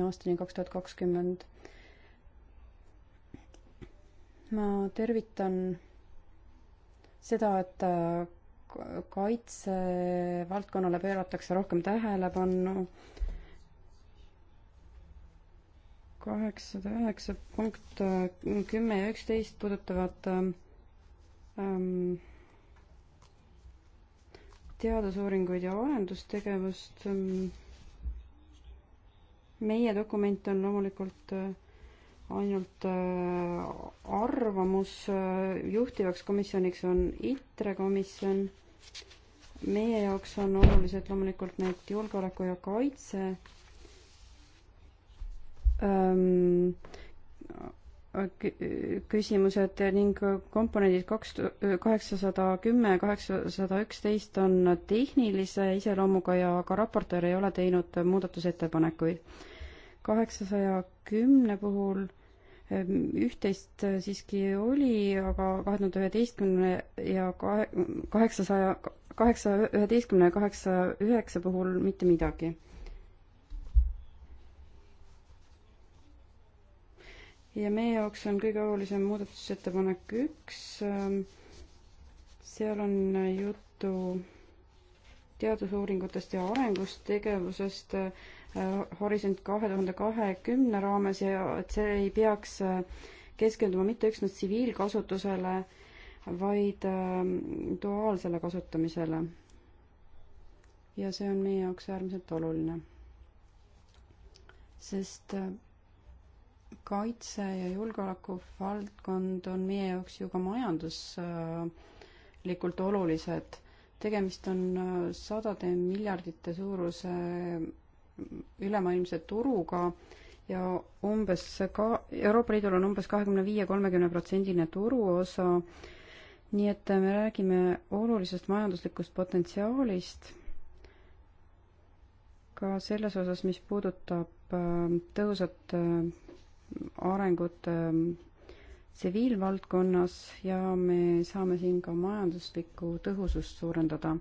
aastani kaks tuhat kakskümmend. ma tervitan seda, et äh, kaitsevaldkonnale pööratakse rohkem tähelepanu. kaheksasada üheksa punkt äh, kümme ja üksteist puudutavad äh, ähm, teadusuuringuid ja arendustegevust ähm, meie dokument on loomulikult äh, ainult äh, arvamus, äh, juhtivaks komisjoniks on ITRE komisjon. meie jaoks on olulised loomulikult need julgeoleku ja kaitse ähm, küsimused ning komponendid kaks, kaheksasada kümme, kaheksasada üksteist on tehnilise iseloomuga ja ka raportöör ei ole teinud muudatusettepanekuid kaheksasaja kümne puhul ehm, üht-teist eh, siiski oli, aga kahe tuhande üheteistkümne ja kahe, kaheksasaja, kaheksasaja üheteistkümne ja kaheksasaja üheksa puhul mitte midagi. ja meie jaoks on kõige olulisem muudatusettepanek üks, ehm, seal on juttu teadusuuringutest ja arengustegevusest äh, Horisont kahe tuhande kahekümne raames ja et see ei peaks äh, keskenduma mitte üksnes tsiviilkasutusele, vaid äh, duaalsele kasutamisele. ja see on meie jaoks äärmiselt oluline. sest äh, kaitse ja julgeoleku valdkond on meie jaoks ju ka majanduslikult olulised. tegemist on sadade miljardite suuruse ülemaailmse turuga ja umbes ka, Euroopa Liidul on umbes kahekümne viie, kolmekümne protsendine turuosa, nii et me räägime olulisest majanduslikust potentsiaalist ka selles osas, mis puudutab äh, tõhusat äh, arengut äh, tsiviilvaldkonnas ja me saame siin ka majanduslikku tõhusust suurendada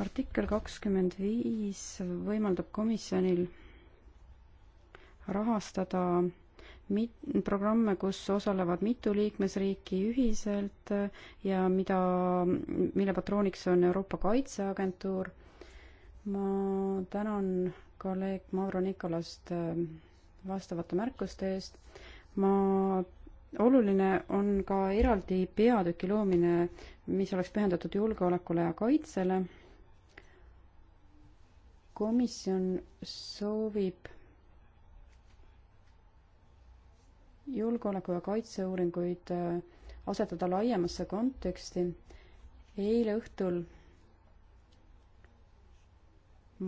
artikkel kakskümmend viis võimaldab komisjonil rahastada mit-, programme, kus osalevad mitu liikmesriiki ühiselt ja mida, mille patrooniks on Euroopa Kaitseagentuur. ma tänan kolleeg Mauro Nikolast äh, vastavate märkuste eest. ma, oluline on ka eraldi peatüki loomine, mis oleks pühendatud julgeolekule ja kaitsele komisjon soovib julgeoleku- ja kaitseuuringuid äh, asetada laiemasse konteksti. eile õhtul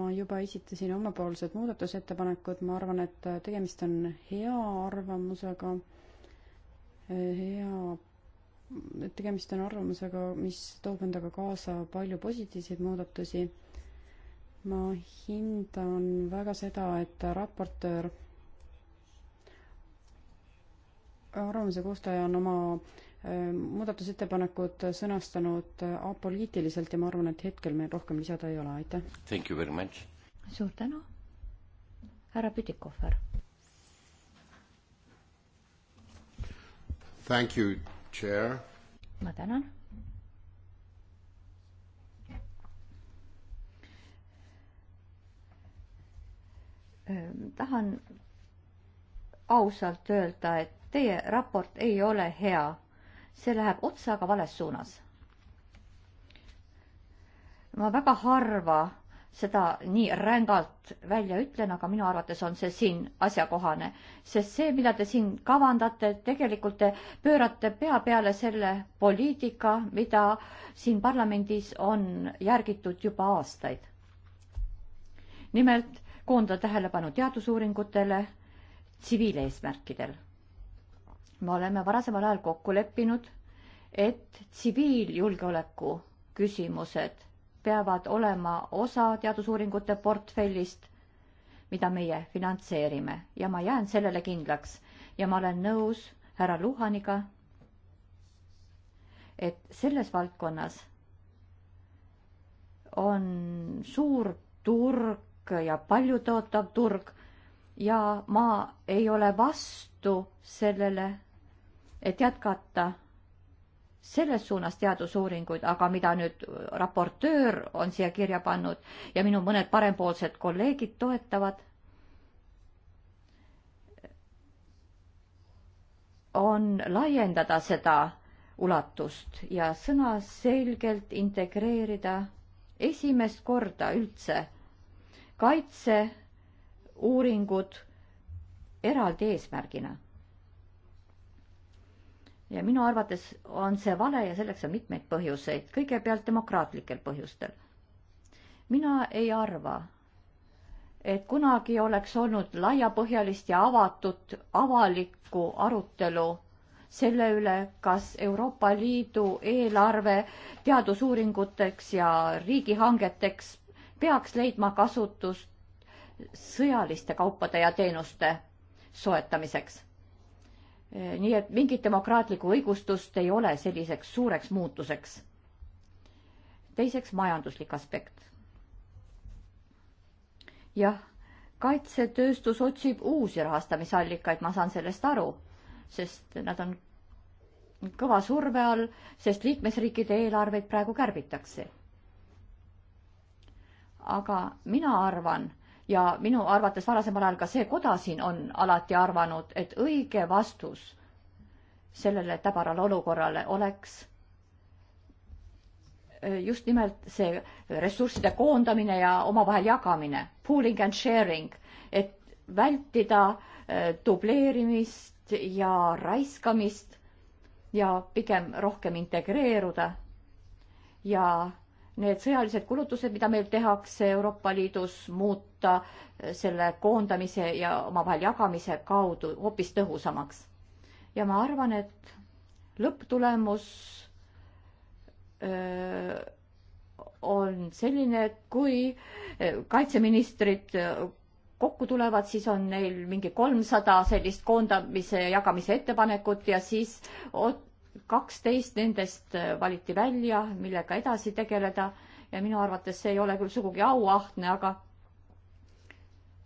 ma juba esitasin omapoolsed muudatusettepanekud, ma arvan, et äh, tegemist on hea arvamusega, äh, hea, et tegemist on arvamusega, mis toob endaga kaasa palju positiivseid muudatusi ma hindan väga seda, et raportöör, arvamuse koostaja on oma äh, muudatusettepanekud sõnastanud äh, apoliitiliselt ja ma arvan, et hetkel meil rohkem lisada ei ole, aitäh. suur tänu, härra Pütikohver. ma tänan Ehm, tahan ausalt öelda, et teie raport ei ole hea. see läheb otsaga vales suunas. ma väga harva seda nii rängalt välja ütlen, aga minu arvates on see siin asjakohane, sest see, mida te siin kavandate, tegelikult te pöörate pea peale selle poliitika, mida siin parlamendis on järgitud juba aastaid. nimelt koondada tähelepanu teadusuuringutele tsiviileesmärkidel. me oleme varasemal ajal kokku leppinud, et tsiviiljulgeoleku küsimused peavad olema osa teadusuuringute portfellist, mida meie finantseerime ja ma jään sellele kindlaks ja ma olen nõus härra Luhaniga, et selles valdkonnas on suur turg ja paljutootav turg ja ma ei ole vastu sellele, et jätkata selles suunas teadusuuringuid, aga mida nüüd raportöör on siia kirja pannud ja minu mõned parempoolsed kolleegid toetavad, on laiendada seda ulatust ja sõnaselgelt integreerida esimest korda üldse kaitseuuringud eraldi eesmärgina. ja minu arvates on see vale ja selleks on mitmeid põhjuseid, kõigepealt demokraatlikel põhjustel. mina ei arva, et kunagi oleks olnud laiapõhjalist ja avatud avalikku arutelu selle üle, kas Euroopa Liidu eelarve teadusuuringuteks ja riigihangeteks peaks leidma kasutust sõjaliste kaupade ja teenuste soetamiseks. nii et mingit demokraatlikku õigustust ei ole selliseks suureks muutuseks. teiseks majanduslik aspekt. jah, kaitsetööstus otsib uusi rahastamisallikaid, ma saan sellest aru, sest nad on kõva surve all, sest liikmesriikide eelarveid praegu kärbitakse aga mina arvan ja minu arvates varasemal ajal ka see koda siin on alati arvanud, et õige vastus sellele täbarale olukorrale oleks äh, just nimelt see ressursside koondamine ja omavahel jagamine, pooling and sharing, et vältida äh, dubleerimist ja raiskamist ja pigem rohkem integreeruda ja need sõjalised kulutused, mida meil tehakse Euroopa Liidus, muuta eh, selle koondamise ja omavahel jagamise kaudu hoopis tõhusamaks. ja ma arvan, et lõpptulemus öö, eh, on selline, et kui eh, kaitseministrid kokku tulevad, siis on neil mingi kolmsada sellist koondamise ja jagamise ettepanekut ja siis kaksteist nendest äh, valiti välja, millega edasi tegeleda ja minu arvates see ei ole küll sugugi auahtne, aga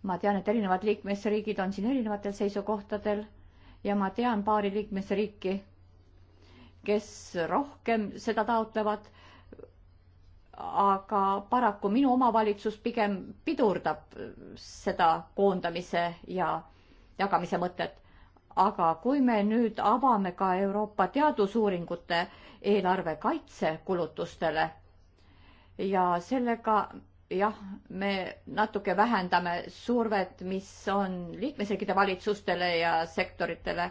ma tean, et erinevad liikmesriigid on siin erinevatel seisukohtadel ja ma tean paari liikmesriiki, kes rohkem seda taotlevad. aga paraku minu omavalitsus pigem pidurdab seda koondamise ja jagamise mõtet aga kui me nüüd avame ka Euroopa teadusuuringute eelarve kaitsekulutustele ja sellega jah, me natuke vähendame survet, mis on liikmesriikide valitsustele ja sektoritele,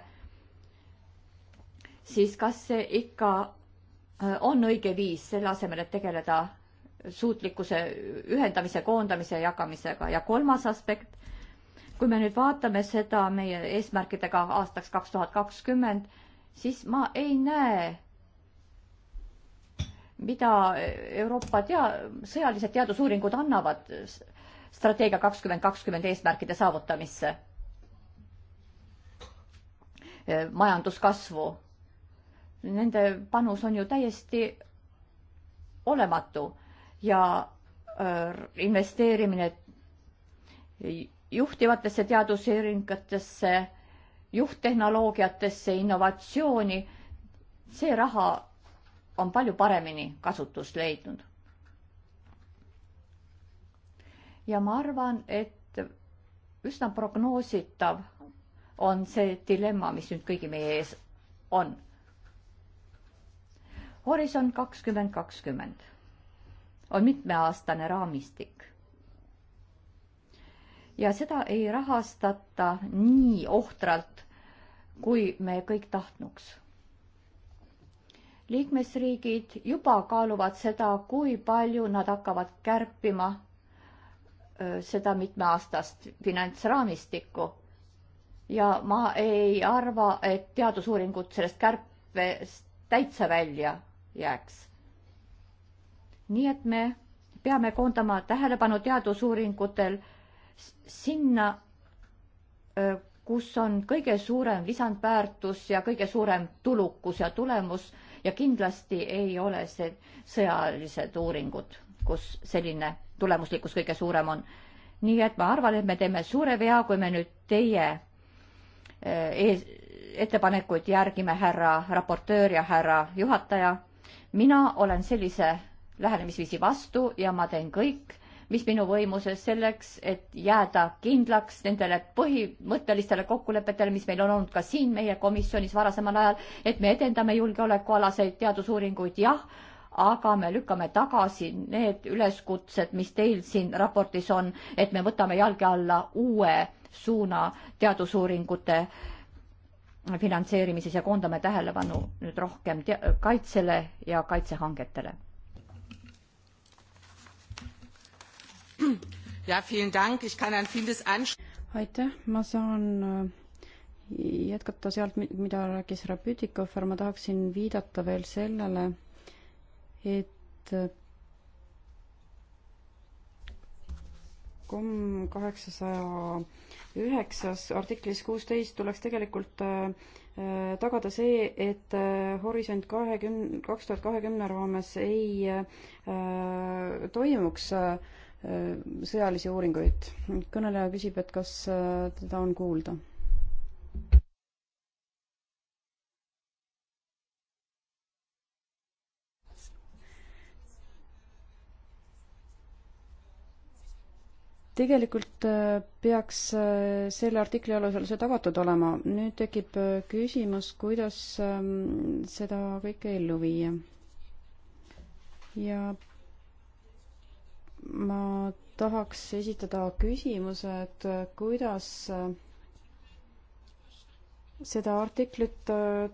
siis kas see ikka äh, on õige viis selle asemel, et tegeleda suutlikkuse ühendamise, koondamise ja jagamisega ja kolmas aspekt kui me nüüd vaatame seda meie eesmärkidega aastaks kaks tuhat kakskümmend, siis ma ei näe, mida Euroopa tea-, sõjalised teadusuuringud annavad strateegia kakskümmend kakskümmend eesmärkide saavutamisse. majanduskasvu. Nende panus on ju täiesti olematu ja äh, investeerimine juhtivatesse teadusuuringutesse, juhttehnoloogiatesse, innovatsiooni, see raha on palju paremini kasutust leidnud. ja ma arvan, et üsna prognoositav on see dilemma, mis nüüd kõigi meie ees on. horisont kakskümmend kakskümmend on mitmeaastane raamistik ja seda ei rahastata nii ohtralt, kui me kõik tahtnuks. liikmesriigid juba kaaluvad seda, kui palju nad hakkavad kärpima seda mitmeaastast finantsraamistikku. ja ma ei arva, et teadusuuringud sellest kärpest täitsa välja jääks. nii et me peame koondama tähelepanu teadusuuringutel sinna, kus on kõige suurem lisandväärtus ja kõige suurem tulukus ja tulemus ja kindlasti ei ole see sõjalised uuringud, kus selline tulemuslikkus kõige suurem on. nii et ma arvan, et me teeme suure vea, kui me nüüd teie ees, ettepanekuid järgime, härra raportöör ja härra juhataja. mina olen sellise lähenemisviisi vastu ja ma teen kõik mis minu võimuses selleks, et jääda kindlaks nendele põhimõttelistele kokkulepetele, mis meil on olnud ka siin meie komisjonis varasemal ajal, et me edendame julgeolekualaseid teadusuuringuid, jah, aga me lükkame tagasi need üleskutsed, mis teil siin raportis on, et me võtame jalge alla uue suuna teadusuuringute finantseerimises ja koondame tähelepanu nüüd rohkem kaitsele ja kaitsehangetele aitäh, ma saan äh, jätkata sealt, mida rääkis härra Pütikofer, ma tahaksin viidata veel sellele, et äh, kom kaheksasaja üheksas artiklis kuusteist tuleks tegelikult äh, äh tagada see, et Horisont kahekümne, kaks tuhat kahekümne raames ei äh, toimuks äh, Äh, sõjalisi uuringuid. kõneleja küsib, et kas äh, teda on kuulda. tegelikult äh, peaks selle artikli alusel see tagatud olema. nüüd tekib küsimus, kuidas ähm, seda kõike ellu viia. ja ma tahaks esitada küsimuse, et kuidas äh, seda artiklit äh,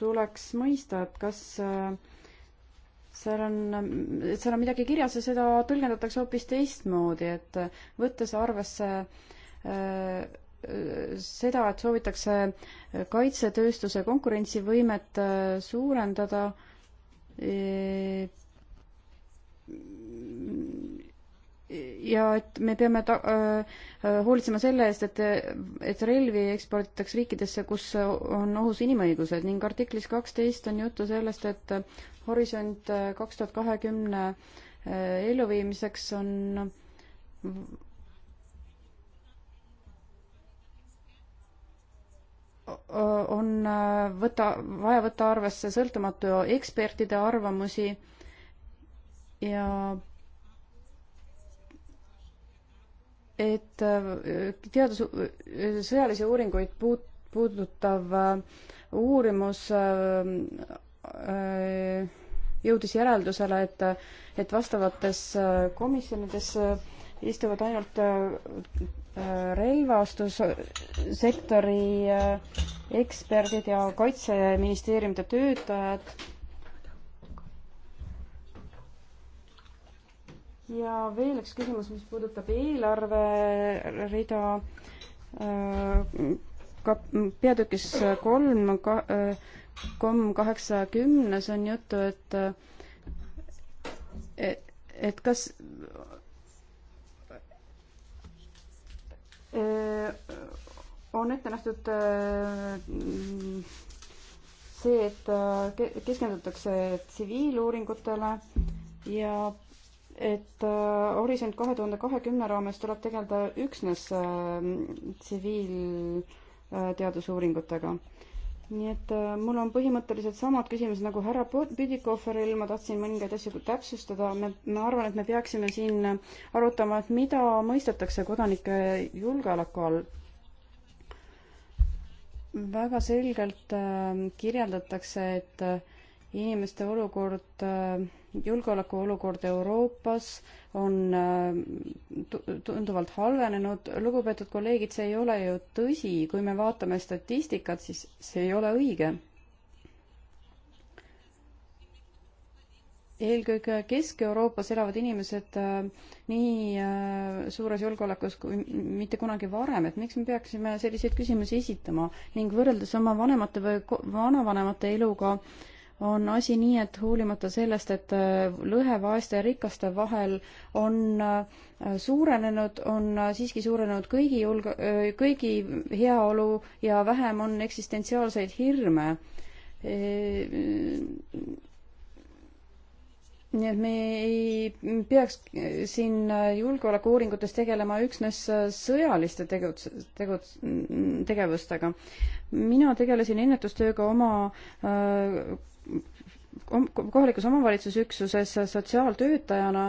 tuleks mõista, et kas äh, seal on, et seal on midagi kirjas ja seda tõlgendatakse hoopis teistmoodi, et võttes arvesse seda, et soovitakse kaitsetööstuse konkurentsivõimet suurendada, ja et me peame ta- äh, äh,, hoolitsema selle eest, et, et relvi eksporditakse riikidesse, kus on ohus inimõigused ning artiklis kaksteist on juttu sellest, et Horisont äh, kaks tuhat kahekümne äh, elluviimiseks on on võta, vaja võtta arvesse sõltumatu ekspertide arvamusi ja et äh, teadus, sõjalisi uuringuid puut-, puudutav äh, uurimus äh, jõudis järeldusele, et, et vastavates komisjonides istuvad ainult relvastussektori eksperdid ja kaitseministeeriumide töötajad ja veel üks küsimus, mis puudutab eelarverida äh, ka peatükis kolm ka, äh, kom kaheksakümnes on juttu, et äh, et, et kas on ette nähtud see, et keskendutakse tsiviiluuringutele ja et äh, Horisont kahe tuhande kahekümne raames tuleb tegeleda üksnes äh, tsiviilteadusuuringutega äh, nii et äh, mul on põhimõtteliselt samad küsimused nagu härra Püdikoferil, ma tahtsin mõningaid asju täpsustada, me, ma arvan, et me peaksime siin arutama, et mida mõistetakse kodanike julgeoleku all. väga selgelt äh, kirjeldatakse, et äh, inimeste olukord, äh, julgeolekuolukord Euroopas on äh, tunduvalt halvenenud. lugupeetud kolleegid, see ei ole ju tõsi, kui me vaatame statistikat, siis see ei ole õige. eelkõige Kesk-Euroopas elavad inimesed äh, nii suures julgeolekus kui mitte kunagi varem, et miks me peaksime selliseid küsimusi esitama ning võrreldes oma vanemate või vanavanemate eluga äh, on asi nii, et hoolimata sellest, et äh, lõhe vaeste ja rikaste vahel on äh, suurenenud, on äh, siiski suurenenud kõigi julg-, kõigi heaolu ja vähem on eksistentsiaalseid hirme. nii et me ei peaks siin julgeolekuuuringutes tegelema üksnes sõjaliste tegut-, tegut-, tegevustega. mina tegelesin ennetustööga oma kohalikus omavalitsusüksuses sotsiaaltöötajana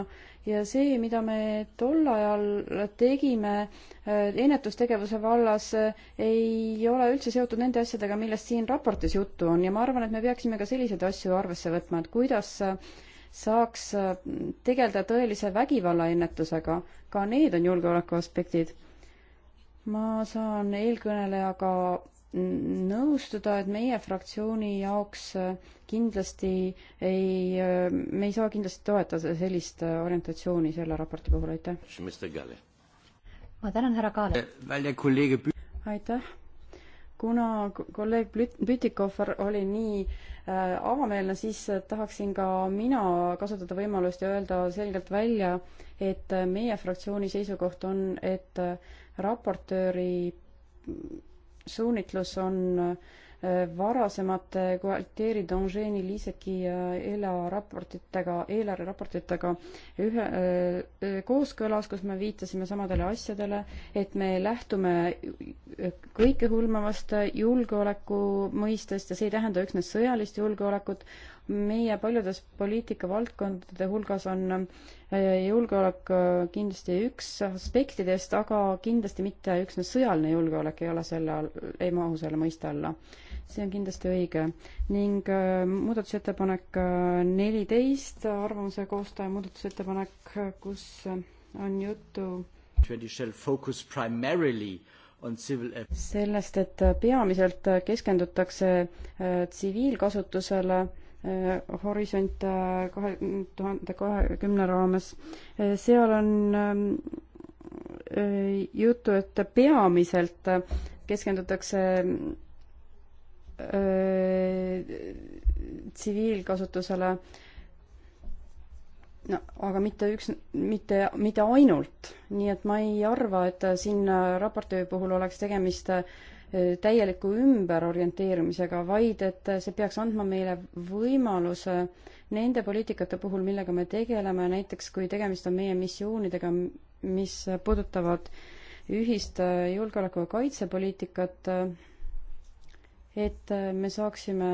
ja see, mida me tol ajal tegime äh, ennetustegevuse vallas, äh, ei ole üldse seotud nende asjadega, millest siin raportis juttu on ja ma arvan, et me peaksime ka selliseid asju arvesse võtma, et kuidas äh, saaks tegeleda tõelise vägivalla ennetusega, ka need on julgeoleku aspektid. ma saan eelkõnelejaga nõustuda, et meie fraktsiooni jaoks kindlasti ei, me ei saa kindlasti toetada sellist orientatsiooni selle raporti puhul, aitäh. ma tänan, härra Kaale. Eh, aitäh kuna kolleeg Pütikofer oli nii äh, avameelne, siis äh, tahaksin ka mina kasutada võimalust ja öelda selgelt välja, et äh, meie fraktsiooni seisukoht on, et raportööri suunitlus on äh, varasemate Gualtieri, Dongeni, Liiseki ja ELA raportitega, eelarve raportitega ühe kooskõlas, kus me viitasime samadele asjadele, et me lähtume kõikehõlmavast julgeoleku mõistest ja see ei tähenda üksnes sõjalist julgeolekut, meie paljudes poliitikavaldkondade hulgas on julgeolek kindlasti üks aspektidest, aga kindlasti mitte üksnes sõjaline julgeolek ei ole selle all, ei mahu selle mõiste alla see on kindlasti õige. ning äh, muudatusettepanek äh, neliteist, arvamuse koostaja muudatusettepanek, kus äh, on juttu sellest, et peamiselt keskendutakse tsiviilkasutusele Horisont kahe tuhande kahekümne raames. seal on ähm, juttu, et peamiselt keskendutakse tsiviilkasutusele. no aga mitte üks, mitte, mitte ainult, nii et ma ei arva, et siin raportöö puhul oleks tegemist täieliku ümberorienteerumisega, vaid et see peaks andma meile võimaluse nende poliitikate puhul, millega me tegeleme, näiteks kui tegemist on meie missioonidega, mis puudutavad ühist äh, julgeoleku- ja kaitsepoliitikat, et äh, me saaksime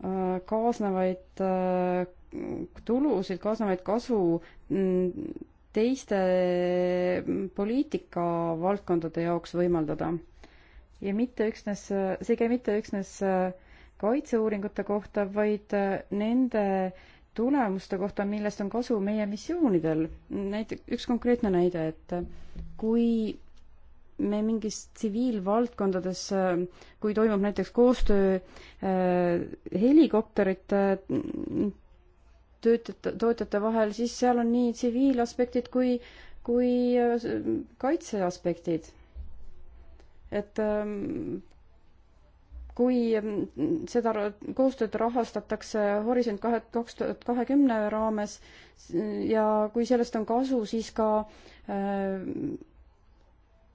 äh, kaasnevaid äh, tulusid, kaasnevaid kasu mm, teiste mm, poliitikavaldkondade jaoks võimaldada. ja mitte üksnes, see ei käi mitte üksnes kaitseuuringute kohta, vaid nende tulemuste kohta, millest on kasu meie missioonidel. näite, üks konkreetne näide, et kui me mingis tsiviilvaldkondades, kui toimub näiteks koostöö äh, helikopterite mm, töötajate, tootjate vahel, siis seal on nii tsiviilaspektid kui, kui äh, kaitseaspektid. et ähm, kui mm, seda koostööd rahastatakse Horisont kahe, kaks tuhat kahekümne raames ja kui sellest on kasu, siis ka äh,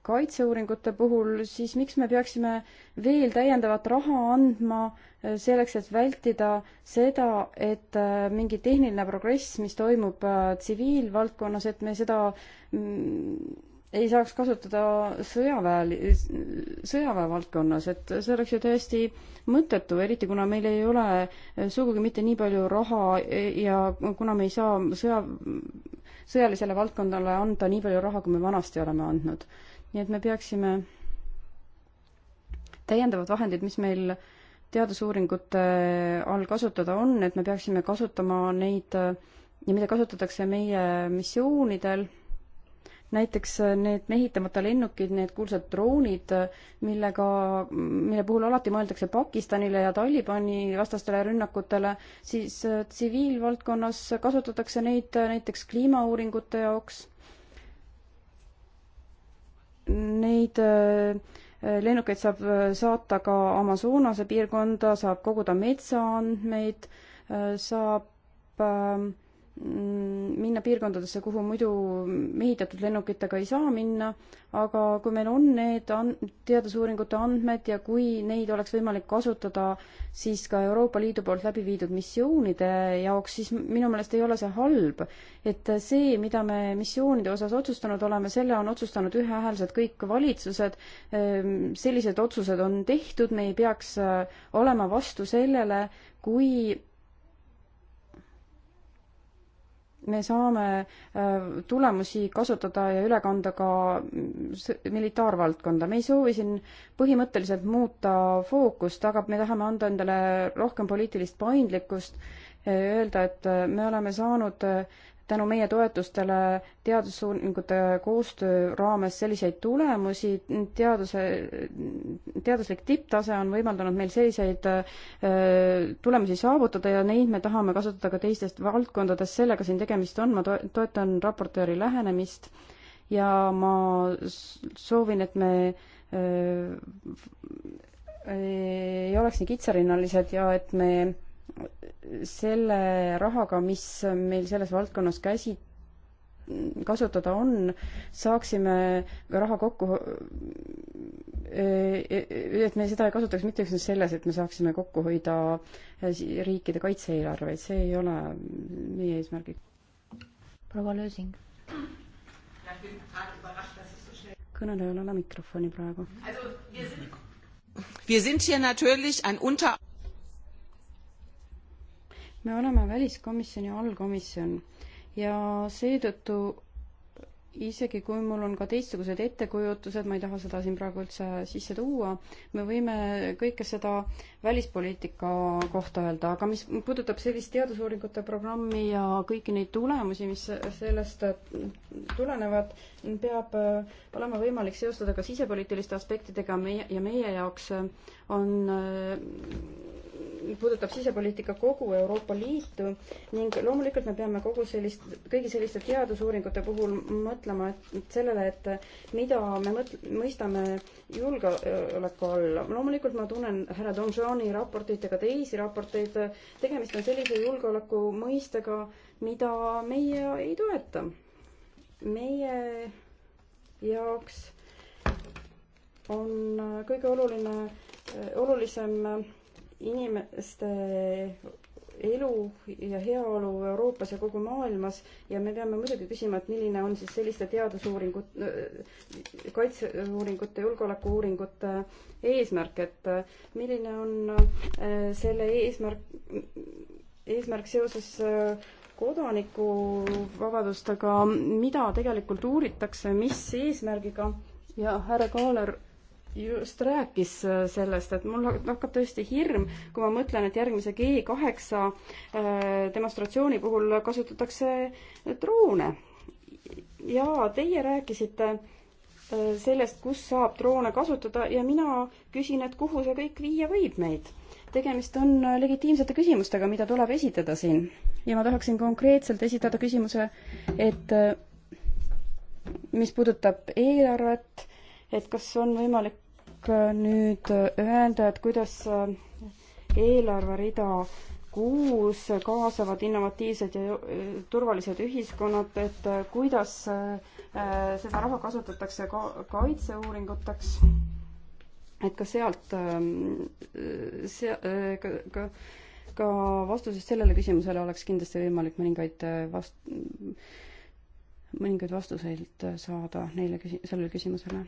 kaitseuuringute puhul, siis miks me peaksime veel täiendavat raha andma äh, selleks, et vältida seda, et äh, mingi tehniline progress, mis toimub äh, tsiviilvaldkonnas, et me seda mm, ei saaks kasutada sõjaväel, sõjaväe valdkonnas, et see oleks ju täiesti mõttetu, eriti kuna meil ei ole sugugi mitte nii palju raha e, ja kuna me ei saa sõja, sõjalisele valdkonnale anda nii palju raha, kui me vanasti oleme andnud nii et me peaksime täiendavad vahendid, mis meil teadusuuringute all kasutada on, et me peaksime kasutama neid ja mida kasutatakse meie missioonidel, näiteks need mehitamata lennukid, need kuulsad droonid, millega, mille puhul alati mõeldakse Pakistanile ja Talibani vastastele rünnakutele, siis tsiviilvaldkonnas kasutatakse neid näiteks kliimauuringute jaoks Neid äh, lennukeid saab äh, saata ka Amazonase piirkonda, saab koguda metsaandmeid, äh, saab ähm, Mm, minna piirkondadesse, kuhu muidu mehitatud lennukitega ei saa minna, aga kui meil on need an-, teadusuuringute andmed ja kui neid oleks võimalik kasutada siis ka Euroopa Liidu poolt läbi viidud missioonide jaoks, siis minu meelest ei ole see halb. et see, mida me missioonide osas otsustanud oleme, selle on otsustanud ühehäälselt kõik valitsused, ehm, sellised otsused on tehtud, me ei peaks äh, olema vastu sellele, kui me saame äh, tulemusi kasutada ja üle kanda ka militaarvaldkonda. me ei soovi siin põhimõtteliselt muuta fookust, aga me tahame anda endale rohkem poliitilist paindlikkust, äh, öelda, et äh, me oleme saanud tänu meie toetustele teadusuuringute koostöö raames selliseid tulemusi, teaduse, teaduslik tipptase on võimaldanud meil selliseid äh, tulemusi saavutada ja neid me tahame kasutada ka teistes valdkondades, sellega siin tegemist on, ma toetan raportööri lähenemist ja ma soovin, et me äh, ei oleks nii kitsarinnalised ja et me selle rahaga, mis meil selles valdkonnas käsi-, kasutada on, saaksime raha kokku, e, e, e, et me seda ei kasutaks mitte üksnes selles, et me saaksime kokku hoida riikide kaitse-eelarveid, see ei ole meie eesmärgiks. proua Lösing. kõnelejal ei ole mikrofoni praegu. Wir sind hier natürlich ein unter- me oleme väliskomisjoni allkomisjon ja seetõttu isegi kui mul on ka teistsugused ettekujutused, ma ei taha seda siin praegu üldse sisse tuua, me võime kõike seda välispoliitika kohta öelda, aga mis puudutab sellist teadusuuringute programmi ja kõiki neid tulemusi, mis sellest tulenevad, peab olema võimalik seostada ka sisepoliitiliste aspektidega meie ja meie jaoks on puudutab sisepoliitika kogu Euroopa Liitu ning loomulikult me peame kogu sellist, kõigi selliste teadusuuringute puhul mõtlema et sellele, et mida me mõt-, mõistame julgeoleku all. loomulikult ma tunnen härra Donjoni raportit ja ka teisi raporteid. tegemist on sellise julgeoleku mõistega, mida meie ei toeta. meie jaoks on kõige oluline, olulisem inimeste elu ja heaolu Euroopas ja kogu maailmas ja me peame muidugi küsima, et milline on siis selliste teadusuuringut, kaitseuuringute, julgeolekuuuringute eesmärk, et milline on äh, selle eesmärk, eesmärk seoses äh, kodanikuvabadustega, mida tegelikult uuritakse, mis eesmärgiga ja härra Kaaler just rääkis äh, sellest, et mul hakkab tõesti hirm, kui ma mõtlen, et järgmise G kaheksa äh, demonstratsiooni puhul kasutatakse äh, droone. ja teie rääkisite sellest, kus saab droone kasutada ja mina küsin, et kuhu see kõik viia võib meid. tegemist on legitiimsete küsimustega, mida tuleb esitada siin ja ma tahaksin konkreetselt esitada küsimuse, et mis puudutab eelarvet, et kas on võimalik Äh, nüüd öelda, äh, et kuidas äh, eelarverida kuus kaasavad innovatiivsed ja turvalised ühiskonnad, et kuidas seda raha kasutatakse ka kaitseuuringuteks, et ka sealt, ähm, sea-, ka, ka, ka vastusest sellele küsimusele oleks kindlasti võimalik mõningaid vast-, mõningaid vastuseid saada neile küsi-, sellele küsimusele.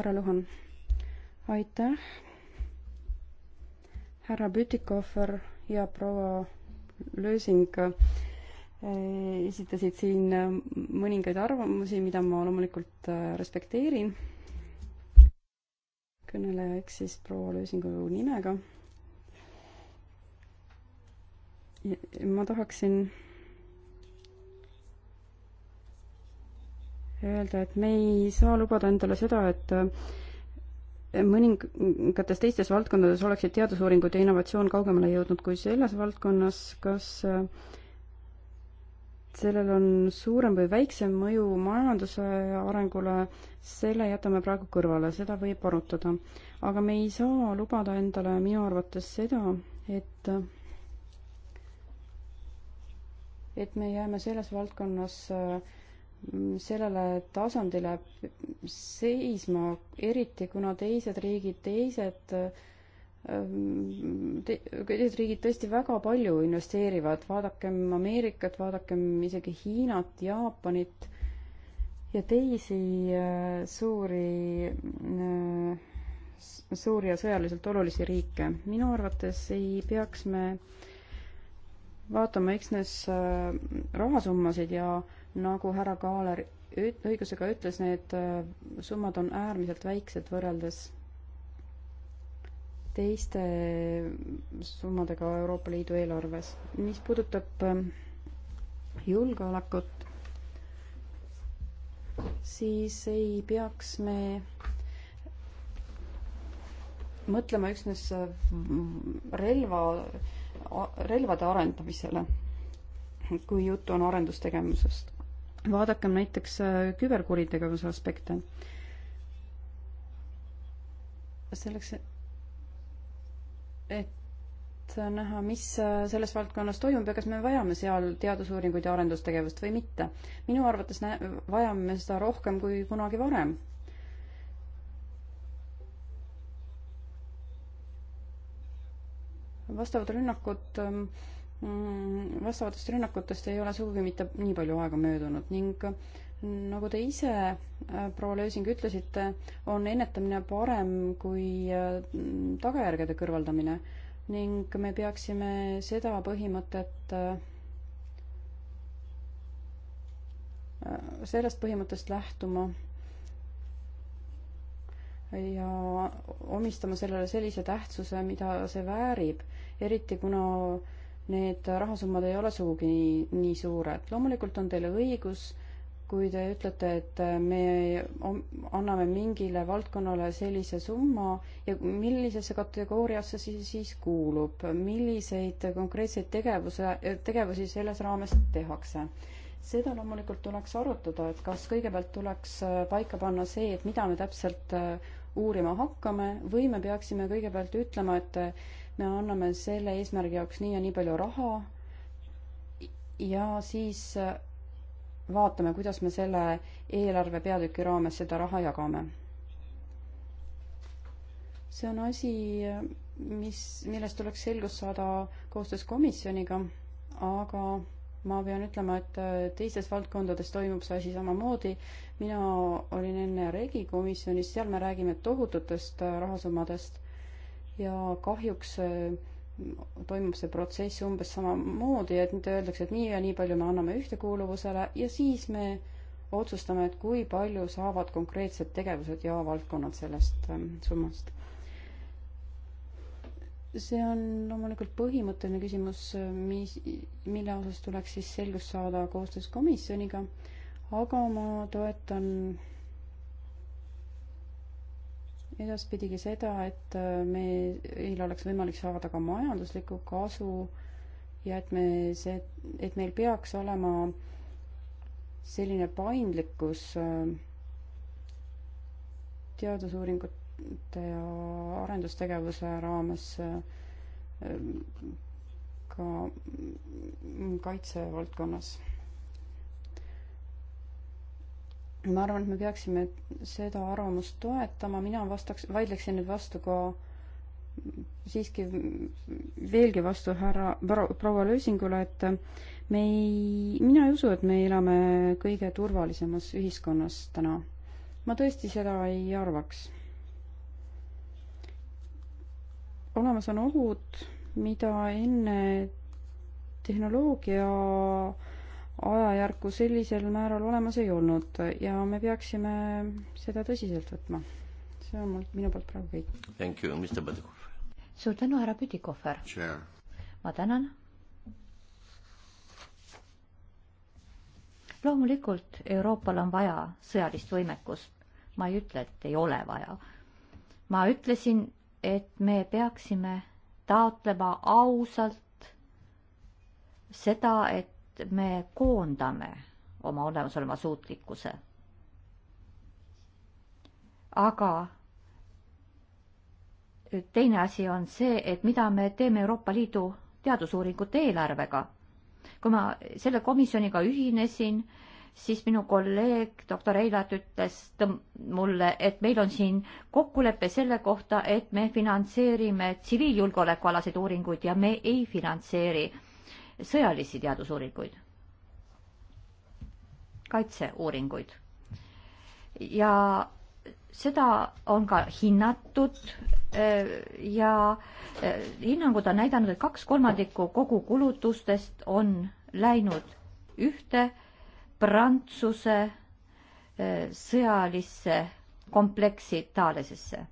härra Luhan aitäh, härra Bütikofer ja proua Lösing äh, esitasid siin äh, mõningaid arvamusi, mida ma loomulikult äh, respekteerin. kõneleja eksis proua Lösingu nimega. ma tahaksin öelda, et me ei saa lubada endale seda, et mõningates teistes valdkondades oleksid teadusuuringud ja innovatsioon kaugemale jõudnud kui selles valdkonnas, kas äh, sellel on suurem või väiksem mõju majanduse arengule, selle jätame praegu kõrvale, seda võib arutada. aga me ei saa lubada endale minu arvates seda, et et me jääme selles valdkonnas äh, sellele tasandile seisma, eriti kuna teised riigid, teised te, teised riigid tõesti väga palju investeerivad, vaadakem Ameerikat, vaadakem isegi Hiinat, Jaapanit ja teisi äh, suuri, äh, suuri ja sõjaliselt olulisi riike. minu arvates ei peaks me vaatama üksnes äh, rahasummasid ja äh, nagu härra Kaaler õigusega ütles, need äh, summad on äärmiselt väiksed võrreldes teiste summadega Euroopa Liidu eelarves. mis puudutab äh, julgeolekut, siis ei peaks me mõtlema üksnes äh, relva, relvade arendamisele, kui juttu on arendustegemisest vaadakem näiteks äh, küberkuritegevuse aspekte. selleks, et äh, näha, mis äh, selles valdkonnas toimub ja kas me vajame seal teadusuuringuid ja arendustegevust või mitte. minu arvates nä-, vajame seda rohkem kui kunagi varem. vastavad rünnakud ähm, Mm, vastavatest rünnakutest ei ole sugugi mitte nii palju aega möödunud ning nagu te ise, äh, proua Lösing, ütlesite, on ennetamine parem kui äh, tagajärgede kõrvaldamine ning me peaksime seda põhimõtet, äh, sellest põhimõttest lähtuma ja omistama sellele sellise tähtsuse, mida see väärib, eriti kuna need rahasummad ei ole sugugi nii, nii suured. loomulikult on teil õigus, kui te ütlete, et me anname mingile valdkonnale sellise summa ja millisesse kategooriasse see siis kuulub, milliseid konkreetseid tegevuse, tegevusi selles raames tehakse seda loomulikult tuleks arutada, et kas kõigepealt tuleks paika panna see, et mida me täpselt äh, uurima hakkame või me peaksime kõigepealt ütlema, et me anname selle eesmärgi jaoks nii ja nii palju raha ja siis äh, vaatame, kuidas me selle eelarve peatüki raames seda raha jagame. see on asi, äh, mis, millest tuleks selgust saada koostöös komisjoniga, aga ma pean ütlema, et äh, teistes valdkondades toimub see asi samamoodi. mina olin enne Regi komisjonis, seal me räägime tohututest rahasummadest ja kahjuks äh, toimub see protsess umbes samamoodi, et nüüd öeldakse, et nii ja nii palju me anname ühtekuuluvusele ja siis me otsustame, et kui palju saavad konkreetsed tegevused ja valdkonnad sellest ähm, summast. see on loomulikult põhimõtteline küsimus, äh, mis, mille osas tuleks siis selgust saada koostöös komisjoniga, aga ma toetan edaspidigi seda, et äh, meil oleks võimalik saada ka majanduslikku kasu ja et me see, et meil peaks olema selline paindlikkus äh, teadusuuringute ja arendustegevuse raames äh, ka kaitsevaldkonnas ma arvan, et me peaksime seda arvamust toetama, mina vastaks, vaidleksin nüüd vastu ka siiski veelgi vastu härra proua Lösingule, et me ei, mina ei usu, et me elame kõige turvalisemas ühiskonnas täna. ma tõesti seda ei arvaks. olemas on ohud, mida enne tehnoloogia äh, ajajärku sellisel määral olemas ei olnud ja me peaksime seda tõsiselt võtma. see on mul, minu poolt praegu kõik. Thank you, Mr Püdikohver. suur tänu, härra Püdikohver sure.. ma tänan. loomulikult Euroopal on vaja sõjalist võimekust. ma ei ütle, et ei ole vaja. ma ütlesin, et me peaksime taotlema ausalt seda, et me koondame oma olemasoleva suutlikkuse. aga teine asi on see, et mida me teeme Euroopa Liidu teadusuuringute eelarvega. kui ma selle komisjoniga ühinesin, siis minu kolleeg doktor Eilat ütles mulle, et meil on siin kokkulepe selle kohta, et me finantseerime tsiviiljulgeolekualaseid uuringuid ja me ei finantseeri äh, sõjalisi teadusuuringuid, kaitseuuringuid. ja seda on ka hinnatud äh, ja äh, hinnangud on näidanud, et kaks kolmandikku kogukulutustest on läinud ühte Prantsuse äh, sõjalisse kompleksi Itaaliasesse.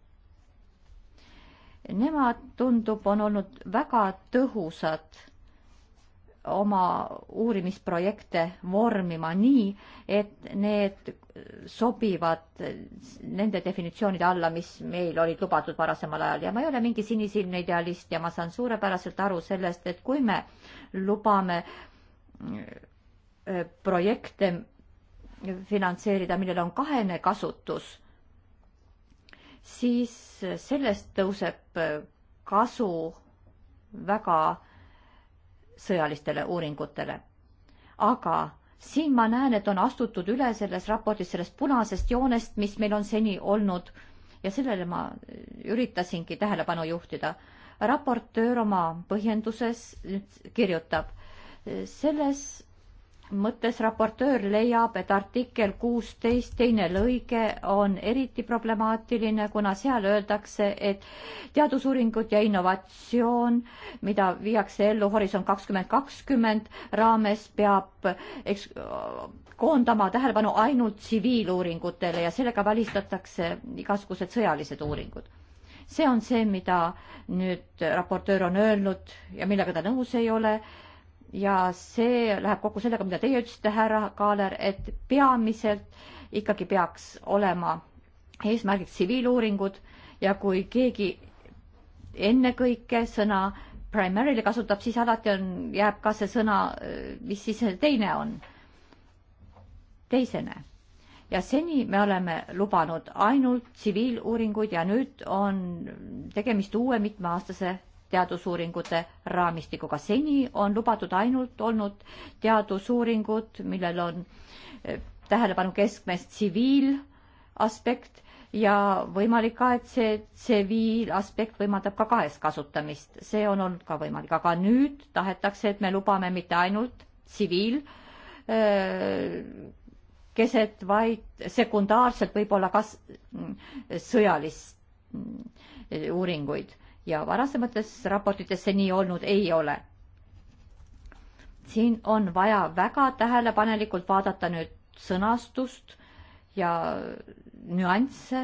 Nemad, tundub, on olnud väga tõhusad oma uurimisprojekte vormima nii, et need sobivad nende definitsioonide alla, mis meil olid lubatud varasemal ajal ja ma ei ole mingi sinisilmne idealist ja ma saan suurepäraselt aru sellest, et kui me lubame äh, projekte finantseerida, millel on kahene kasutus, siis sellest tõuseb äh, kasu väga sõjalistele uuringutele. aga siin ma näen, et on astutud üle selles raportis sellest punasest joonest, mis meil on seni olnud ja sellele ma üritasingi tähelepanu juhtida. raportöör oma põhjenduses kirjutab, selles mõttes raportöör leiab, et artikkel kuusteist teine lõige on eriti problemaatiline, kuna seal öeldakse, et teadusuuringud ja innovatsioon, mida viiakse ellu Horisont kakskümmend kakskümmend raames, peab eks, koondama tähelepanu ainult tsiviiluuringutele ja sellega välistatakse igasugused sõjalised uuringud see on see, mida nüüd raportöör on öelnud ja millega ta nõus ei ole ja see läheb kokku sellega, mida teie ütlesite, härra Kaaler, et peamiselt ikkagi peaks olema eesmärgiks tsiviiluuringud ja kui keegi ennekõike sõna primarily kasutab, siis alati on, jääb ka see sõna, mis siis teine on, teisene. ja seni me oleme lubanud ainult tsiviiluuringuid ja nüüd on tegemist uue mitmeaastase teadusuuringute raamistikuga. seni on lubatud ainult olnud teadusuuringud, millel on eh, tähelepanu keskmes tsiviilaspekt ja võimalik ka, et see tsiviilaspekt võimaldab ka kahest kasutamist, see on olnud ka võimalik, aga nüüd tahetakse, et me lubame mitte ainult tsiviil eh, keset, vaid sekundaarselt võib-olla ka mm, sõjalist mm, uuringuid ja varasemates raportites see nii olnud ei ole. siin on vaja väga tähelepanelikult vaadata nüüd sõnastust ja nüansse,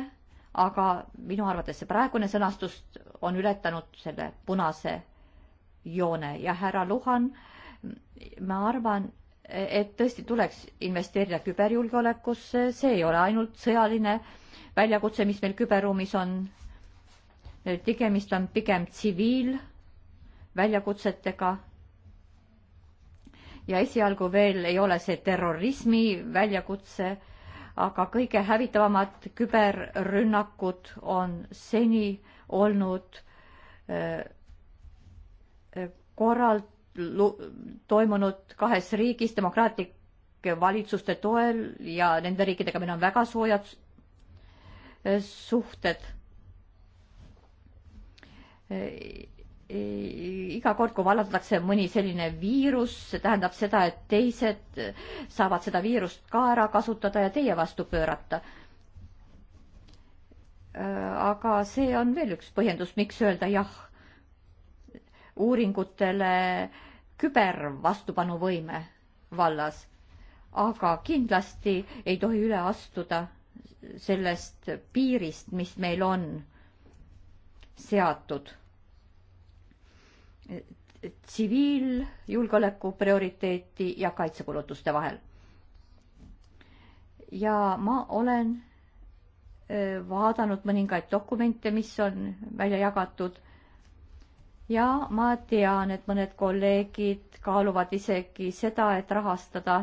aga minu arvates see praegune sõnastust on ületanud selle punase joone ja härra Luhan, ma arvan, et tõesti tuleks investeerida küberjulgeolekusse, see ei ole ainult sõjaline väljakutse, mis meil küberruumis on, tegemist on pigem tsiviilväljakutsetega. ja esialgu veel ei ole see terrorismi väljakutse, aga kõige hävitavamad küberrünnakud on seni olnud äh, äh, korral-, toimunud kahes riigis demokraatlike valitsuste toel ja nende riikidega meil on väga soojad äh, suhted iga kord, kui vallandatakse mõni selline viirus, see tähendab seda, et teised saavad seda viirust ka ära kasutada ja teie vastu pöörata. Äh, aga see on veel üks põhjendus, miks öelda jah uuringutele kübervastupanuvõime vallas. aga kindlasti ei tohi üle astuda sellest piirist, mis meil on seatud tsiviiljulgeoleku prioriteeti ja kaitsekulutuste vahel. ja ma olen vaadanud mõningaid dokumente, mis on välja jagatud ja ma tean, et mõned kolleegid kaaluvad isegi seda, et rahastada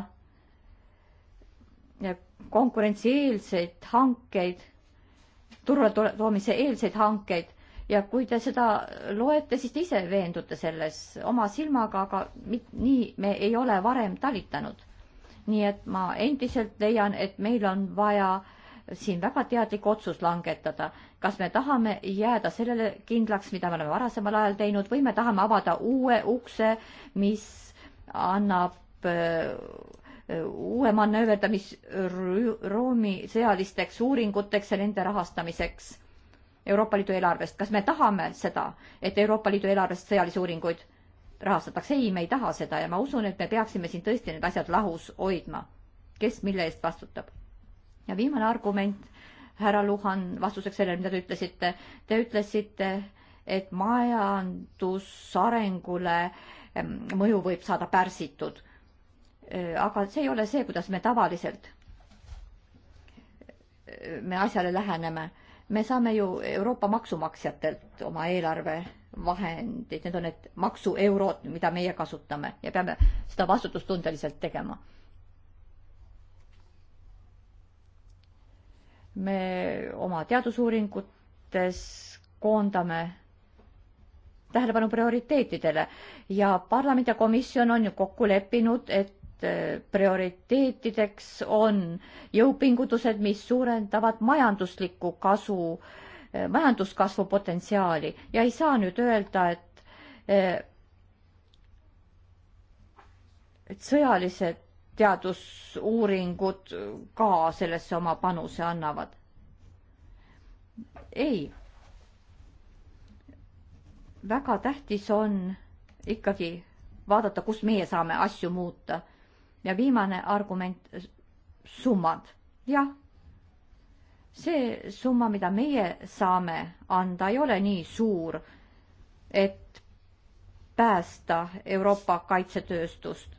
konkurentsieelseid hankeid, turule toomise eelseid hankeid ja kui te seda loete, siis te ise veendute selles oma silmaga, aga mit, nii me ei ole varem talitanud. nii et ma endiselt leian, et meil on vaja siin väga teadlik otsus langetada, kas me tahame jääda sellele kindlaks, mida me oleme varasemal ajal teinud või me tahame avada uue ukse, mis annab öö, äh, äh, uue manööverdamisruumi sõjalisteks uuringuteks ja nende rahastamiseks Euroopa Liidu eelarvest, kas me tahame seda, et Euroopa Liidu eelarvest sõjalisi uuringuid rahastatakse, ei, me ei taha seda ja ma usun, et me peaksime siin tõesti need asjad lahus hoidma, kes mille eest vastutab. ja viimane argument, härra Luhan, vastuseks sellele, mida te ütlesite, te ütlesite, et majandusarengule mõju võib saada pärsitud. aga see ei ole see, kuidas me tavaliselt me asjale läheneme me saame ju Euroopa maksumaksjatelt oma eelarvevahendid, need on need maksueurod, mida meie kasutame ja peame seda vastutustundeliselt tegema. me oma teadusuuringutes koondame tähelepanu prioriteetidele ja parlamendi komisjon on ju kokku leppinud, et Eh, prioriteetideks on jõupingutused, mis suurendavad majanduslikku kasu, eh, majanduskasvu potentsiaali ja ei saa nüüd öelda, et eh, et sõjalised teadusuuringud ka sellesse oma panuse annavad. ei. väga tähtis on ikkagi vaadata, kus meie saame asju muuta ja viimane argument, summad. jah, see summa, mida meie saame anda, ei ole nii suur, et päästa Euroopa kaitsetööstust.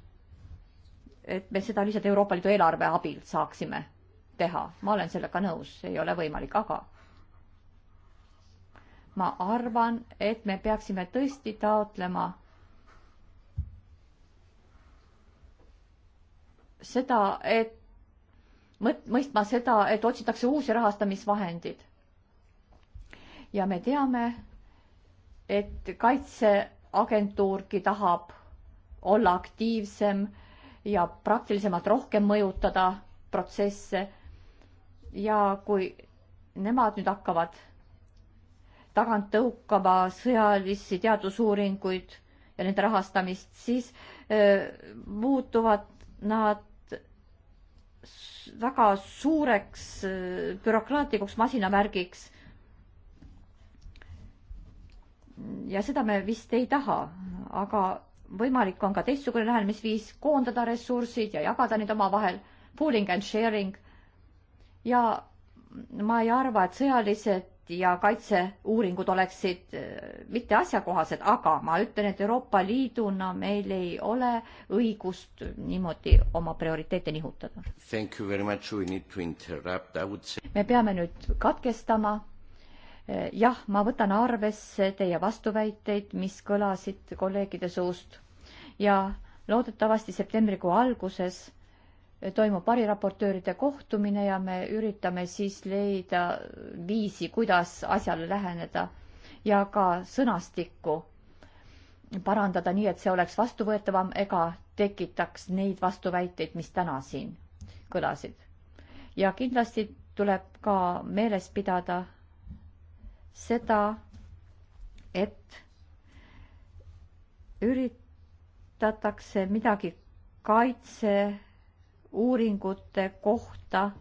et me seda lihtsalt Euroopa Liidu eelarve abil saaksime teha, ma olen sellega nõus, ei ole võimalik, aga ma arvan, et me peaksime tõesti taotlema seda, et mõt-, mõistma seda, et otsitakse uusi rahastamisvahendid. ja me teame, et kaitseagentuurgi tahab olla aktiivsem ja praktilisemalt rohkem mõjutada protsesse. ja kui nemad nüüd hakkavad tagant tõukama sõjalisi teadusuuringuid ja nende rahastamist, siis öö, äh, muutuvad nad väga suureks äh, bürokraatlikuks masinavärgiks. ja seda me vist ei taha, aga võimalik on ka teistsugune lähenemisviis, koondada ressursid ja jagada neid omavahel, pooling and sharing. ja ma ei arva, et sõjalised ja kaitseuuringud oleksid äh, mitte asjakohased, aga ma ütlen, et Euroopa Liiduna meil ei ole õigust niimoodi oma prioriteete nihutada. Say... me peame nüüd katkestama. Äh, jah, ma võtan arvesse teie vastuväiteid, mis kõlasid kolleegide suust ja loodetavasti septembrikuu alguses toimub variraportööride kohtumine ja me üritame siis leida viisi, kuidas asjale läheneda ja ka sõnastikku parandada nii, et see oleks vastuvõetavam ega tekitaks neid vastuväiteid, mis täna siin kõlasid. ja kindlasti tuleb ka meeles pidada seda, et üritatakse midagi kaitse uuringute kohta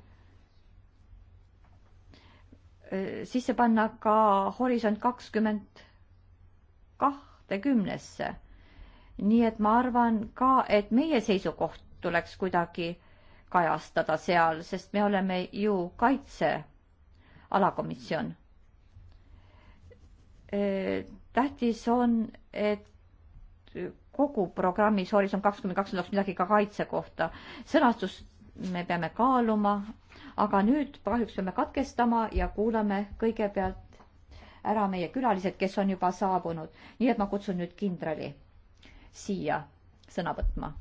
eh, sisse panna ka Horisont kakskümmend kahtekümnesse. nii et ma arvan ka, et meie seisukoht tuleks kuidagi kajastada seal, sest me oleme ju kaitsealakomisjon. Eh, tähtis on, et kogu programmis Horisont kakskümmend kakskümmend oleks midagi ka kaitse kohta. sõnastust me peame kaaluma, aga nüüd kahjuks peame katkestama ja kuulame kõigepealt ära meie külalised, kes on juba saabunud. nii et ma kutsun nüüd kindrali siia sõna võtma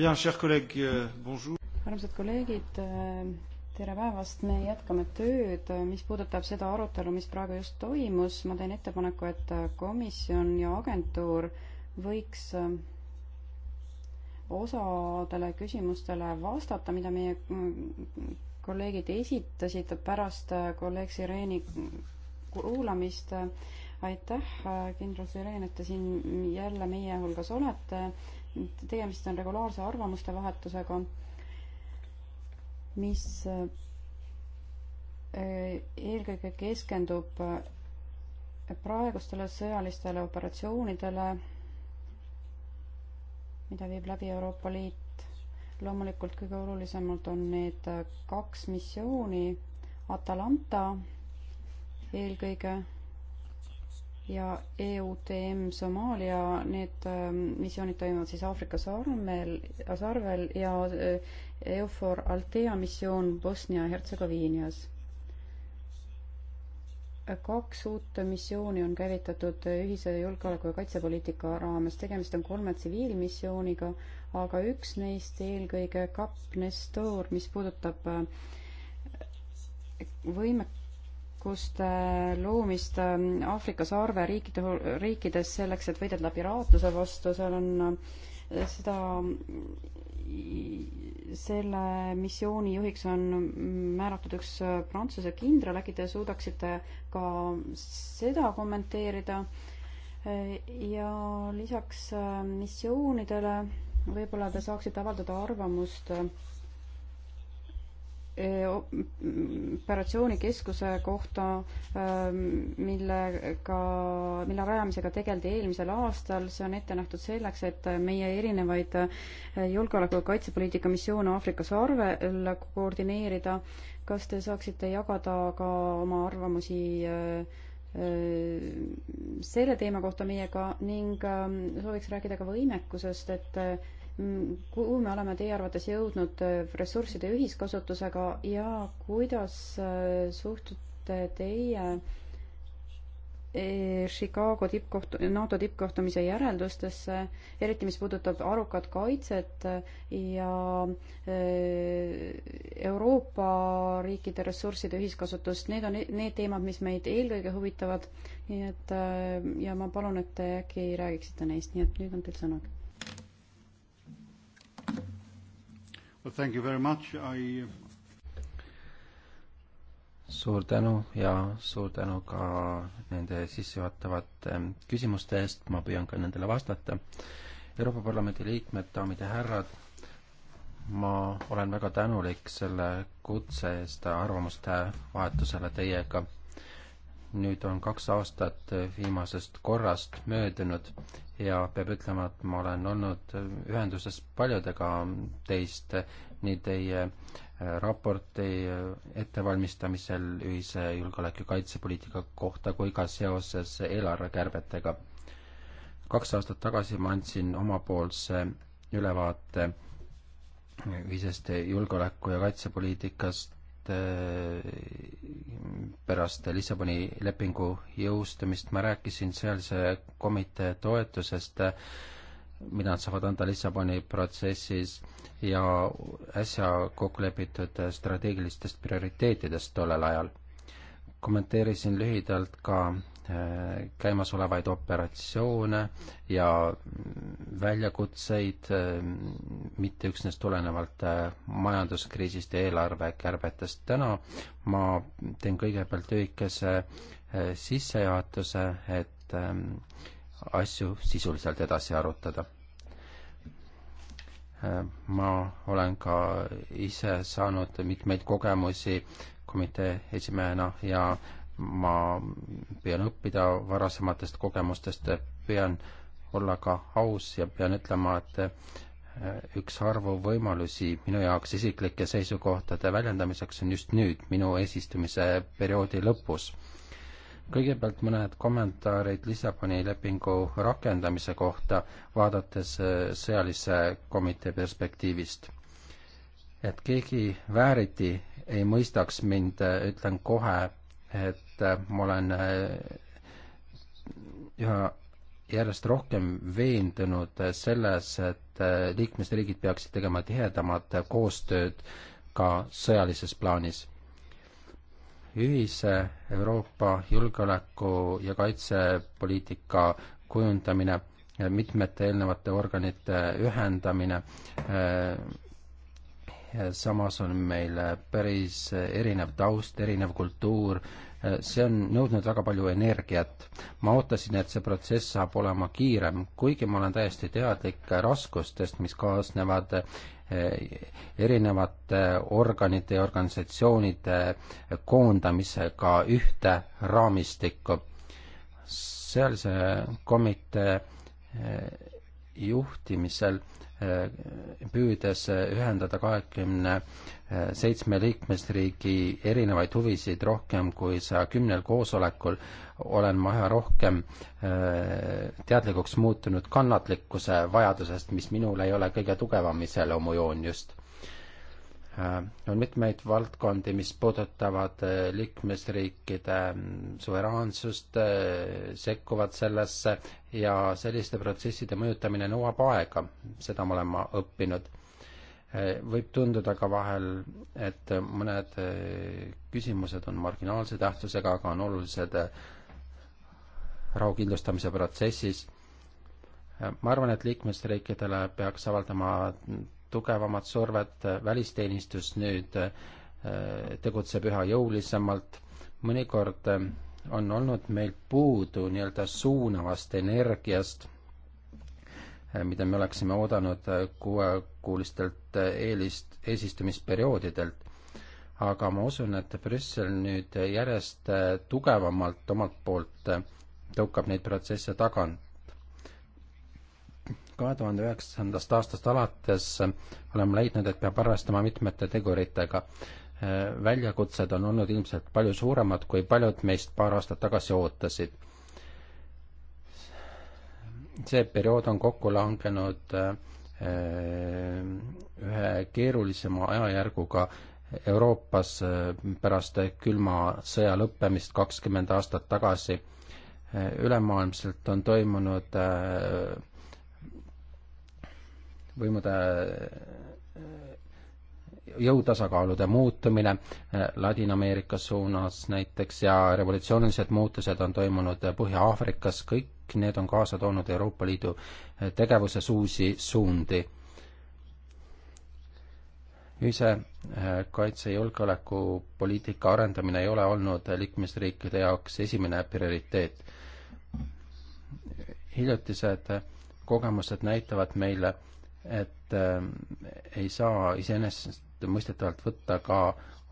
Bien, chers collègues, euh, bonjour. armsad kolleegid, äh, tere päevast, me jätkame tööd, äh, mis puudutab seda arutelu, mis praegu just toimus, ma teen ettepaneku, et äh, komisjon ja agentuur võiks osadele küsimustele vastata, mida meie mm, kolleegid esitasid pärast kolleeg Sireeni kuulamist. aitäh, kindral Sireen, et te siin jälle meie hulgas olete tegemist on regulaarse arvamuste vahetusega, mis äh, eelkõige keskendub praegustele sõjalistele operatsioonidele, mida viib läbi Euroopa Liit. loomulikult kõige olulisemalt on need kaks missiooni, Atalanta eelkõige ja EUTM Somaalia, need ähm, missioonid toimuvad siis Aafrika sarmel, sarvel ja äh, EUFOR Altea missioon Bosnia-Hertsegoviinias. kaks uut missiooni on käivitatud ühise julgeoleku- ja kaitsepoliitika raames, tegemist on kolme tsiviilmissiooniga, aga üks neist eelkõige Cap Nestor, mis puudutab äh, võimek-, võrguste äh, loomist ähm, Aafrika sarve riikide, riikides selleks, et võidelda piraatluse vastu, seal on äh, seda, mm, selle missiooni juhiks on määratud üks äh, prantsuse kindral, äkki te suudaksite ka seda kommenteerida? ja lisaks missioonidele võib-olla te saaksite avaldada arvamust äh, operatsioonikeskuse kohta, ähm, millega, mille rajamisega tegeldi eelmisel aastal, see on ette nähtud selleks, et meie erinevaid äh, julgeoleku- ja kaitsepoliitika missioone Aafrika sarvel koordineerida. kas te saaksite jagada ka oma arvamusi äh, äh, selle teema kohta meiega ning ähm, sooviks rääkida ka võimekusest, et kuhu me oleme teie arvates jõudnud äh, ressursside ühiskasutusega ja kuidas äh, suhtute teie äh, Chicago tippkoht-, NATO tippkohtumise järeldustesse, eriti mis puudutab arukat kaitset ja Euroopa riikide ressursside ühiskasutust, need on e-, need teemad, mis meid eelkõige huvitavad, nii et ja ma palun, et te äkki räägiksite neist, nii et nüüd on teil sõna well,. Thank you very much, I. Uh, suur tänu ja suur tänu ka nende sissejuhatavate ähm, küsimuste eest, ma püüan ka nendele vastata. Euroopa Parlamendi liikmed, daamid ja härrad, ma olen väga tänulik selle kutse eest arvamuste vahetusele teiega nüüd on kaks aastat viimasest korrast möödunud ja peab ütlema, et ma olen olnud ühenduses paljudega teist, nii teie äh, raporti äh, ettevalmistamisel ühise julgeoleku ja kaitsepoliitika kohta kui ka seoses eelarvekärbetega. kaks aastat tagasi ma andsin omapoolse ülevaate ühisest julgeoleku- ja kaitsepoliitikast et äh, pärast Lissaboni lepingu jõustumist ma rääkisin sealse komitee toetusest, mida nad saavad anda Lissaboni protsessis ja äsja kokku lepitud strateegilistest prioriteetidest tollel ajal. kommenteerisin lühidalt ka Äh, käimasolevaid operatsioone ja väljakutseid äh, mitte üksnes tulenevalt äh, majanduskriisist ja eelarvekärbetest. täna ma teen kõigepealt lühikese sissejuhatuse, et asju sisuliselt edasi arutada. ma olen ka ise saanud mitmeid kogemusi komitee esimehena ja ma püüan õppida varasematest kogemustest, püüan olla ka aus ja pean ütlema, et üks arvu võimalusi minu jaoks isiklike seisukohtade väljendamiseks on just nüüd, minu eesistumise perioodi lõpus. kõigepealt mõned kommentaarid Lissaboni lepingu rakendamise kohta, vaadates sõjalise komitee perspektiivist. et keegi vääriti ei mõistaks mind, ütlen kohe, et et äh, ma olen äh, üha järjest rohkem veendunud selles, et äh, liikmesriigid peaksid tegema tihedamat koostööd ka sõjalises plaanis. ühise Euroopa julgeoleku ja kaitsepoliitika kujundamine, mitmete eelnevate organite ühendamine, samas on meil päris erinev taust, erinev kultuur, Äh, see on nõudnud väga palju energiat. ma ootasin, et see protsess saab olema kiirem, kuigi ma olen täiesti teadlik raskustest, mis kaasnevad äh, erinevate organite ja organisatsioonide koondamisega ühte raamistikku. sealse komitee äh, juhtimisel Äh, püüdes ühendada kahekümne äh, seitsme liikmesriigi erinevaid huvisid rohkem kui saja kümnel koosolekul, olen ma üha rohkem äh, teadlikuks muutunud kannatlikkuse vajadusest, mis minul ei ole kõige tugevam iseloomujoon just. Äh, on mitmeid valdkondi, mis puudutavad äh, liikmesriikide mm, suveraansust, äh, sekkuvad sellesse ja selliste protsesside mõjutamine nõuab aega, seda ma olen ma õppinud. võib tunduda ka vahel, et mõned küsimused on marginaalse tähtsusega, aga on olulised rahu kindlustamise protsessis. ma arvan, et liikmesriikidele peaks avaldama tugevamat survet, äh, välisteenistus nüüd äh, tegutseb üha jõulisemalt, mõnikord äh, on olnud meil puudu nii-öelda suunavast energiast, mida me oleksime oodanud kuuekuulistelt eelist, eesistumisperioodidelt. aga ma usun, et Brüssel nüüd järjest tugevamalt omalt poolt tõukab neid protsesse tagant kahe tuhande üheksandast aastast alates oleme leidnud, et peab arvestama mitmete teguritega. väljakutsed on olnud ilmselt palju suuremad, kui paljud meist paar aastat tagasi ootasid. see periood on kokku langenud äh, ühe keerulisema ajajärguga Euroopas äh, pärast külma sõja lõppemist kakskümmend aastat tagasi äh, ülemaailmselt on toimunud äh, võimude äh, jõutasakaalude muutumine äh, Ladina-Ameerika suunas näiteks ja revolutsioonilised muutused on toimunud Põhja-Aafrikas, kõik need on kaasa toonud Euroopa Liidu äh, tegevuses uusi suundi. ühise kaitse- ja julgeolekupoliitika arendamine ei ole olnud liikmesriikide jaoks esimene prioriteet. hiljutised kogemused näitavad meile, et äh, ei saa iseenesestmõistetavalt võtta ka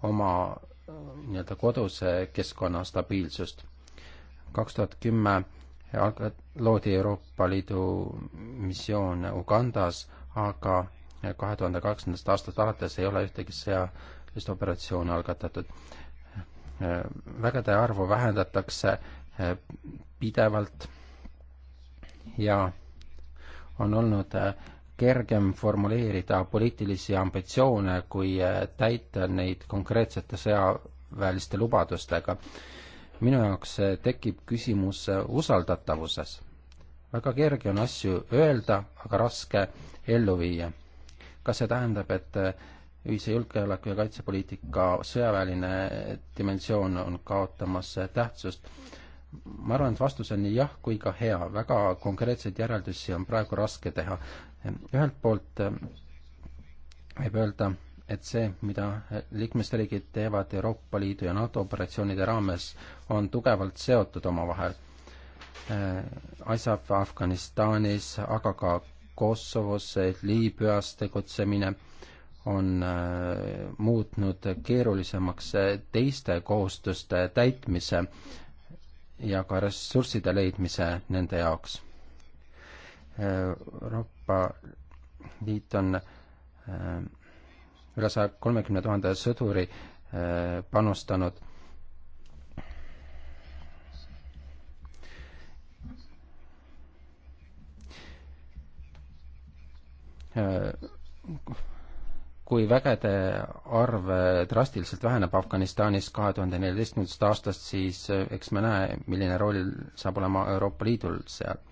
oma äh, nii-öelda koduse keskkonna stabiilsust. kaks tuhat kümme loodi Euroopa Liidu missioon Ugandas, aga kahe tuhande kaheksandast aastast alates ei ole ühtegi sõjalist operatsiooni algatatud. Äh, vägede arvu vähendatakse äh, pidevalt ja on olnud kergem formuleerida poliitilisi ambitsioone, kui äh, täita neid konkreetsete sõjaväeliste lubadustega. minu jaoks äh, tekib küsimus äh, usaldatavuses. väga kerge on asju öelda, aga raske ellu viia. kas see tähendab, et ühise julgeoleku- ja kaitsepoliitika sõjaväeline dimensioon on kaotamas tähtsust? ma arvan, et vastus on nii jah kui ka hea, väga konkreetseid järeldusi on praegu raske teha ühelt poolt äh, võib öelda, et see, mida liikmesriigid teevad Euroopa Liidu ja NATO operatsioonide raames, on tugevalt seotud omavahel. ISAF äh, Afganistanis, aga ka Kosovos, Liibüas tegutsemine on äh, muutnud keerulisemaks teiste kohustuste täitmise ja ka ressursside leidmise nende jaoks Euroopa Liit on äh, üle saja kolmekümne tuhande sõduri äh, panustanud äh, kui vägede arv drastiliselt väheneb Afganistanis kahe tuhande neljateistkümnendast aastast, siis eks me näe, milline roll saab olema Euroopa Liidul seal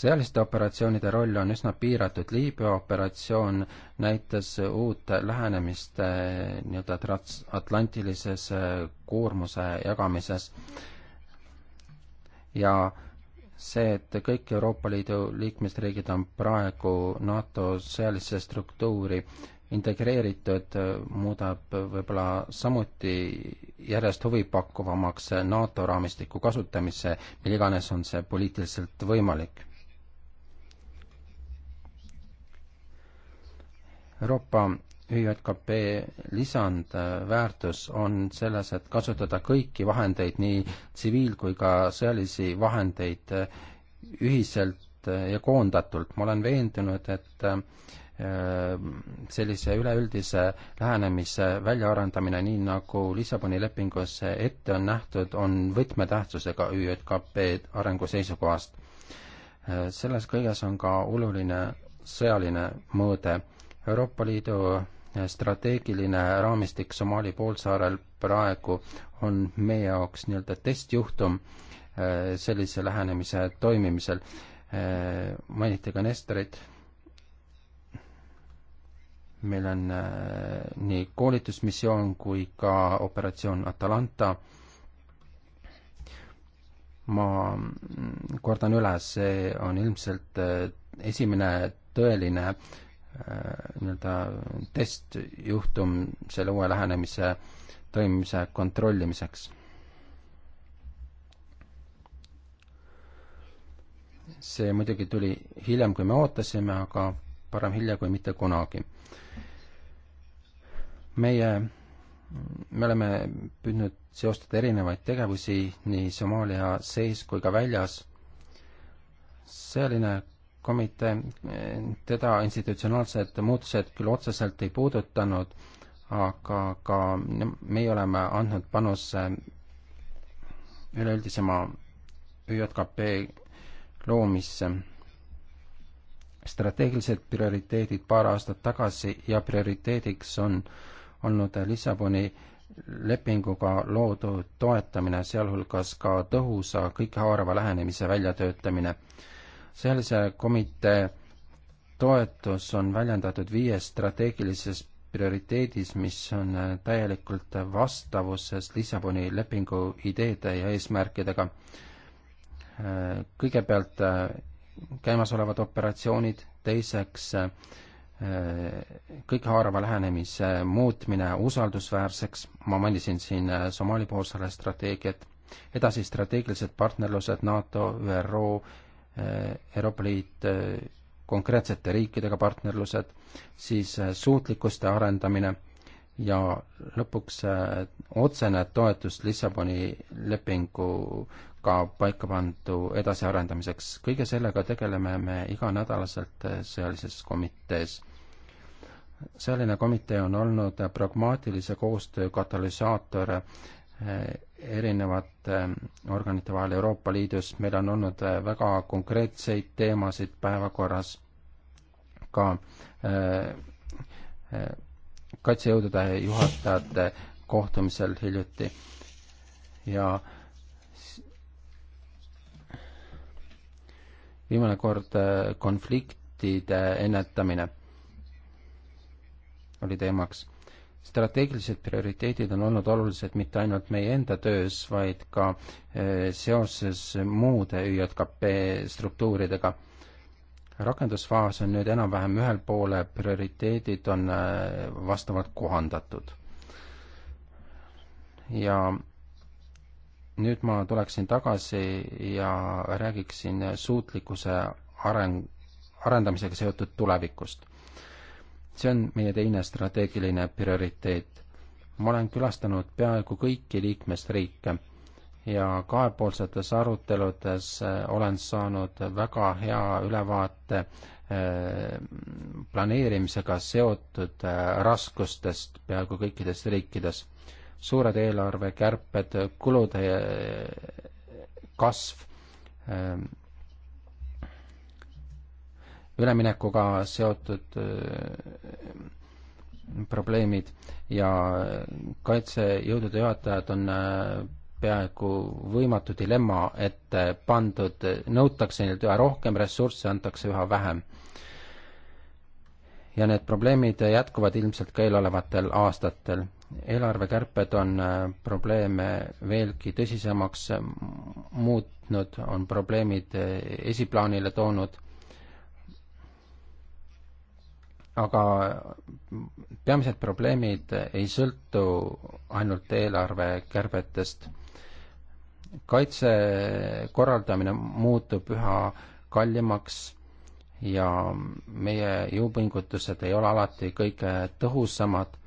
sõjaliste operatsioonide roll on üsna piiratud, Liibüa operatsioon näitas uut lähenemist eh, nii-öelda transatlantilises eh, koormuse jagamises ja see, et kõik Euroopa Liidu liikmesriigid on praegu NATO sõjalisse struktuuri integreeritud, eh, muudab võib-olla samuti järjest huvipakkuvamaks NATO raamistiku kasutamisse, mil iganes on see poliitiliselt võimalik Euroopa ÜJKP lisandväärtus on selles, et kasutada kõiki vahendeid, nii tsiviil- kui ka sõjalisi vahendeid eh, ühiselt eh, ja koondatult. ma olen veendunud, et eh, sellise üleüldise lähenemise väljaarendamine, nii nagu Lissaboni lepingus ette on nähtud, on võtmetähtsusega ÜJKP arengu seisukohast. selles kõiges on ka oluline sõjaline mõõde Euroopa Liidu eh, strateegiline raamistik Somaali poolsaarel praegu on meie jaoks nii-öelda testjuhtum eh, sellise lähenemise toimimisel. Eh, mainiti ka Nestorit. meil on nii koolitusmissioon kui ka operatsioon Atalanta ma mm, kordan üle, see on ilmselt esimene tõeline Äh, nii-öelda testjuhtum selle uue lähenemise toimimise kontrollimiseks. see muidugi tuli hiljem, kui me ootasime, aga parem hilja kui mitte kunagi. meie, me oleme püüdnud seostada erinevaid tegevusi nii Somaalia sees kui ka väljas. sõjaline komitee, teda institutsionaalsed muutused küll otseselt ei puudutanud, aga ka meie oleme andnud panuse üleüldisema ÜJKP loomisse. strateegilised prioriteedid paar aastat tagasi ja prioriteediks on olnud Lissaboni lepinguga loodud toetamine, sealhulgas ka tõhusa kõikehaarava lähenemise väljatöötamine sõjalise komitee toetus on väljendatud viies strateegilises prioriteedis, mis on äh, täielikult vastavuses Lissaboni lepingu ideede ja eesmärkidega. Äh, kõigepealt äh, käimasolevad operatsioonid, teiseks kõikhaarava lähenemise muutmine usaldusväärseks, ma mainisin siin Somaali poolsaare strateegiat, edasi strateegilised partnerlused NATO, ÜRO, Äh, Euroopa Liit äh, konkreetsete riikidega partnerlused, siis äh, suutlikkuste arendamine ja lõpuks otsene toetus Lissaboni lepinguga paika pandu edasiarendamiseks. kõige sellega tegeleme me iganädalaselt sõjalises komitees. sõjaline komitee on olnud pragmaatilise koostöö katalüsaator erinevate ähm, organite vahel Euroopa Liidus, meil on olnud äh, väga konkreetseid teemasid päevakorras ka äh, äh, kaitsejõudude juhatajate kohtumisel hiljuti ja viimane kord konfliktide ennetamine oli teemaks strateegilised prioriteedid on olnud olulised mitte ainult meie enda töös, vaid ka eh, seoses muude ÜJKP struktuuridega. rakendusfaas on nüüd enam-vähem ühel poole, prioriteedid on eh, vastavalt kohandatud. ja nüüd ma tuleksin tagasi ja räägiksin suutlikkuse areng, arendamisega seotud tulevikust see on meie teine strateegiline prioriteet. ma olen külastanud peaaegu kõiki liikmesriike ja kahepoolsetes aruteludes eh, olen saanud väga hea ülevaate eh, planeerimisega seotud eh, raskustest peaaegu kõikides riikides. suured eelarvekärped, kulude kasv üleminekuga seotud äh, probleemid ja kaitsejõudude juhatajad on äh, peaaegu võimatu dilemma ette pandud, nõutakse neilt üha rohkem ressursse, antakse üha vähem. ja need probleemid jätkuvad ilmselt ka eelolevatel aastatel. eelarvekärped on äh, probleeme veelgi tõsisemaks muutnud, on probleemid esiplaanile toonud aga peamised probleemid ei sõltu ainult eelarvekärbetest. kaitse korraldamine muutub üha kallimaks ja meie jõupingutused ei ole alati kõige tõhusamad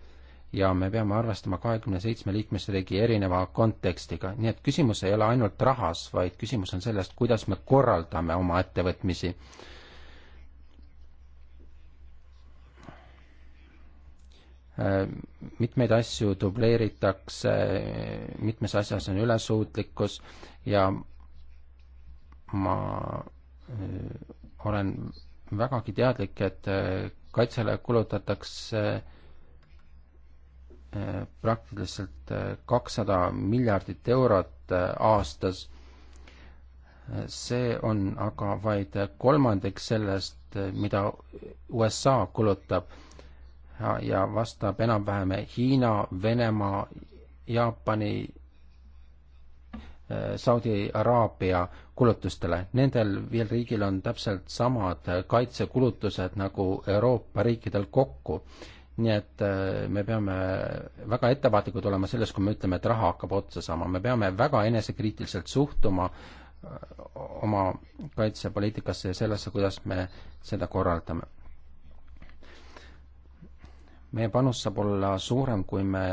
ja me peame arvestama kahekümne seitsme liikmesriigi erineva kontekstiga, nii et küsimus ei ole ainult rahas, vaid küsimus on selles, kuidas me korraldame oma ettevõtmisi Äh, mitmeid asju dubleeritakse, mitmes asjas on ülesuutlikkus ja ma äh, olen vägagi teadlik, et äh, kaitsele kulutatakse praktiliselt kakssada miljardit eurot aastas. see on aga vaid kolmandik sellest, mida USA kulutab ja vastab enam-vähem Hiina, Venemaa, Jaapani, äh, Saudi Araabia kulutustele. Nendel viiel riigil on täpselt samad kaitsekulutused nagu Euroopa riikidel kokku. nii et äh, me peame väga ettevaatlikud olema selles, kui me ütleme, et raha hakkab otsa saama, me peame väga enesekriitiliselt suhtuma äh, oma kaitsepoliitikasse ja sellesse, kuidas me seda korraldame meie panus saab olla suurem, kui me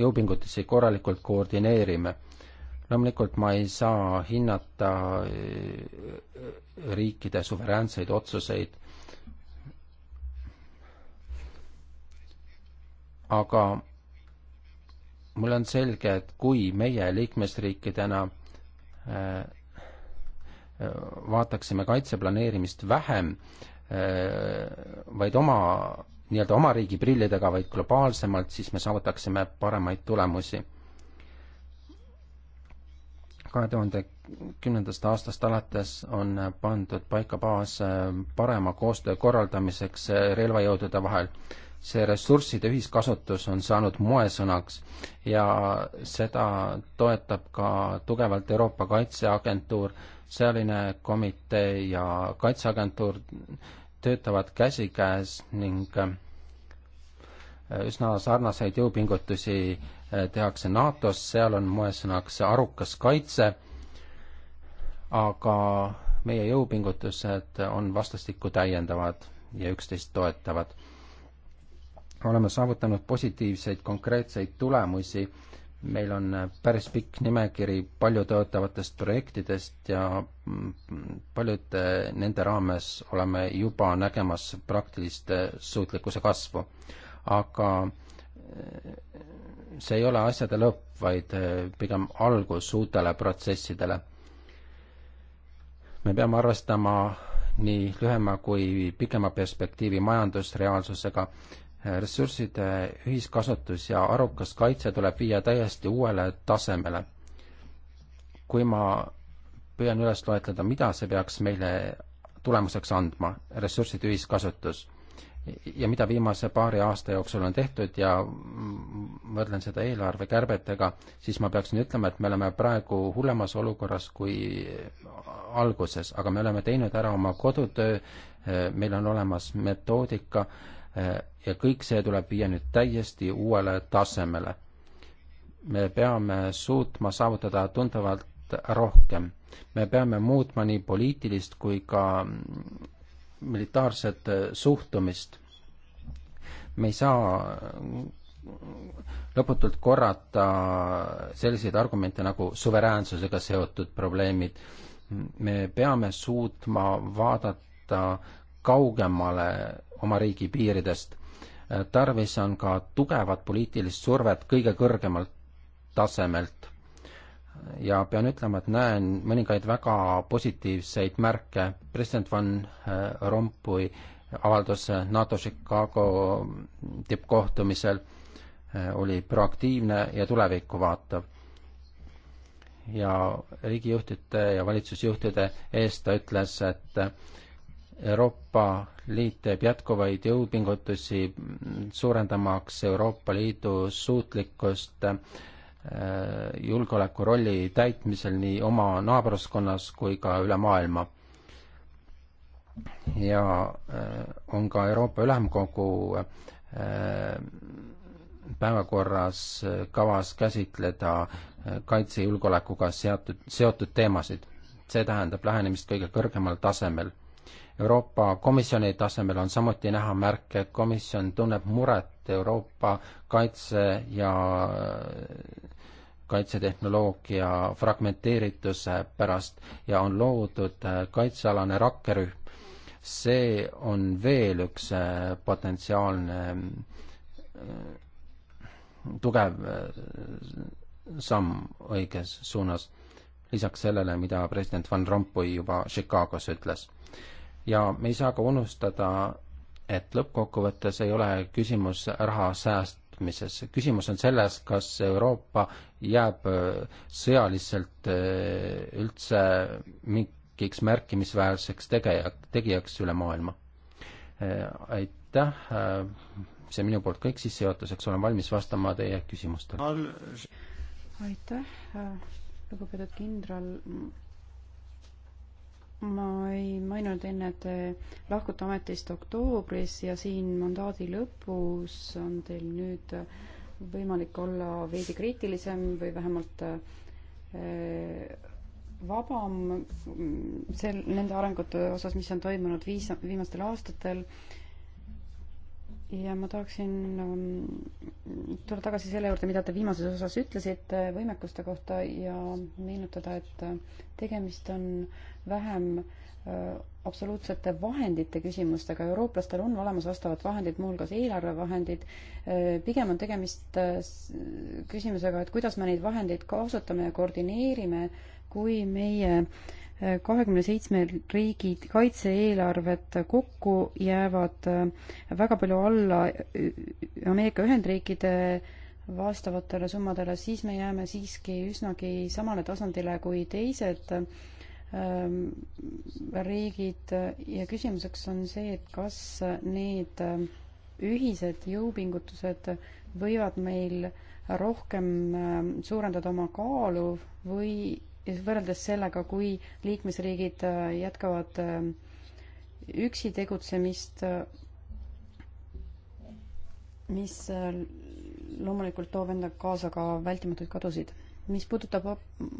jõupingutusi korralikult koordineerime. loomulikult ma ei saa hinnata eh, riikide suveräänseid otsuseid, aga mulle on selge, et kui meie liikmesriikidena eh, vaataksime kaitseplaneerimist vähem, eh, vaid oma nii-öelda oma riigi prillidega, vaid globaalsemalt, siis me saavutaksime paremaid tulemusi. kahe tuhande kümnendast aastast alates on pandud paika baas parema koostöö korraldamiseks relvajõudude vahel. see ressursside ühiskasutus on saanud moesõnaks ja seda toetab ka tugevalt Euroopa Kaitseagentuur, sõjaline komitee ja Kaitseagentuur töötavad käsikäes ning äh, üsna sarnaseid jõupingutusi äh, tehakse NATO-s, seal on moesõnaks arukas kaitse, aga meie jõupingutused on vastastikku täiendavad ja üksteist toetavad. oleme saavutanud positiivseid konkreetseid tulemusi äh, meil on päris pikk nimekiri paljude ootavatest projektidest ja paljude nende raames oleme juba nägemas praktilist suutlikkuse kasvu. aga eh, see ei ole asjade lõpp, vaid eh, pigem algus uutele protsessidele. me peame arvestama nii lühema kui pikema perspektiivi majandusreaalsusega ressursside ühiskasutus ja arukas kaitse tuleb viia täiesti uuele tasemele. kui ma püüan üles loetleda, mida see peaks meile tulemuseks andma, ressursside ühiskasutus, ja mida viimase paari aasta jooksul on tehtud ja võrdlen seda eelarvekärbetega, siis ma peaksin ütlema, et me oleme praegu hullemas olukorras kui alguses, aga me oleme teinud ära oma kodutöö, meil on olemas metoodika ja kõik see tuleb viia nüüd täiesti uuele tasemele. me peame suutma saavutada tuntavalt rohkem. me peame muutma nii poliitilist kui ka militaarset suhtumist. me ei saa lõputult korrata selliseid argumente nagu suveräänsusega seotud probleemid. me peame suutma vaadata kaugemale oma riigi piiridest. Äh, tarvis on ka tugevat poliitilist survet kõige kõrgemalt tasemelt. ja pean ütlema, et näen mõningaid väga positiivseid märke. president Van äh, Rompuy avaldus äh, NATO Chicago tippkohtumisel oli proaktiivne ja tulevikku vaatav. ja riigijuhtide ja valitsusjuhtide ees ta ütles, et Euroopa Liit teeb jätkuvaid jõupingutusi suurendamaks Euroopa Liidu suutlikkust äh, julgeoleku rolli täitmisel nii oma naabruskonnas kui ka üle maailma. ja äh, on ka Euroopa Ülemkogu äh, päevakorras kavas käsitleda kaitsejulgeolekuga seatud, seotud teemasid. see tähendab lähenemist kõige kõrgemal tasemel Euroopa Komisjoni tasemel on samuti näha märke, et komisjon tunneb muret Euroopa kaitse ja kaitsetehnoloogia fragmenteerituse pärast ja on loodud äh, kaitsealane rakkerühm. see on veel üks äh, potentsiaalne äh, tugev samm õiges suunas, lisaks sellele, mida president Van Rompuy juba Chicagos ütles ja me ei saa ka unustada, et lõppkokkuvõttes ei ole küsimus raha säästmises, küsimus on selles, kas Euroopa jääb äh, sõjaliselt äh, üldse mingiks märkimisväärseks tegeja, tegijaks üle maailma. Äh, aitäh, see minu poolt kõik sissejuhatuseks, olen valmis vastama teie küsimustele. aitäh, lugupeetud kindral ma ei maininud enne, et te lahkute ametist oktoobris ja siin mandaadi lõpus on teil nüüd võimalik olla veidi kriitilisem või vähemalt eh, vabam sel, nende arengute osas, mis on toimunud viis, viimastel aastatel ja ma tahaksin ähm, tulla tagasi selle juurde, mida te viimases osas ütlesite võimekuste kohta ja meenutada, et äh, tegemist on vähem äh, absoluutsete vahendite küsimustega, eurooplastel on olemas vastavad vahendid, muuhulgas eelarvevahendid, äh, pigem on tegemist küsimusega, et kuidas me neid vahendeid kasutame ja koordineerime, kui meie äh, kahekümne seitsme riigi kaitse-eelarved kokku jäävad äh, väga palju alla äh, Ameerika Ühendriikide vastavatele summadele, siis me jääme siiski üsnagi samale tasandile kui teised ähm, riigid ja küsimuseks on see, et kas need äh, ühised jõupingutused võivad meil rohkem suurendada oma kaalu või võrreldes sellega, kui liikmesriigid äh, jätkavad äh, üksi tegutsemist, äh, mis loomulikult toob endaga kaasa ka vältimatuid kadusid. mis puudutab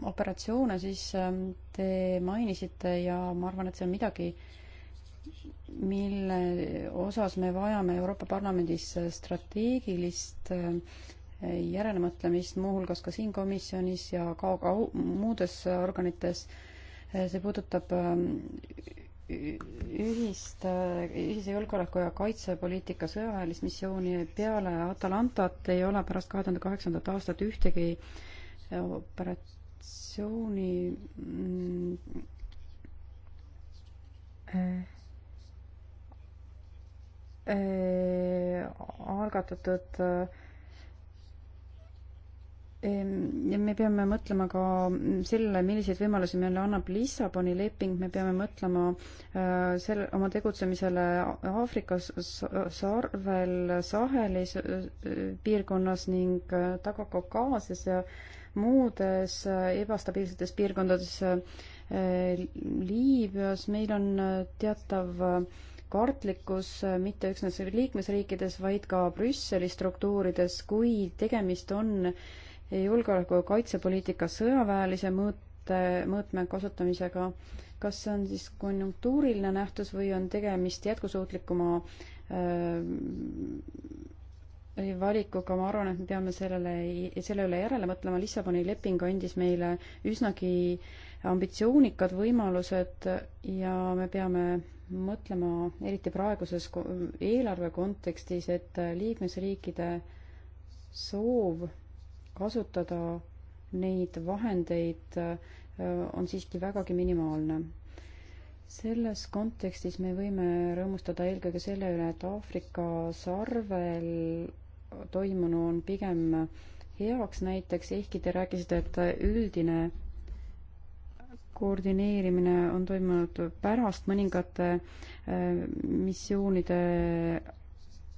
operatsioone, siis ähm, te mainisite ja ma arvan, et see on midagi, mille osas me vajame Euroopa Parlamendis strateegilist järelemõtlemist, muuhulgas ka siin komisjonis ja ka, ka muudes organites. see puudutab ähm, ühist, äh, ühise julgeoleku ja kaitsepoliitika sõjaväelist missiooni peale Atalantat ei ole pärast kahe tuhande kaheksandat aastat ühtegi äh, operatsiooni mm, äh, algatatud äh, ja me peame mõtlema ka sellele, milliseid võimalusi meile annab Lissaboni leping, me peame mõtlema äh, selle, oma tegutsemisele Aafrikas sarvel Sahelis äh, piirkonnas ning äh, taga Kaukaasias ja muudes ebastabiilsetes piirkondades Liibüas, meil on teatav kartlikkus mitte üksnes liikmesriikides, vaid ka Brüsseli struktuurides, kui tegemist on äh, julgeoleku- ja kaitsepoliitika sõjaväelise mõõte, mõõtme kasutamisega. kas see on siis konjunktuuriline nähtus või on tegemist jätkusuutlikuma äh, valikuga, ma arvan, et me peame sellele, selle üle järele mõtlema, Lissaboni leping andis meile üsnagi ambitsioonikad võimalused ja me peame mõtlema, eriti praeguses eelarve kontekstis, et liikmesriikide soov kasutada neid vahendeid äh, on siiski vägagi minimaalne. selles kontekstis me võime rõõmustada eelkõige selle üle, et Aafrika sarvel toimunu on pigem heaks näiteks, ehkki te rääkisite, et üldine koordineerimine on toimunud pärast mõningate äh, missioonide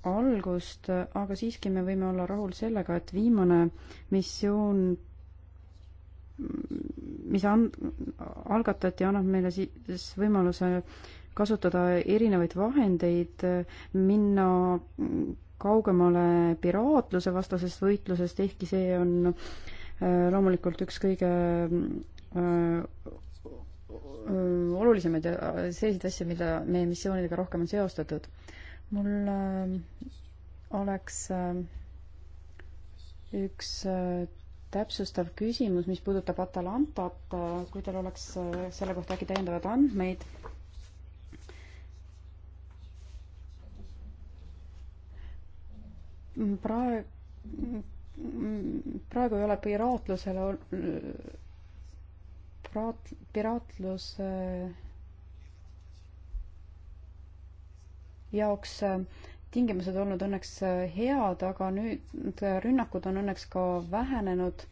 algust, aga siiski me võime olla rahul sellega, et viimane missioon, mis an-, algatati, annab meile siis võimaluse kasutada erinevaid vahendeid, minna kaugemale piraatluse vastasest võitlusest, ehkki see on äh, loomulikult üks kõige äh, olulisemaid ja äh, selliseid asju, mida meie missioonidega rohkem on seostatud mul ähm, oleks ähm, üks äh, täpsustav küsimus, mis puudutab Atalantat, äh, kui teil oleks äh, selle kohta äkki täiendavaid andmeid. praegu, praegu ei ole piraatlusele, piraat-, piraatlusele jaoks äh, tingimused olnud õnneks äh, head, aga nüüd äh, rünnakud on õnneks ka vähenenud.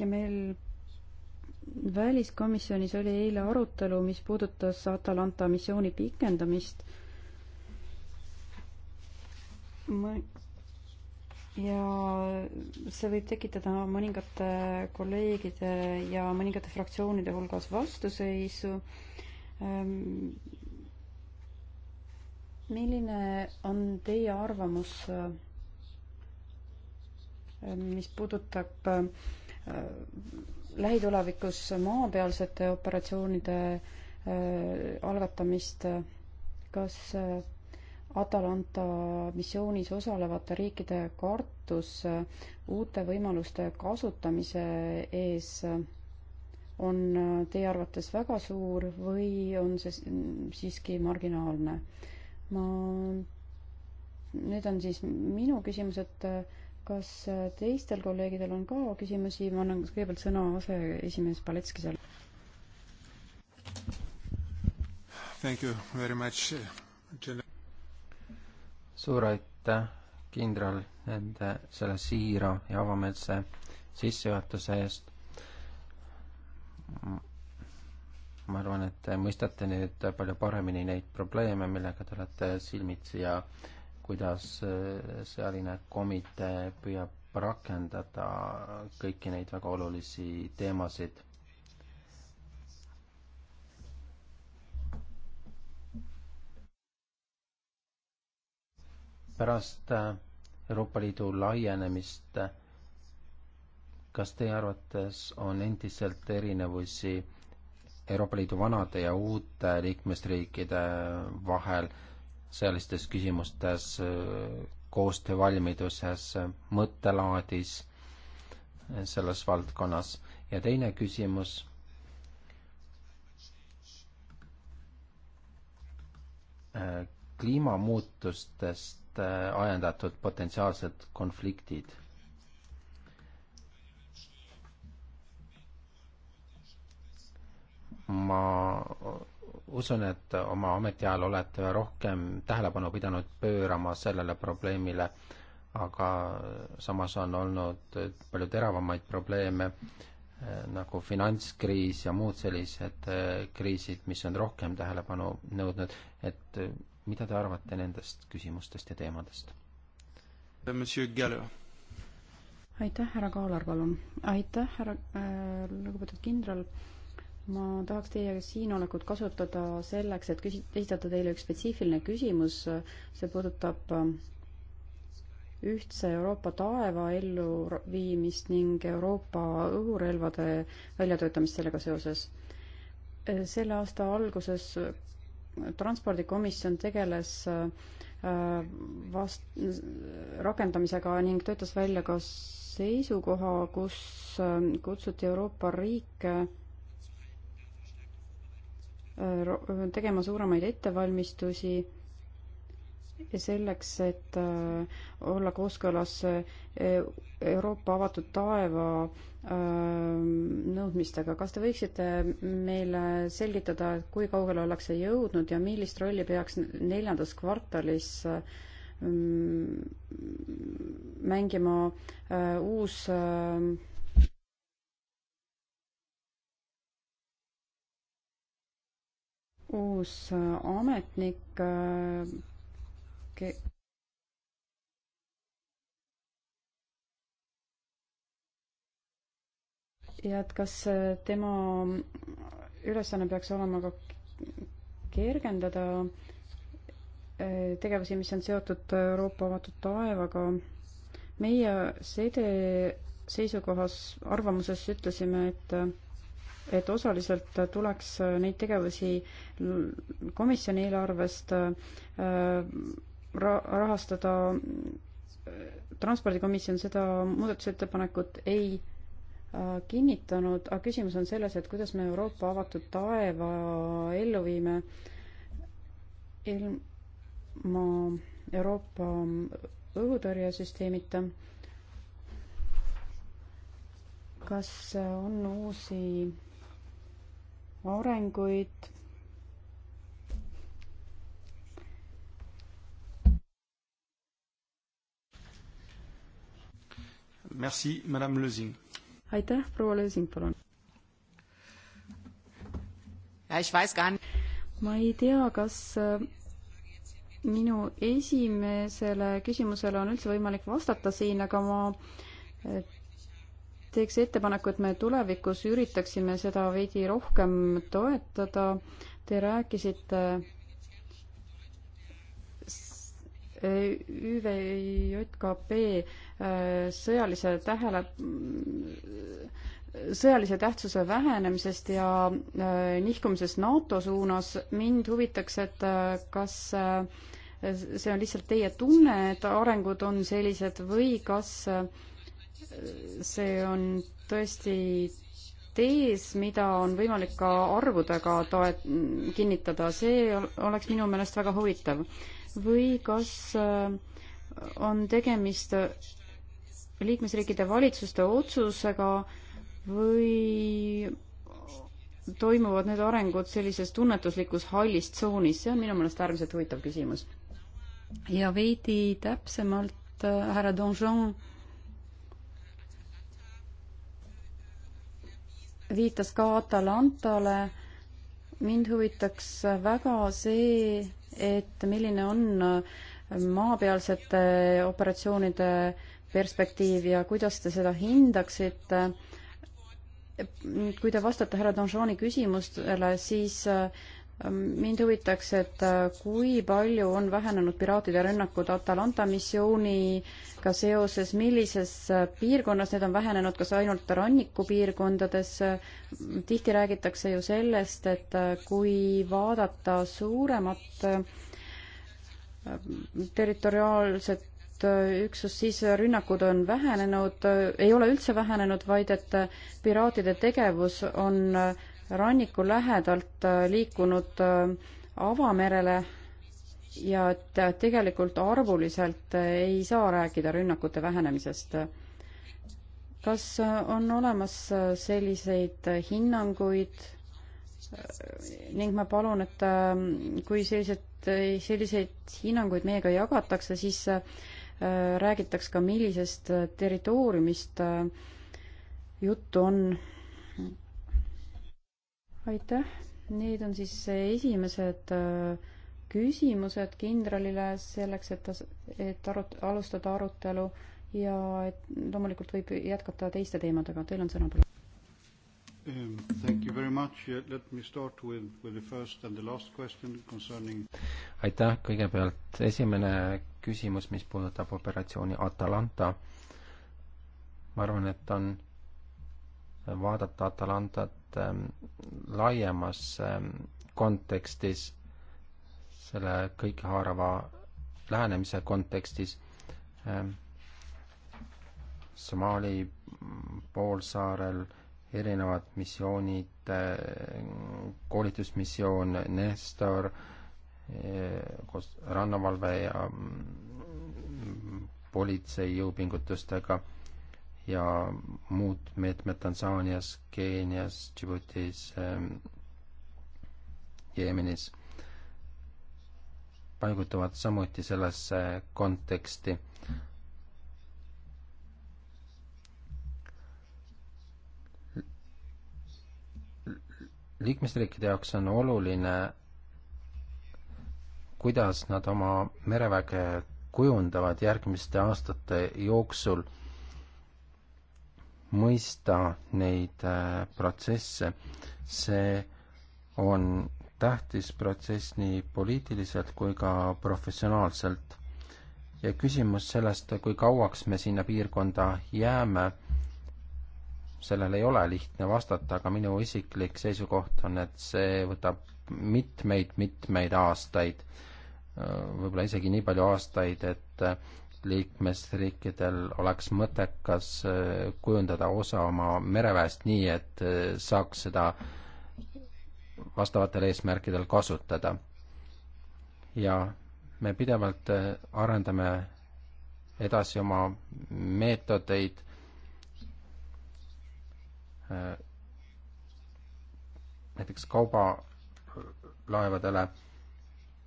ja meil väliskomisjonis oli eile arutelu, mis puudutas Atalanta missiooni pikendamist ja see võib tekitada mõningate kolleegide ja mõningate fraktsioonide hulgas vastuseisu. Ähm, milline on teie arvamus, ähm, mis puudutab äh, lähitulevikus maapealsete operatsioonide äh, algatamist, kas äh, Atalanta missioonis osalevate riikide kartus uute võimaluste kasutamise ees on teie arvates väga suur või on see siiski marginaalne? ma, need on siis minu küsimused, kas teistel kolleegidel on ka küsimusi, ma annan kõigepealt sõna aseesimees Paletskisele. Thank you very much, Jenna suur aitäh, kindral, nende, selle siira ja avameelse sissejuhatuse eest. ma arvan, et te mõistate nüüd palju paremini neid probleeme, millega te olete silmitsi ja kuidas äh, sõjaline komitee püüab rakendada kõiki neid väga olulisi teemasid pärast äh, Euroopa Liidu laienemist, äh, kas teie arvates on endiselt erinevusi Euroopa Liidu vanade ja uute liikmesriikide vahel sõjalistes küsimustes, äh, koostöövalmiduses, mõttelaadis selles valdkonnas ja teine küsimus kliimamuutustest sellest äh, ajendatud potentsiaalsed konfliktid. ma usun, et oma ametiajal olete rohkem tähelepanu pidanud pöörama sellele probleemile, aga samas on olnud palju teravamaid probleeme äh, nagu finantskriis ja muud sellised äh, kriisid, mis on rohkem tähelepanu nõudnud, et mida te arvate nendest küsimustest ja teemadest? aitäh, härra Kaalar, palun. aitäh, härra äh, lugupeetud kindral. ma tahaks teie siinolekut kasutada selleks, et küsi-, esitada teile üks spetsiifiline küsimus, see puudutab äh, ühtse Euroopa taeva elluviimist ning Euroopa õhurelvade väljatöötamist sellega seoses. Äh, selle aasta alguses transpordikomisjon tegeles äh, vast-, rakendamisega ning töötas välja ka seisukoha, kus äh, kutsuti Euroopa riike äh, tegema suuremaid ettevalmistusi selleks, et äh, olla kooskõlas äh, Euroopa avatud taeva äh, nõudmistega. kas te võiksite meile selgitada, et kui kaugele ollakse jõudnud ja millist rolli peaks neljandas kvartalis mängima uus uus ametnik ke- ja et kas äh, tema ülesanne peaks olema ka kergendada äh, tegevusi, mis on seotud Euroopa avatud taevaga. meie sede seisukohas, arvamuses ütlesime, et et osaliselt tuleks neid tegevusi komisjoni eelarvest äh, rahastada, äh, transpordikomisjon seda muudatusettepanekut ei äh, kinnitanud, aga küsimus on selles, et kuidas me Euroopa avatud taeva ellu viime ilma Euroopa õhutõrjesüsteemita. kas on uusi arenguid? Merci, madame Lösing. aitäh, proua Lösing, palun. ma ei tea, kas äh, minu esimesele küsimusele on üldse võimalik vastata siin, aga ma äh, teeks ettepaneku, et me tulevikus üritaksime seda veidi rohkem toetada. Te rääkisite äh, ÜVJKP sõjalise tähele, sõjalise tähtsuse vähenemisest ja äh, nihkumisest NATO suunas. mind huvitaks, et äh, kas äh, see on lihtsalt teie tunne, et arengud on sellised või kas see on tõesti tees, mida on võimalik ka arvudega toet-, kinnitada, see oleks minu meelest väga huvitav. või kas on tegemist liikmesriikide valitsuste otsusega või toimuvad need arengud sellises tunnetuslikus hallis tsoonis, see on minu meelest äärmiselt huvitav küsimus. ja veidi täpsemalt äh, härra Donjon viitas ka Atalantale, mind huvitaks väga see, et milline on äh, maapealsete operatsioonide äh, perspektiiv ja kuidas te seda hindaksite? kui te vastate härra Donjoni küsimustele, siis äh, mind huvitaks, et äh, kui palju on vähenenud piraatide rünnakud Atalanta missiooniga seoses, millises äh, piirkonnas need on vähenenud, kas ainult rannikupiirkondades? tihti räägitakse ju sellest, et kui vaadata suuremat territoriaalset Äh, üksus, siis äh, rünnakud on vähenenud, äh, ei ole üldse vähenenud, vaid et piraatide tegevus on ranniku lähedalt liikunud avamerele ja et tegelikult arvuliselt ei saa rääkida rünnakute vähenemisest. kas on olemas selliseid hinnanguid ning ma palun, et kui sellised selliseid hinnanguid meiega jagatakse, siis räägitaks ka, millisest territooriumist äh, juttu on. aitäh, need on siis esimesed äh, küsimused kindralile selleks, et ta, et arut-, alustada arutelu ja et loomulikult võib jätkata teiste teemadega, teil on sõna, palun. Um, thank you very much. Let me start with, with the first and the last question concerning aitäh, kõigepealt esimene küsimus, mis puudutab operatsiooni Atalanta. ma arvan, et on vaadata Atalantat ähm, laiemas ähm, kontekstis, selle kõikehaarava lähenemise kontekstis ähm,. Somaali poolsaarel äh, erinevad missioonid, koolitusmissioon Nestor koos rannavalve ja mm, politsei jõupingutustega ja muud meetmed Tansaanias, Keenias, Djiboutis, ehm, Jeemenis paigutuvad samuti sellesse konteksti liikmesriikide jaoks on oluline, kuidas nad oma mereväge kujundavad järgmiste aastate jooksul, mõista neid äh, protsesse. see on tähtis protsess nii poliitiliselt kui ka professionaalselt. ja küsimus sellest, kui kauaks me sinna piirkonda jääme sellele ei ole lihtne vastata, aga minu isiklik seisukoht on, et see võtab mitmeid-mitmeid aastaid, võib-olla isegi nii palju aastaid, et liikmesriikidel oleks mõttekas äh, kujundada osa oma mereväest nii, et äh, saaks seda vastavatel eesmärkidel kasutada. ja me pidevalt äh, arendame edasi oma meetodeid Äh, näiteks kaubalaevadele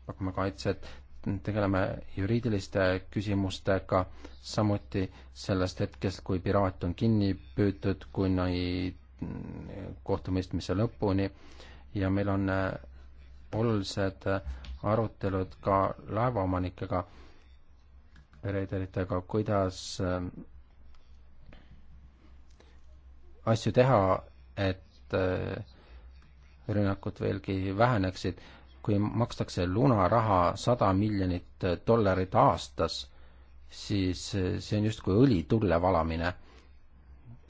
pakume kaitset, tegeleme juriidiliste küsimustega, samuti sellest hetkest, kui piraat on kinni püütud kuni kohtumõistmise lõpuni ja meil on äh, olulised äh, arutelud ka laevaomanikega, reederitega, kuidas asju teha, et äh, rünnakut veelgi väheneksid, kui makstakse lunaraha sada miljonit äh, dollarit aastas, siis äh, see on justkui õlitulle valamine.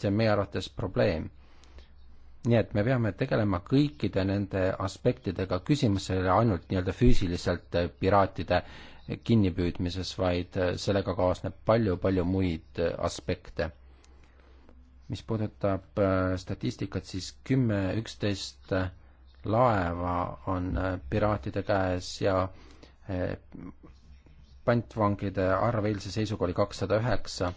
see on meie arvates probleem. nii et me peame tegelema kõikide nende aspektidega, küsimus ei ole ainult nii-öelda füüsiliselt piraatide kinnipüüdmises, vaid sellega kaasneb palju-palju muid aspekte mis puudutab äh, statistikat, siis kümme, üksteist äh, laeva on äh, piraatide käes ja pantvangide arv eilse seisuga oli kakssada üheksa.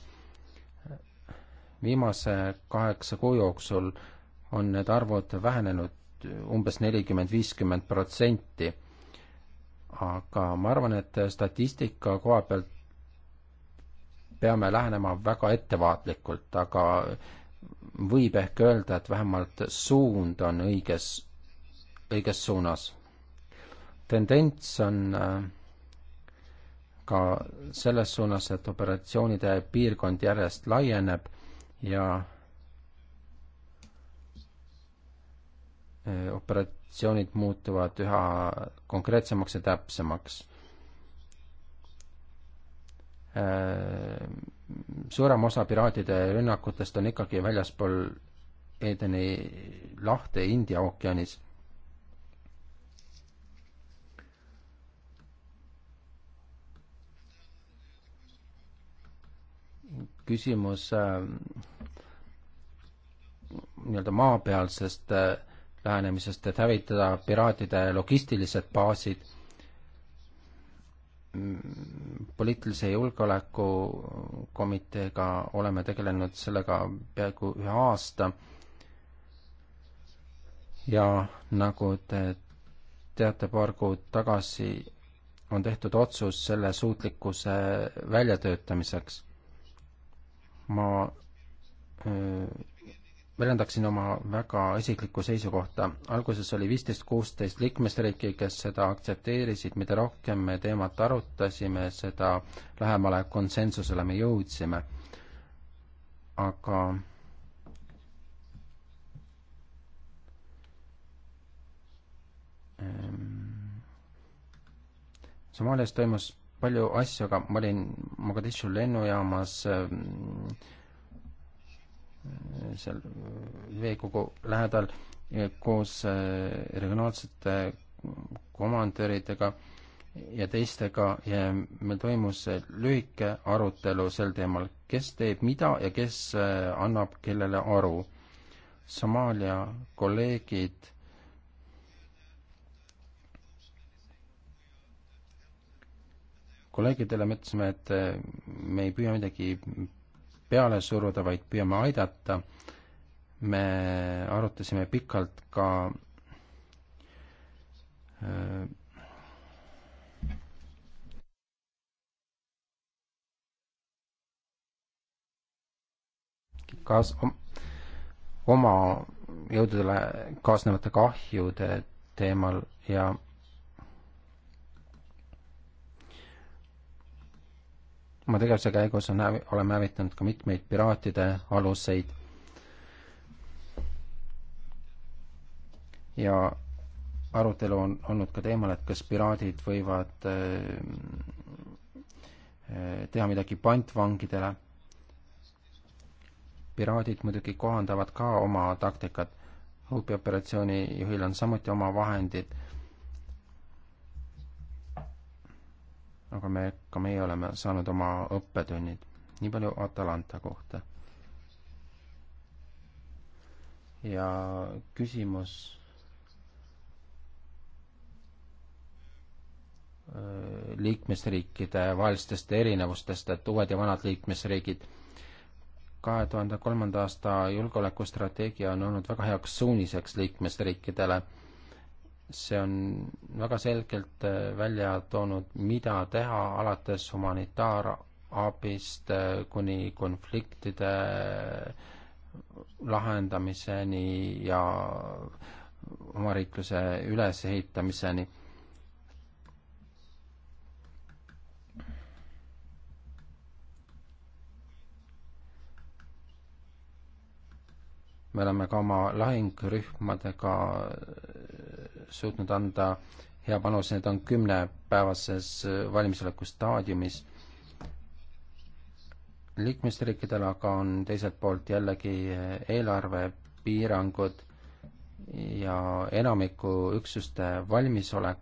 viimase kaheksa kuu jooksul on need arvud vähenenud umbes nelikümmend, viiskümmend protsenti. aga ma arvan, et statistika koha pealt peame lähenema väga ettevaatlikult, aga võib ehk öelda, et vähemalt suund on õiges, õiges suunas. tendents on äh, ka selles suunas, et operatsioonide piirkond järjest laieneb ja äh, operatsioonid muutuvad üha konkreetsemaks ja täpsemaks Äh, suurem osa piraatide rünnakutest on ikkagi väljaspool Edeni lahte India ookeanis. küsimus äh, nii-öelda maapealsest äh, lähenemisest, et hävitada piraatide logistilised baasid poliitilise julgeoleku komiteega oleme tegelenud sellega peaaegu ühe aasta ja nagu te teate, paar kuud tagasi on tehtud otsus selle suutlikkuse väljatöötamiseks. ma öö, väljendaksin oma väga isiklikku seisukohta. alguses oli viisteist, kuusteist liikmesriiki, kes seda aktsepteerisid, mida rohkem me teemat arutasime, seda lähemale konsensusele me jõudsime. aga ehm, Somaalias toimus palju asju, aga ma olin Mogadishu lennujaamas äh, seal veekogu lähedal eh, koos eh, regionaalsete komandöridega ja teistega ja meil toimus eh, lühike arutelu sel teemal, kes teeb mida ja kes annab kellele aru. Somaalia kolleegid kolleegidele me ütlesime, et me ei püüa midagi peale suruda, vaid püüame aidata. me arutasime pikalt ka äh, kaas-, oma jõududele kaasnevate kahjude teemal ja oma tegevuse käigus on, oleme hävitanud ka mitmeid piraatide aluseid ja arutelu on olnud ka teemal, et kas piraadid võivad äh, äh, teha midagi pantvangidele. piraadid muidugi kohandavad ka oma taktikat. Hopi operatsiooni juhil on samuti oma vahendid aga me, ka meie oleme saanud oma õppetunnid. nii palju Atalanta kohta. ja küsimus äh, liikmesriikide vahelistest erinevustest, et uued ja vanad liikmesriigid. kahe tuhande kolmanda aasta julgeolekustrateegia on olnud väga heaks suuniseks liikmesriikidele see on väga selgelt äh, välja toonud, mida teha alates humanitaarabist äh, kuni konfliktide äh, lahendamiseni ja omariikluse ülesehitamiseni me oleme ka oma lahingrühmadega suutnud anda hea panuse, need on kümnepäevases äh, valmisoleku staadiumis. liikmesriikidel aga on teiselt poolt jällegi äh, eelarvepiirangud ja enamiku üksuste valmisolek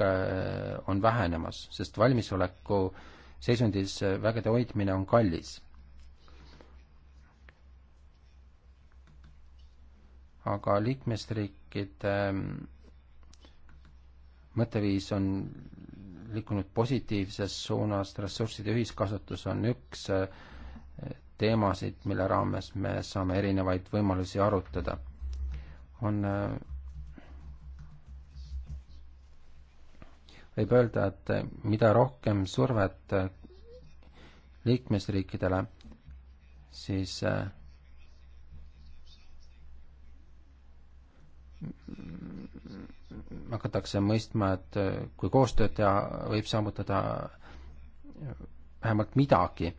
äh, on vähenemas, sest valmisoleku seisundis vägede hoidmine on kallis aga liikmesriikide ähm, mõtteviis on liikunud positiivses suunas, ressursside ühiskasutus on üks äh, teemasid, mille raames me saame erinevaid võimalusi arutada. on, äh, võib öelda, et äh, mida rohkem survet liikmesriikidele, siis hakatakse mõistma, et äh, kui koostööd teha, võib saavutada äh, vähemalt midagi.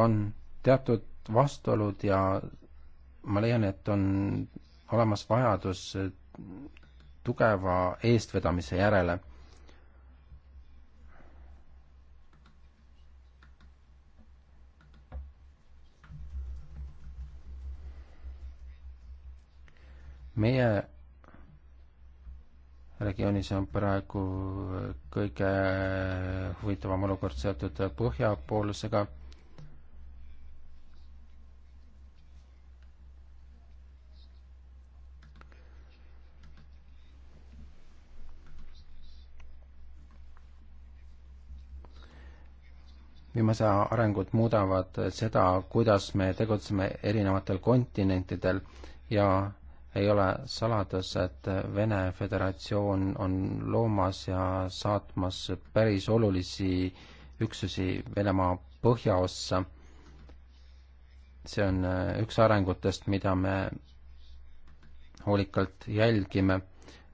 on teatud suured vastuolud ja ma leian, et on olemas vajadus tugeva eestvedamise järele meie regioonis on praegu kõige huvitavam olukord seotud põhjapoolsega viimase aja arengud muudavad seda, kuidas me tegutseme erinevatel kontinentidel ja ei ole saladus, et Vene Föderatsioon on loomas ja saatmas päris olulisi üksusi Venemaa põhjaossa. see on üks arengutest, mida me hoolikalt jälgime.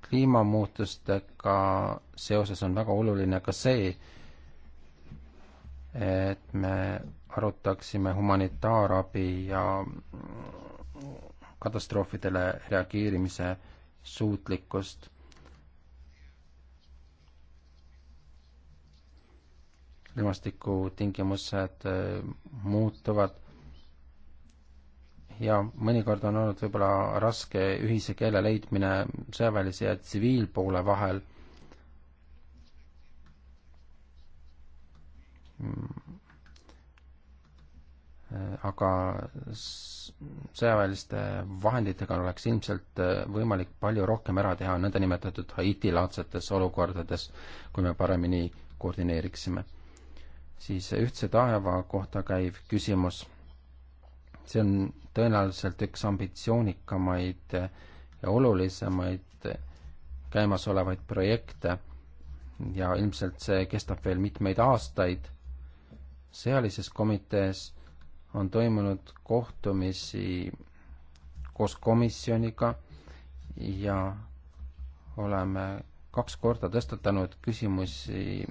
kliimamuutustega seoses on väga oluline ka see, et me arutaksime humanitaarabi ja katastroofidele reageerimise suutlikkust. ilmastikutingimused äh, muutuvad ja mõnikord on olnud võib-olla raske ühise keele leidmine sõjaväelise ja tsiviilpoole vahel Mm. aga sõjaväeliste vahenditega oleks ilmselt äh, võimalik palju rohkem ära teha nõndanimetatud Haiti-laadsetes olukordades, kui me paremini koordineeriksime. siis ühtse taeva kohta käiv küsimus. see on tõenäoliselt üks ambitsioonikamaid ja olulisemaid käimasolevaid projekte ja ilmselt see kestab veel mitmeid aastaid sõjalises komitees on toimunud kohtumisi koos komisjoniga ja oleme kaks korda tõstatanud küsimusi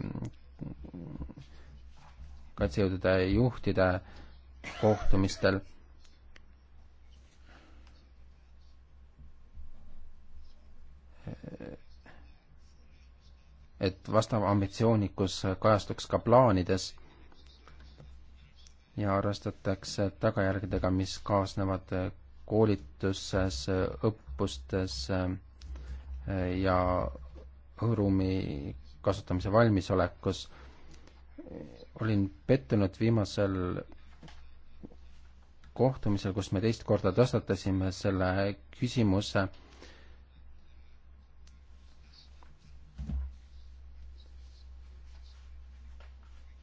kaitsejõudude juhtide kohtumistel. et vastav ambitsioonikus kajastuks ka plaanides ja arvestatakse tagajärgedega, mis kaasnevad koolituses, õppustes eh, ja õhuruumi kasutamise valmisolekus. olin pettunud viimasel kohtumisel, kus me teist korda tõstatasime selle küsimuse.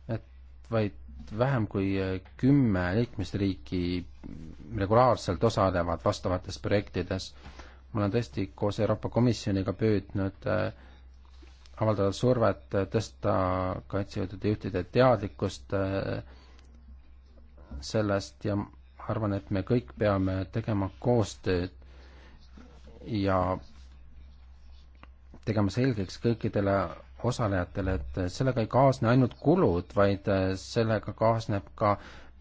et vaid vähem kui äh, kümme liikmesriiki regulaarselt osalevad vastavates projektides. ma olen tõesti koos Euroopa Komisjoniga püüdnud äh, avaldada survet, äh, tõsta kaitsejõudude juhtide teadlikkust sellest ja arvan, et me kõik peame tegema koostööd ja tegema selgeks kõikidele osalejatele, et sellega ei kaasne ainult kulud, vaid äh, sellega kaasneb ka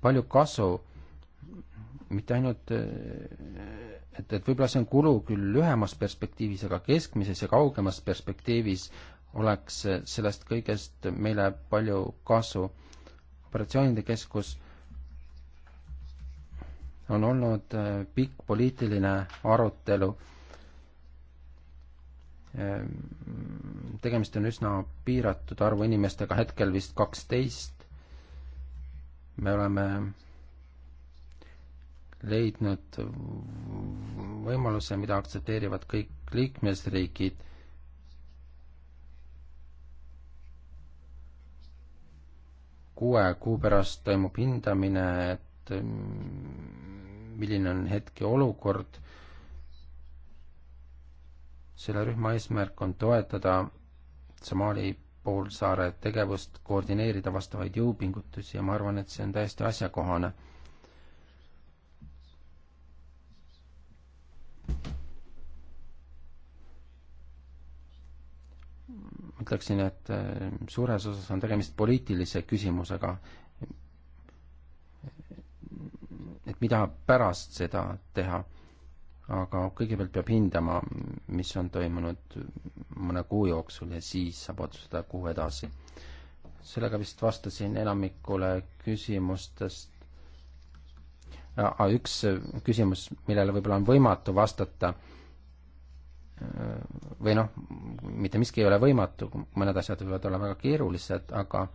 palju kasu. mitte ainult, äh, et, et võib-olla see on kulu küll lühemas perspektiivis, aga keskmises ja kaugemas perspektiivis oleks äh, sellest kõigest meile palju kasu. operatsioonide keskus on olnud pikk poliitiline arutelu Ehm, tegemist on üsna piiratud arvu inimestega, hetkel vist kaksteist. me oleme leidnud võimaluse, mida aktsepteerivad kõik liikmesriigid. kuue kuu pärast toimub hindamine, et mm, milline on hetkeolukord selle rühma eesmärk on toetada Somaali poolsaare tegevust, koordineerida vastavaid jõupingutusi ja ma arvan, et see on täiesti asjakohane. ütleksin, et eh, suures osas on tegemist poliitilise küsimusega, et mida pärast seda teha aga kõigepealt peab hindama, mis on toimunud mõne kuu jooksul ja siis saab otsustada, kuhu edasi. sellega vist vastasin enamikule küsimustest. üks küsimus, millele võib-olla on võimatu vastata, või noh, mitte miski ei ole võimatu, mõned asjad võivad olla väga keerulised, aga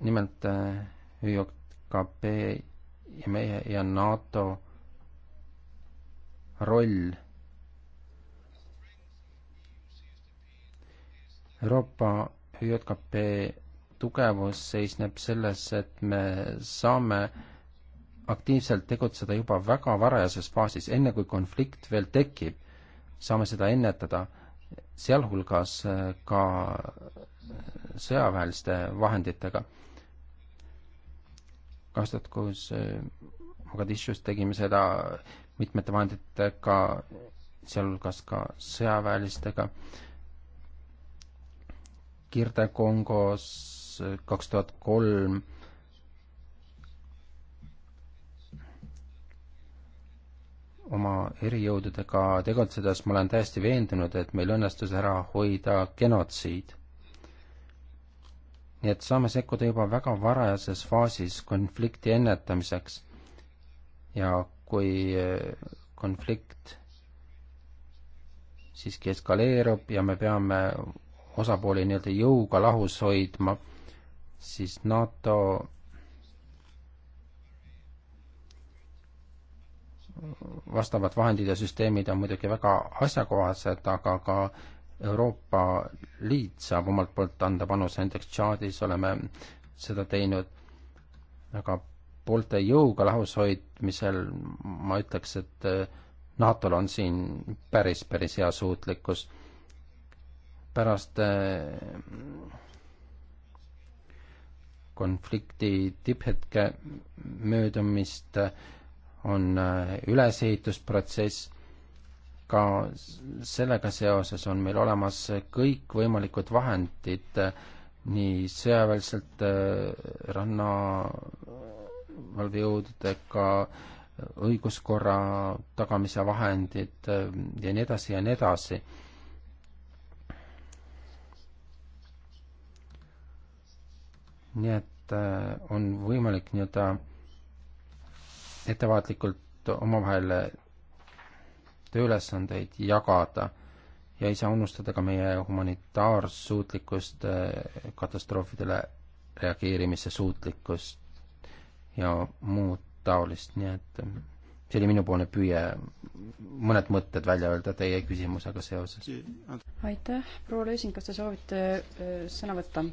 nimelt eh, ÜJKP ja meie ja NATO roll. Euroopa JKP tugevus seisneb selles, et me saame aktiivselt tegutseda juba väga varajases faasis, enne kui konflikt veel tekib, saame seda ennetada, sealhulgas äh, ka äh, sõjaväeliste vahenditega. kaks tuhat kuus äh, Mogadishus tegime seda mitmete vahenditega, sealhulgas ka sõjaväelistega. Kirde-Kongos kaks tuhat kolm oma erijõududega tegutsedes ma olen täiesti veendunud, et meil õnnestus ära hoida genotsiid. nii et saame sekkuda juba väga varajases faasis konflikti ennetamiseks ja kui eh, konflikt siiski eskaleerub ja me peame osapooli nii-öelda jõuga lahus hoidma, siis NATO vastavad vahendid ja süsteemid on muidugi väga asjakohased, aga ka Euroopa Liit saab omalt poolt anda panuse, näiteks Tšaadis oleme seda teinud, aga poolte jõuga lahus hoidmisel ma ütleks, et eh, NATO-l on siin päris, päris hea suutlikkus. pärast eh, konflikti tipphetke möödumist eh, on ülesehitusprotsess, ka sellega seoses on meil olemas kõikvõimalikud vahendid nii sõjaväeliselt ranna valvejõududega, õiguskorra tagamise vahendid äh, ja nii edasi ja nii edasi. nii et äh, on võimalik nii-öelda ettevaatlikult omavahel tööülesandeid jagada ja ei saa unustada ka meie humanitaarsuutlikkust, äh, katastroofidele reageerimise suutlikkust ja muud taolist, nii et ähm, see oli minupoolne püüe mõned mõtted välja öelda teie küsimusega seoses. aitäh, proua Lösing, kas te soovite äh, sõna võtta?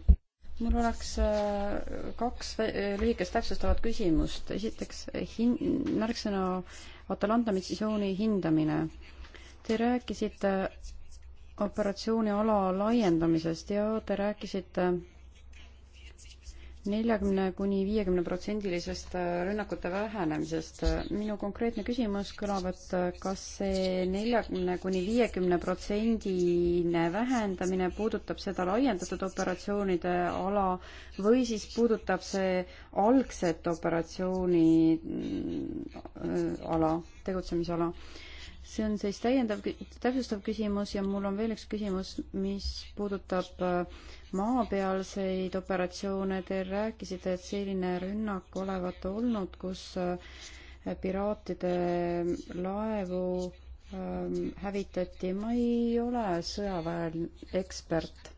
mul oleks äh, kaks lühikest täpsustavat küsimust. esiteks hin-, märksõna Atalanta missiooni hindamine. Te rääkisite operatsiooniala laiendamisest ja te rääkisite neljakümne kuni viiekümne protsendilisest äh, rünnakute vähenemisest. minu konkreetne küsimus kõlab, et äh, kas see neljakümne kuni viiekümne protsendine vähendamine puudutab seda laiendatud operatsioonide ala või siis puudutab see algset operatsiooni mm, ala, tegutsemisala? see on siis täiendav, täpsustav küsimus ja mul on veel üks küsimus, mis puudutab äh, maapealseid operatsioone, te rääkisite, et selline rünnak olevat olnud, kus äh, piraatide laevu ähm, hävitati, ma ei ole sõjaväel ekspert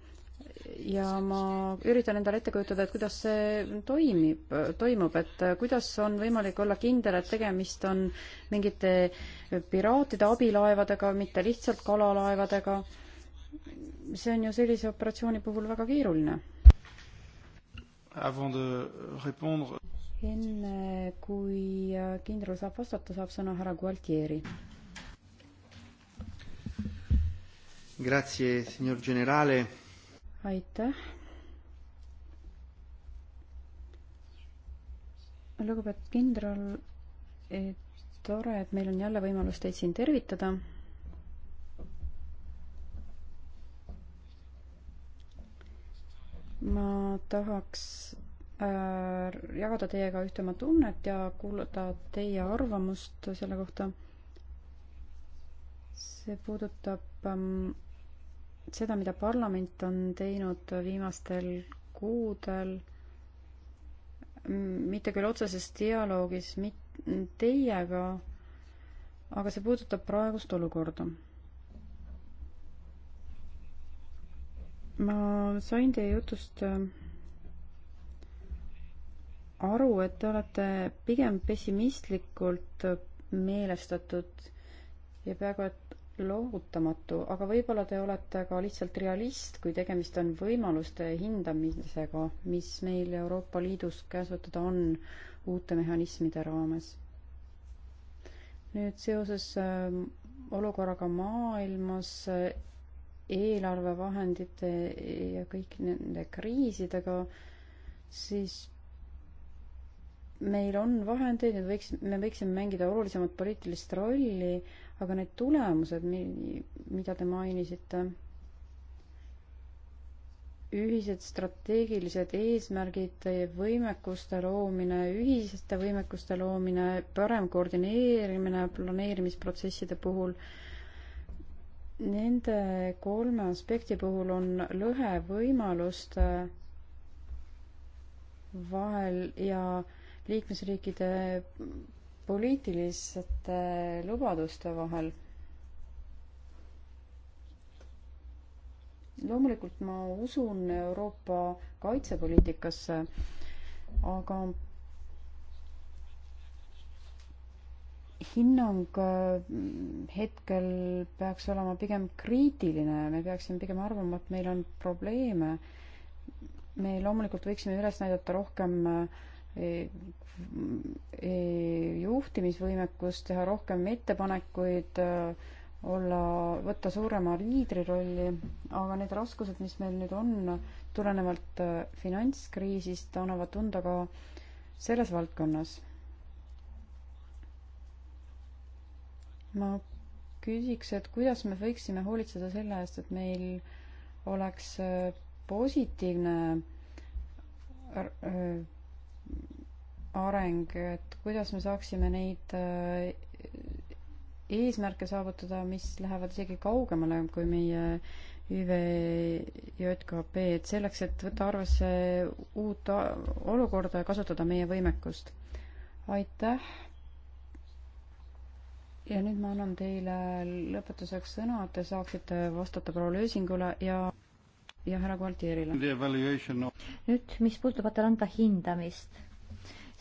ja ma üritan endale ette kujutada, et kuidas see toimib, toimub, et äh, kuidas on võimalik olla kindel, et tegemist on mingite piraatide abilaevadega, mitte lihtsalt kalalaevadega see on ju sellise operatsiooni puhul väga keeruline. enne kui kindral saab vastata, saab sõna härra Gualtieri. Grazie, signor generale. aitäh. lugupeetud kindral, eh, tore, et meil on jälle võimalus teid siin tervitada ma tahaks äh, jagada teiega ühte oma tunnet ja kuulata teie arvamust selle kohta. see puudutab ähm, seda, mida parlament on teinud viimastel kuudel, mitte küll otseses dialoogis mit-, teiega, aga see puudutab praegust olukorda ma sain teie jutust äh, aru, et te olete pigem pessimistlikult äh, meelestatud ja peaaegu et loovutamatu, aga võib-olla te olete ka lihtsalt realist, kui tegemist on võimaluste hindamisega, mis meil Euroopa Liidus käsutada on uute mehhanismide raames. nüüd seoses äh, olukorraga maailmas eelarvevahendite ja kõik nende kriisidega, siis meil on vahendeid, need võiks, me võiksime mängida olulisemat poliitilist rolli, aga need tulemused, mida te mainisite, ühised strateegilised eesmärgid, võimekuste loomine, ühiste võimekuste loomine, parem koordineerimine planeerimisprotsesside puhul, Nende kolme aspekti puhul on lõhe võimaluste äh, vahel ja liikmesriikide poliitiliste lubaduste vahel loomulikult ma usun Euroopa kaitsepoliitikasse, aga hinnang äh, hetkel peaks olema pigem kriitiline, me peaksime pigem arvama, et meil on probleeme. me loomulikult võiksime üles näidata rohkem äh, äh, juhtimisvõimekust, teha rohkem ettepanekuid, olla, võtta suurema liidri rolli, aga need raskused, mis meil nüüd on, tulenevalt finantskriisist, annavad tunda ka selles valdkonnas ma küsiks, et kuidas me võiksime hoolitseda selle eest, et meil oleks äh, positiivne äh, areng, et kuidas me saaksime neid äh, eesmärke saavutada, mis lähevad isegi kaugemale kui meie ÜVJKP, et selleks, et võtta arvesse uut olukorda ja kasutada meie võimekust. aitäh ja nüüd ma annan teile lõpetuseks sõna, et te saaksite vastata proua Lösingule ja, ja härra Gualtierile. nüüd, mis puudutab Atalanta hindamist,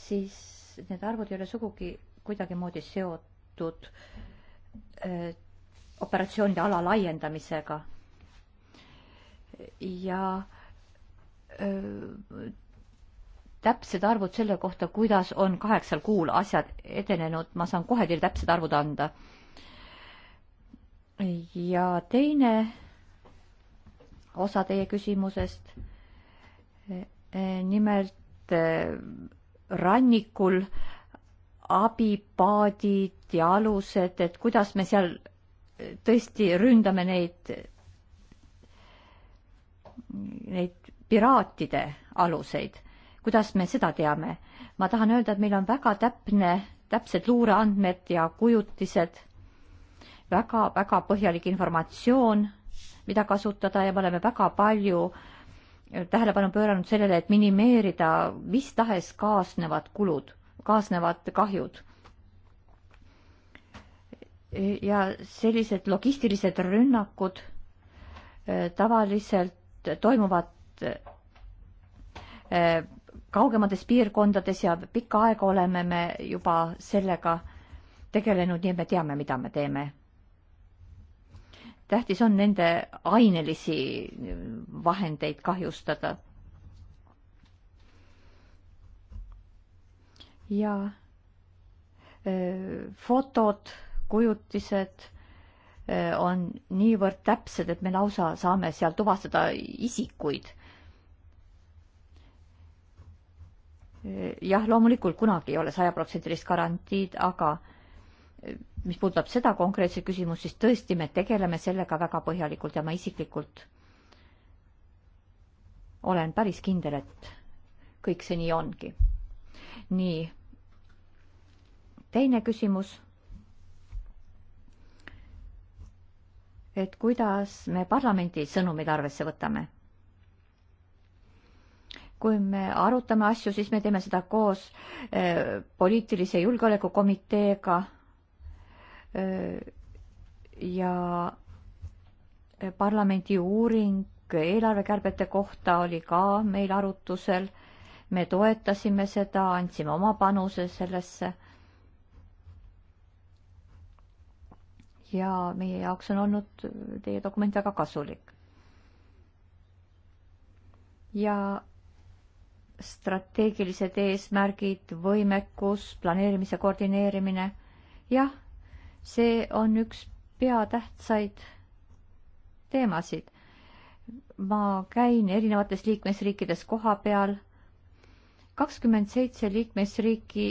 siis need arvud ei ole sugugi kuidagimoodi seotud öö, äh, operatsioonide ala laiendamisega. ja öö, äh, täpsed arvud selle kohta, kuidas on kaheksal kuul asjad edenenud, ma saan kohe teile täpsed arvud anda. ja teine osa teie küsimusest. Eh, nimelt eh, rannikul abipaadid ja alused, et kuidas me seal eh, tõesti ründame neid, neid piraatide aluseid kuidas me seda teame? ma tahan öelda, et meil on väga täpne, täpsed luureandmed ja kujutised väga,, väga-väga põhjalik informatsioon, mida kasutada ja me oleme väga palju äh, tähelepanu pööranud sellele, et minimeerida mis tahes kaasnevad kulud, kaasnevad kahjud. ja sellised logistilised rünnakud äh, tavaliselt toimuvad äh, kaugemates piirkondades ja pikka aega oleme me juba sellega tegelenud, nii et me teame, mida me teeme. tähtis on nende ainelisi vahendeid kahjustada. ja öö, äh, fotod, kujutised öö, äh, on niivõrd täpsed, et me lausa saame seal tuvastada isikuid jah, loomulikult kunagi ei ole sajaprotsendilist garantiid, aga e, mis puudutab seda konkreetset küsimust, siis tõesti, me tegeleme sellega väga põhjalikult ja ma isiklikult olen päris kindel, et kõik see nii ongi. nii. teine küsimus. et kuidas me parlamendi sõnumid arvesse võtame kui me arutame asju, siis me teeme seda koos eh, poliitilise julgeolekukomiteega eh, ja eh, parlamendi uuring eelarvekärbete kohta oli ka meil arutusel. me toetasime seda, andsime oma panuse sellesse. ja meie jaoks on olnud teie dokument väga kasulik. ja strateegilised eesmärgid, võimekus, planeerimise koordineerimine. jah, see on üks peatähtsaid teemasid. ma käin erinevates liikmesriikides koha peal. kakskümmend seitse liikmesriiki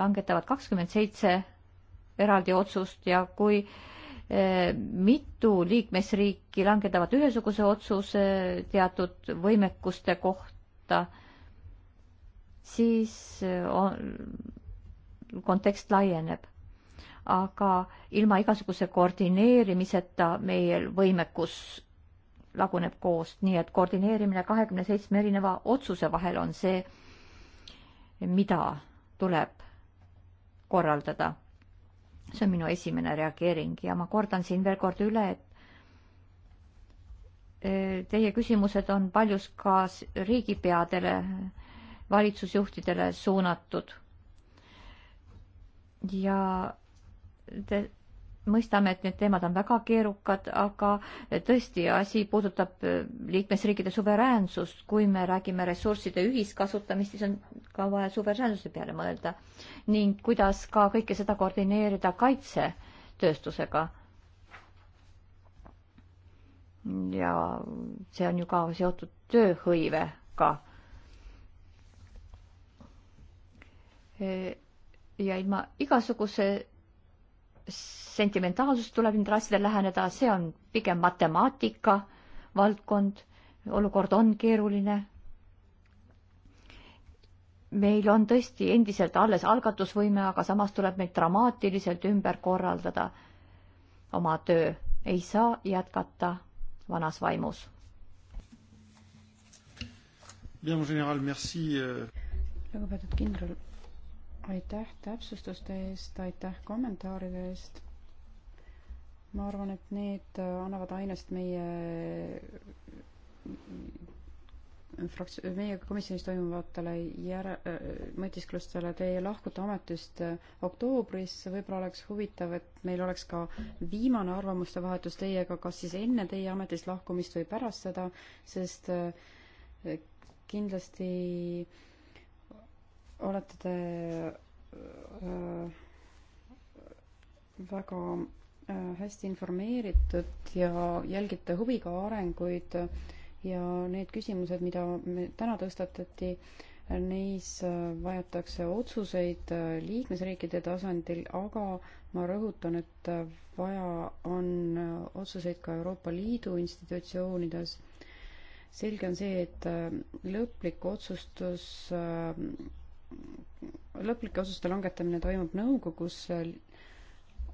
langetavad kakskümmend seitse eraldi otsust ja kui mitu liikmesriiki langetavad ühesuguse otsuse teatud võimekuste kohta, siis eh, on, kontekst laieneb. aga ilma igasuguse koordineerimiseta meil võimekus laguneb koos, nii et koordineerimine kahekümne seitsme erineva otsuse vahel on see, mida tuleb korraldada. see on minu esimene reageering ja ma kordan siin veel kord üle, et eh, teie küsimused on paljus ka riigipeadele valitsusjuhtidele suunatud. ja te, mõistame, et need teemad on väga keerukad, aga tõesti, asi puudutab äh, liikmesriikide suveräänsust. kui me räägime ressursside ühiskasutamist, siis on ka vaja suveräänsuse peale mõelda ning kuidas ka kõike seda koordineerida kaitsetööstusega. ja see on ju ka seotud tööhõivega ja ilma igasuguse sentimentaalsust tuleb nendele asjadele läheneda, see on pigem matemaatika valdkond, olukord on keeruline. meil on tõesti endiselt alles algatusvõime, aga samas tuleb meid dramaatiliselt ümber korraldada. oma töö ei saa jätkata vanas vaimus. Euh. lugupeetud kindral aitäh täpsustuste eest, aitäh kommentaaride eest. ma arvan, et need annavad ainest meie frakts-, meie komisjonis toimuvatele järe- äh,, mõtisklustele, teie lahkute ametist oktoobris, võib-olla oleks huvitav, et meil oleks ka viimane arvamuste vahetus teiega, kas siis enne teie ametist lahkumist või pärast seda, sest äh, kindlasti äh, olete te äh, väga äh, hästi informeeritud ja jälgite huviga arenguid ja need küsimused, mida me täna tõstatati, neis äh, vajatakse otsuseid liikmesriikide tasandil, aga ma rõhutan, et vaja on otsuseid ka Euroopa Liidu institutsioonides. selge on see, et lõplik otsustus lõplike otsuste langetamine toimub nõukogus,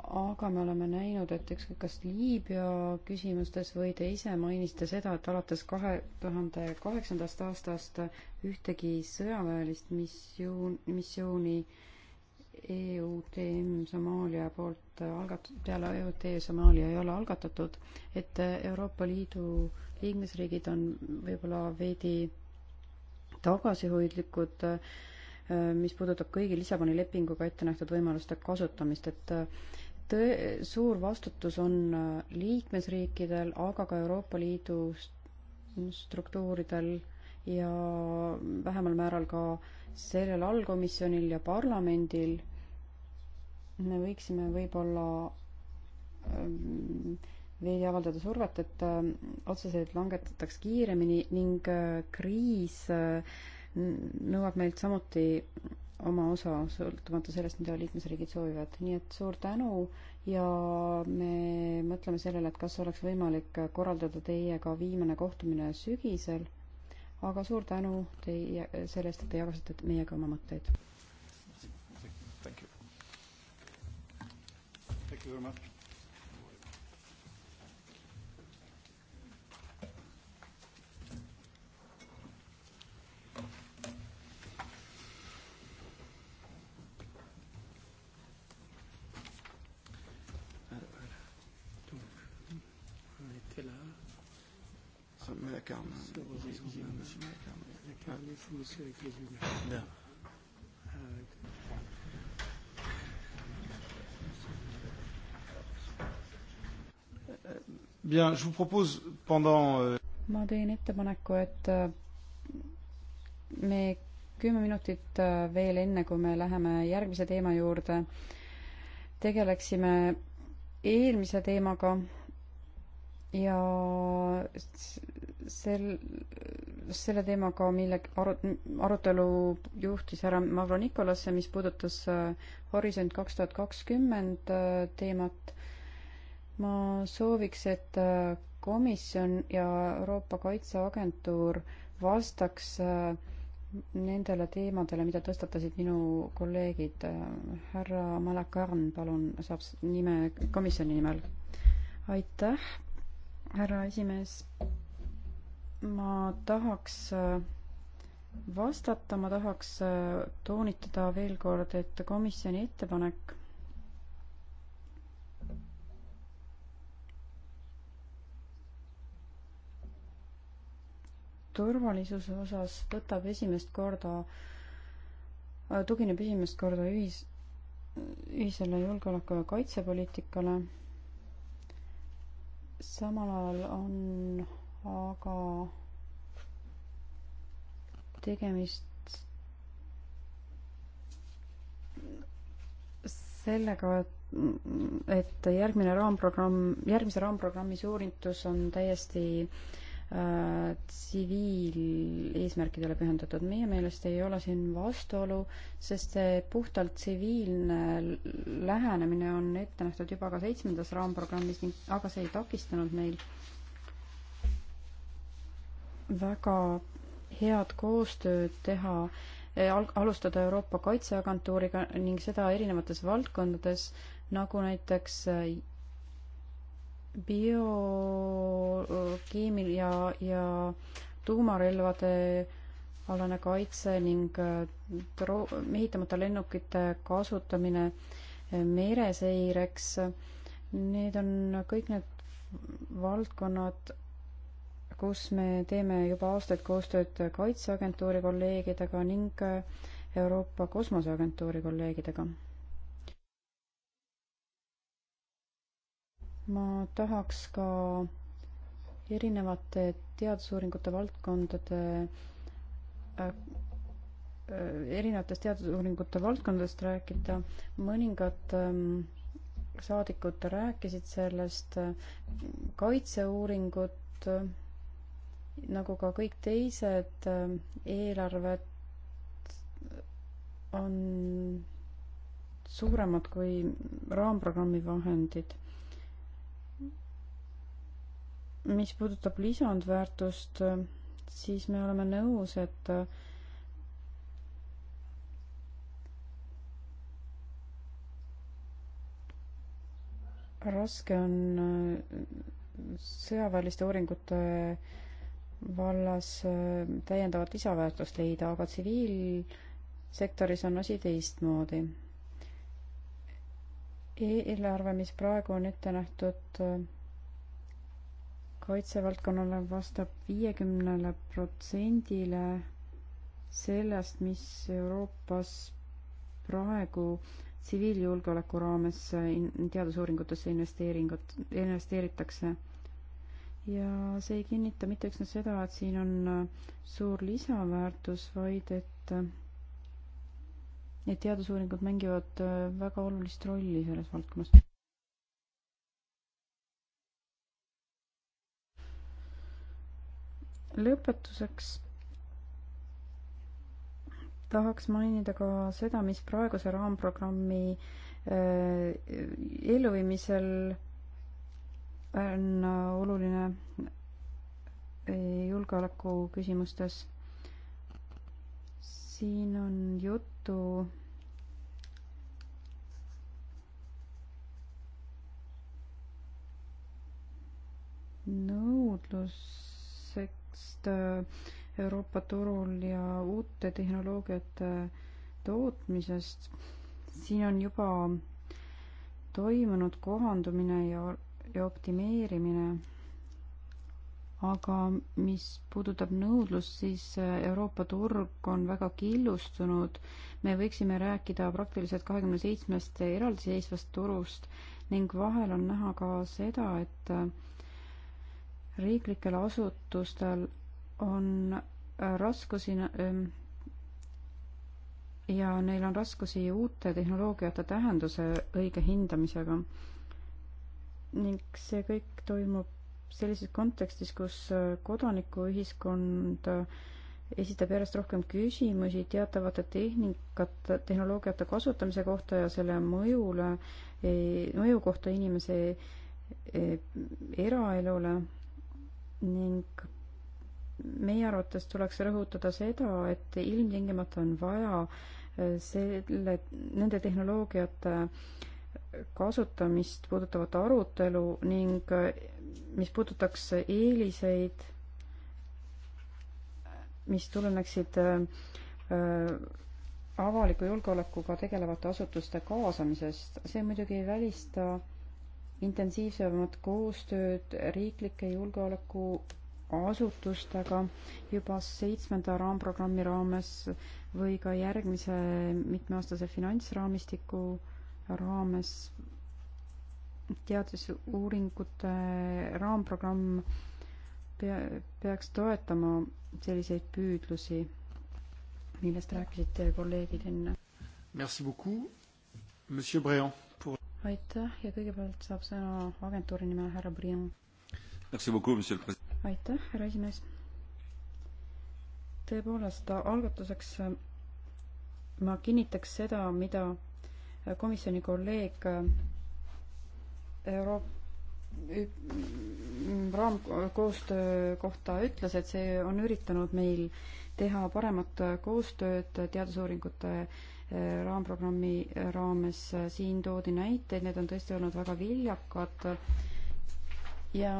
aga me oleme näinud, et ükskõik kas Liibüa küsimustes või te ise mainisite seda, et alates kahe tuhande kaheksandast aastast ühtegi sõjaväelist missioon, missiooni EUTM Somaalia poolt algat-, peale EUT Somaalia ei ole algatatud, et Euroopa Liidu liikmesriigid on võib-olla veidi tagasihoidlikud äh, Äh, mis puudutab kõigi Lissaboni lepinguga ette nähtud võimaluste kasutamist, et äh, tõe, suur vastutus on äh, liikmesriikidel, aga ka Euroopa Liidu struktuuridel ja vähemal määral ka sellel allkomisjonil ja parlamendil me võiksime võib-olla ähm, veidi avaldada survet, et otsuseid langetataks kiiremini ning kriis äh, nõuab meilt samuti oma osa, sõltumata sellest, mida liikmesriigid soovivad. nii et suur tänu ja me mõtleme sellele, et kas oleks võimalik korraldada teiega viimane kohtumine sügisel, aga suur tänu teie, selle eest, et te jagasite meiega oma mõtteid. Thank you very much. Malacarme. Il faut aussi avec les lumières. Bien, je vous propose pendant... Euh, ma teen ettepaneku, et äh, me kümme minutit äh, veel enne, kui me läheme järgmise teema juurde, tegeleksime eelmise teemaga ja sel, selle teemaga, mille aru, arutelu juhtis härra Mavro Nikolasse, mis puudutas äh, Horisont kaks tuhat kakskümmend äh, teemat, ma sooviks, et äh, komisjon ja Euroopa Kaitseagentuur vastaks nendele teemadele, mida tõstatasid minu kolleegid. härra Malakarn, palun, saab nime komisjoni nimel. aitäh härra esimees, ma tahaks äh, vastata, ma tahaks äh, toonitada veel kord, et komisjoni ettepanek turvalisuse osas võtab esimest korda, äh, tugineb esimest korda ühis, ühisele julgeoleku- ja kaitsepoliitikale samal ajal on aga tegemist sellega, et järgmine raamprogramm, järgmise raamprogrammi suunitlus on täiesti äh, tsiviileesmärkidele pühendatud. meie meelest ei ole siin vastuolu, sest see puhtalt tsiviilne lähenemine on ette nähtud juba ka seitsmendas raamprogrammis ning, aga see ei takistanud meil väga head koostööd teha eh, al, alustada Euroopa Kaitseagentuuriga ning seda erinevates valdkondades, nagu näiteks eh, biokeemil ja, ja tuumarelvade alane kaitse ning äh, tro-, mehitamata lennukite kasutamine äh, mereseireks, need on kõik need valdkonnad, kus me teeme juba aastaid koostööd Kaitseagentuuri kolleegidega ning äh, Euroopa Kosmoseagentuuri kolleegidega ma tahaks ka erinevate teadusuuringute valdkondade äh, äh, erinevatest teadusuuringute valdkondadest rääkida, mõningad ähm, saadikud rääkisid sellest, äh, kaitseuuringud, nagu ka kõik teised eelarved on suuremad kui raamprogrammi vahendid mis puudutab lisandväärtust, siis me oleme nõus, et raske on äh, sõjaväeliste uuringute vallas äh, täiendavat lisaväärtust leida, aga tsiviilsektoris on asi teistmoodi e. eelarve, mis praegu on ette nähtud äh, kaitsevaldkonnale vastab viiekümnele protsendile sellest, mis Euroopas praegu tsiviiljulgeoleku raames teadusuuringutesse investeeringut, investeeritakse. ja see ei kinnita mitte üksnes seda, et siin on äh, suur lisaväärtus, vaid et äh, et teadusuuringud mängivad äh, väga olulist rolli selles valdkonnas. lõpetuseks tahaks mainida ka seda, mis praeguse raamprogrammi äh, elluviimisel on oluline äh, julgeoleku küsimustes. siin on juttu nõudlus kontekst äh, Euroopa turul ja uute tehnoloogiate äh, tootmisest. siin on juba toimunud kohandumine ja, ja optimeerimine. aga mis puudutab nõudlust, siis äh, Euroopa turg on väga killustunud. me võiksime rääkida praktiliselt kahekümne seitsmest eraldiseisvast turust ning vahel on näha ka seda, et riiklikel asutustel on äh, raskusi ähm, ja neil on raskusi uute tehnoloogiate tähenduse õige hindamisega. ning see kõik toimub sellises kontekstis, kus äh, kodanikuühiskond äh, esitab järjest rohkem küsimusi teatavate tehnikate, tehnoloogiate kasutamise kohta ja selle mõjule, mõju kohta inimese e, eraelule ning meie arvates tuleks rõhutada seda, et ilmtingimata on vaja äh, selle, nende tehnoloogiate äh, kasutamist puudutavat arutelu ning äh, mis puudutaks eeliseid, mis tuleneksid avaliku julgeolekuga tegelevate asutuste kaasamisest, see muidugi ei välista äh, intensiivsemat koostööd riiklike julgeolekuasutustega juba seitsmenda raamprogrammi raames või ka järgmise mitmeaastase finantsraamistiku raames teadusuuringute raamprogramm pea, peaks toetama selliseid püüdlusi, millest rääkisid teie kolleegid enne. Merci beaucoup, monsieur Breant aitäh ja kõigepealt saab sõna agentuuri nimel härra Brion. aitäh, härra esimees. tõepoolest, algatuseks äh, ma kinnitaks seda, mida äh, komisjoni kolleeg äh, Euroopa raamkoostöö kohta ütles, et see on üritanud meil teha paremat koostööd teadusuuringute äh, raamprogrammi raames, äh, siin toodi näiteid, need on tõesti olnud väga viljakad ja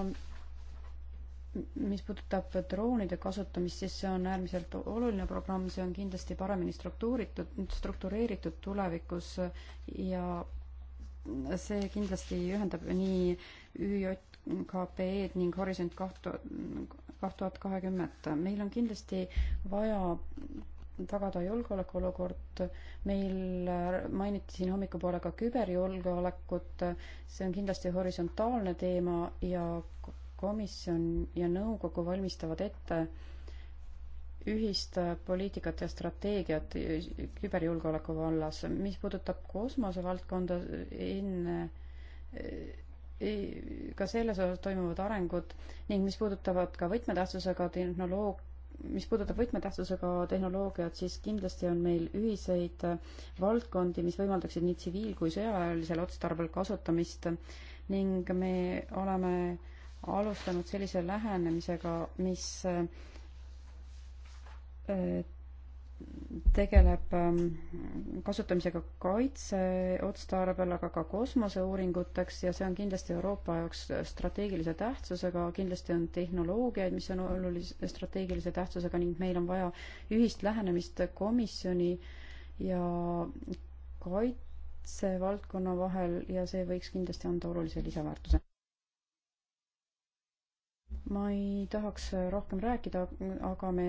mis puudutab droonide kasutamist, siis see on äärmiselt oluline programm, see on kindlasti paremini struktuuritud, struktureeritud tulevikus ja see kindlasti ühendab nii ÜJKP-d ning Horisont kaht tuhat kahekümmet. meil on kindlasti vaja tagada julgeolekuolukord, meil äh, mainiti siin hommikupoole ka küberjulgeolekut, see on kindlasti horisontaalne teema ja komisjon ja nõukogu valmistavad ette ühist äh, poliitikat ja strateegiat küberjulgeoleku vallas. mis puudutab kosmosevaldkonda, enne äh, ka selles osas toimuvad arengud ning mis puudutavad ka võtmetähtsusega tehnoloog-, mis puudutab võtmetähtsusega tehnoloogiat, siis kindlasti on meil ühiseid äh, valdkondi, mis võimaldaksid nii tsiviil- kui sõjaväelisel otstarbel kasutamist ning me oleme alustanud sellise lähenemisega, mis äh, tegeleb ähm, kasutamisega kaitseotstarbel, aga ka kosmoseuuringuteks ja see on kindlasti Euroopa jaoks strateegilise tähtsusega, kindlasti on tehnoloogiaid, mis on olulise strateegilise tähtsusega ning meil on vaja ühist lähenemist komisjoni ja kaitsevaldkonna vahel ja see võiks kindlasti anda olulise lisaväärtuse. ma ei tahaks rohkem rääkida, aga me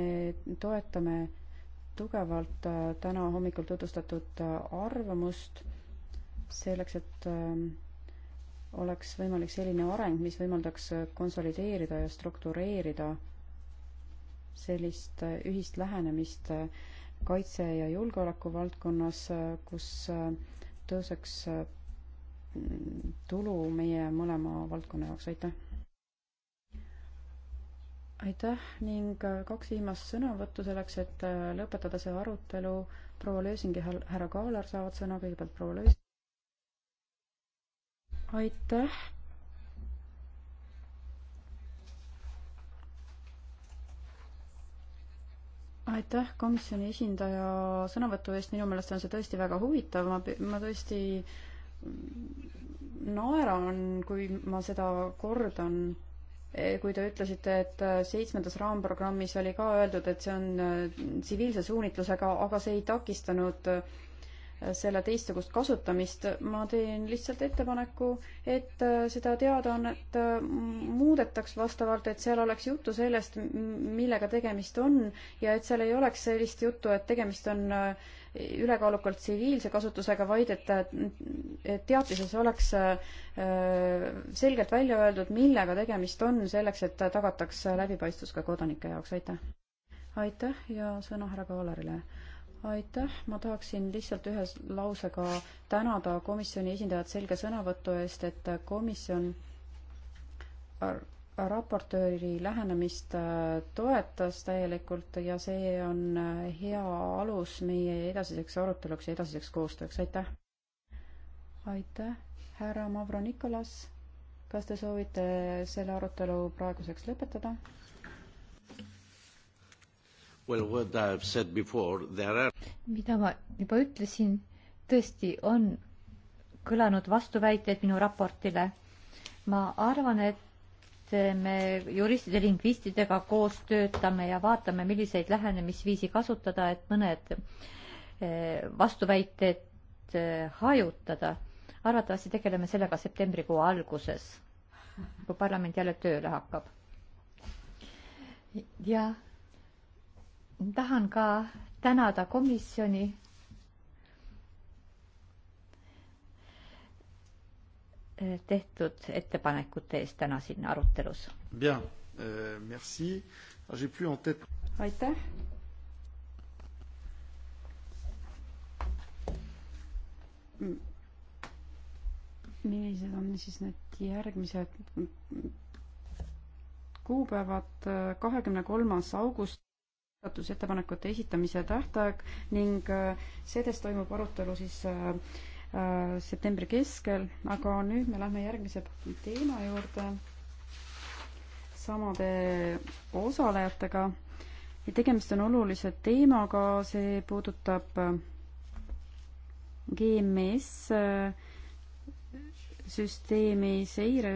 toetame tugevalt äh, täna hommikul tutvustatud äh, arvamust selleks, et ähm, oleks võimalik selline areng, mis võimaldaks äh, konsolideerida ja struktureerida sellist ühist lähenemist kaitse- ja julgeoleku valdkonnas, kus tõuseks tulu meie mõlema valdkonna jaoks, aitäh! aitäh ning äh, kaks viimast sõnavõttu selleks, et äh, lõpetada see arutelu. proua Lösing ja härra Kaalar saavad sõna, kõigepealt proua Lösing. aitäh. aitäh komisjoni esindaja sõnavõtu eest, minu meelest on see tõesti väga huvitav, ma, ma tõesti naeran, kui ma seda kordan Eh, kui te ütlesite, et äh, seitsmendas raamprogrammis oli ka öeldud, et see on äh, tsiviilse suunitlusega, aga see ei takistanud äh, selle teistsugust kasutamist, ma teen lihtsalt ettepaneku, et seda teadaannet muudetaks vastavalt, et seal oleks juttu sellest, millega tegemist on ja et seal ei oleks sellist juttu, et tegemist on äh, ülekaalukalt tsiviilse kasutusega, vaid et, et teatises oleks äh, selgelt välja öeldud, millega tegemist on, selleks et tagataks läbipaistvus ka kodanike jaoks, aitäh. aitäh ja sõna härra Kaalarile. aitäh, ma tahaksin lihtsalt ühe lausega tänada komisjoni esindajat selge sõnavõtu eest, et komisjon raportööri lähenemist äh, toetas täielikult ja see on äh, hea alus meie edasiseks aruteluks ja edasiseks koostööks, aitäh! aitäh, härra Mavro Nikolas, kas te soovite selle arutelu praeguseks lõpetada? Well, what I have said before, there are mida ma juba ütlesin, tõesti on kõlanud vastuväited minu raportile. ma arvan, et me juristide, lingvistidega koos töötame ja vaatame, milliseid lähenemisviisi kasutada, et mõned eh, vastuväited eh, hajutada. arvatavasti tegeleme sellega septembrikuu alguses, kui parlament jälle tööle hakkab. ja tahan ka tänada komisjoni Eh, tehtud ettepanekute eest täna siin arutelus. Eh, ah, aitäh. millised on siis need järgmised kuupäevad, kahekümne kolmas august, muudatusettepanekute esitamise tähtaeg ning eh, sellest toimub arutelu siis Äh, septembri keskel, aga nüüd me lähme järgmise teema juurde samade osalejatega. ja tegemist on olulise teemaga, see puudutab äh, GMS äh, süsteemi seire,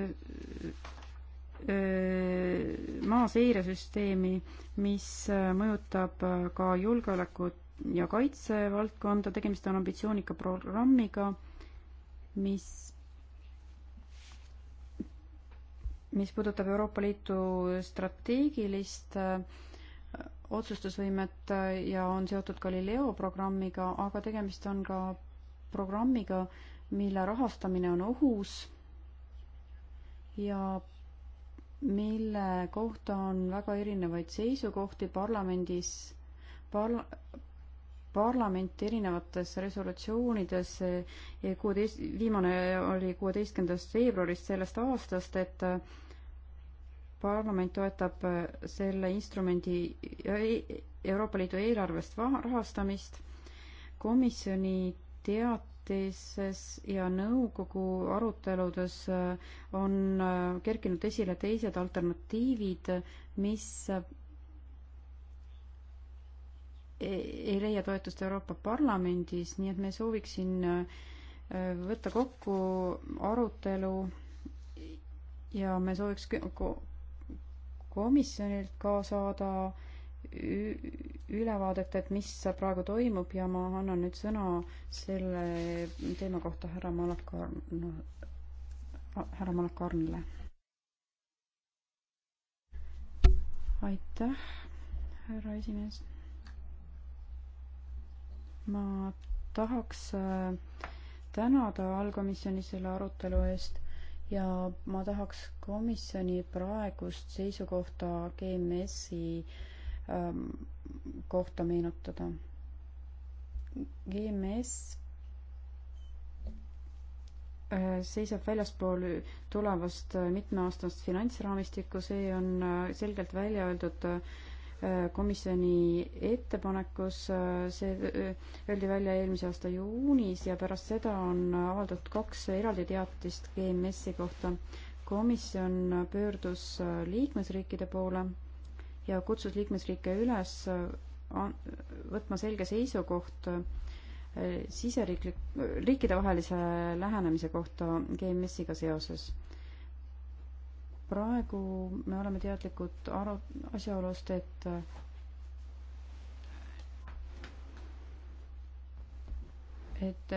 maa seiresüsteemi, mis mõjutab ka julgeolekut ja kaitsevaldkonda, tegemist on ambitsioonika programmiga, mis, mis puudutab Euroopa Liidu strateegilist äh, otsustusvõimet äh, ja on seotud Galileo programmiga, aga tegemist on ka programmiga, mille rahastamine on ohus ja mille kohta on väga erinevaid seisukohti parlamendis parla-, parlament erinevates resolutsioonides, eh, kuueteist, viimane oli kuueteistkümnendast veebruarist sellest aastast, et eh, parlament toetab eh, selle instrumendi e, Euroopa Liidu eelarvest rahastamist. komisjoni teatises ja nõukogu aruteludes on kerkinud esile teised alternatiivid, mis ei leia toetust Euroopa Parlamendis, nii et me sooviksin äh, võtta kokku arutelu ja me sooviks komisjonilt ka saada ülevaadet, et mis praegu toimub ja ma annan nüüd sõna selle teema kohta härra Malakarn no,, härra Malakarnile. aitäh, härra esimees ma tahaks äh, tänada allkomisjoni selle arutelu eest ja ma tahaks komisjoni praegust seisukohta GMS-i ähm, kohta meenutada. GMS äh, seisab väljaspool tulevast äh, mitmeaastast finantsraamistikku, see on selgelt välja öeldud äh, komisjoni ettepanekus, see äh, öeldi välja eelmise aasta juunis ja pärast seda on avaldatud kaks eraldi teatist GMS-i kohta. komisjon pöördus äh, liikmesriikide poole ja kutsus liikmesriike üles äh, võtma selge seisukoht siseriiklik, riikidevahelise lähenemise kohta GMS-iga seoses praegu me oleme teadlikud aru-, asjaolust, et et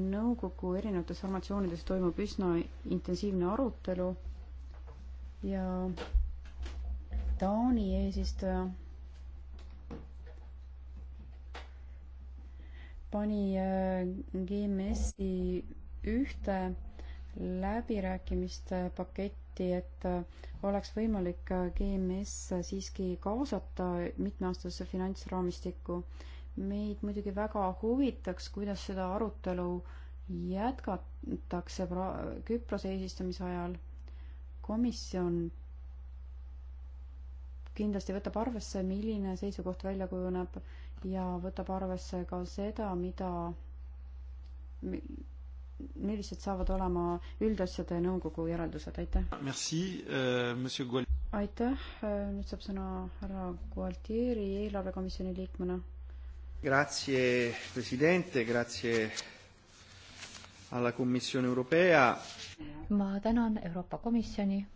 nõukogu erinevates formatsioonides toimub üsna intensiivne arutelu ja Taani eesistuja pani äh, GMS-i ühte läbirääkimiste pakett taheti, et äh, oleks võimalik äh, GMS siiski kaasata mitmeaastasse finantsraamistikku. meid muidugi väga huvitaks, kuidas seda arutelu jätkatakse pra-, Küprose eesistumise ajal. komisjon kindlasti võtab arvesse, milline seisukoht välja kujuneb ja võtab arvesse ka seda, mida millised saavad olema üldasjade nõukogu järeldused, aitäh! Merci euh,, monsieur Gual-. aitäh, äh, nüüd saab sõna härra Gualtieri eelarvekomisjoni liikmena. Grazie, presidente, grazie alla Commissione europea. ma tänan Euroopa Komisjoni.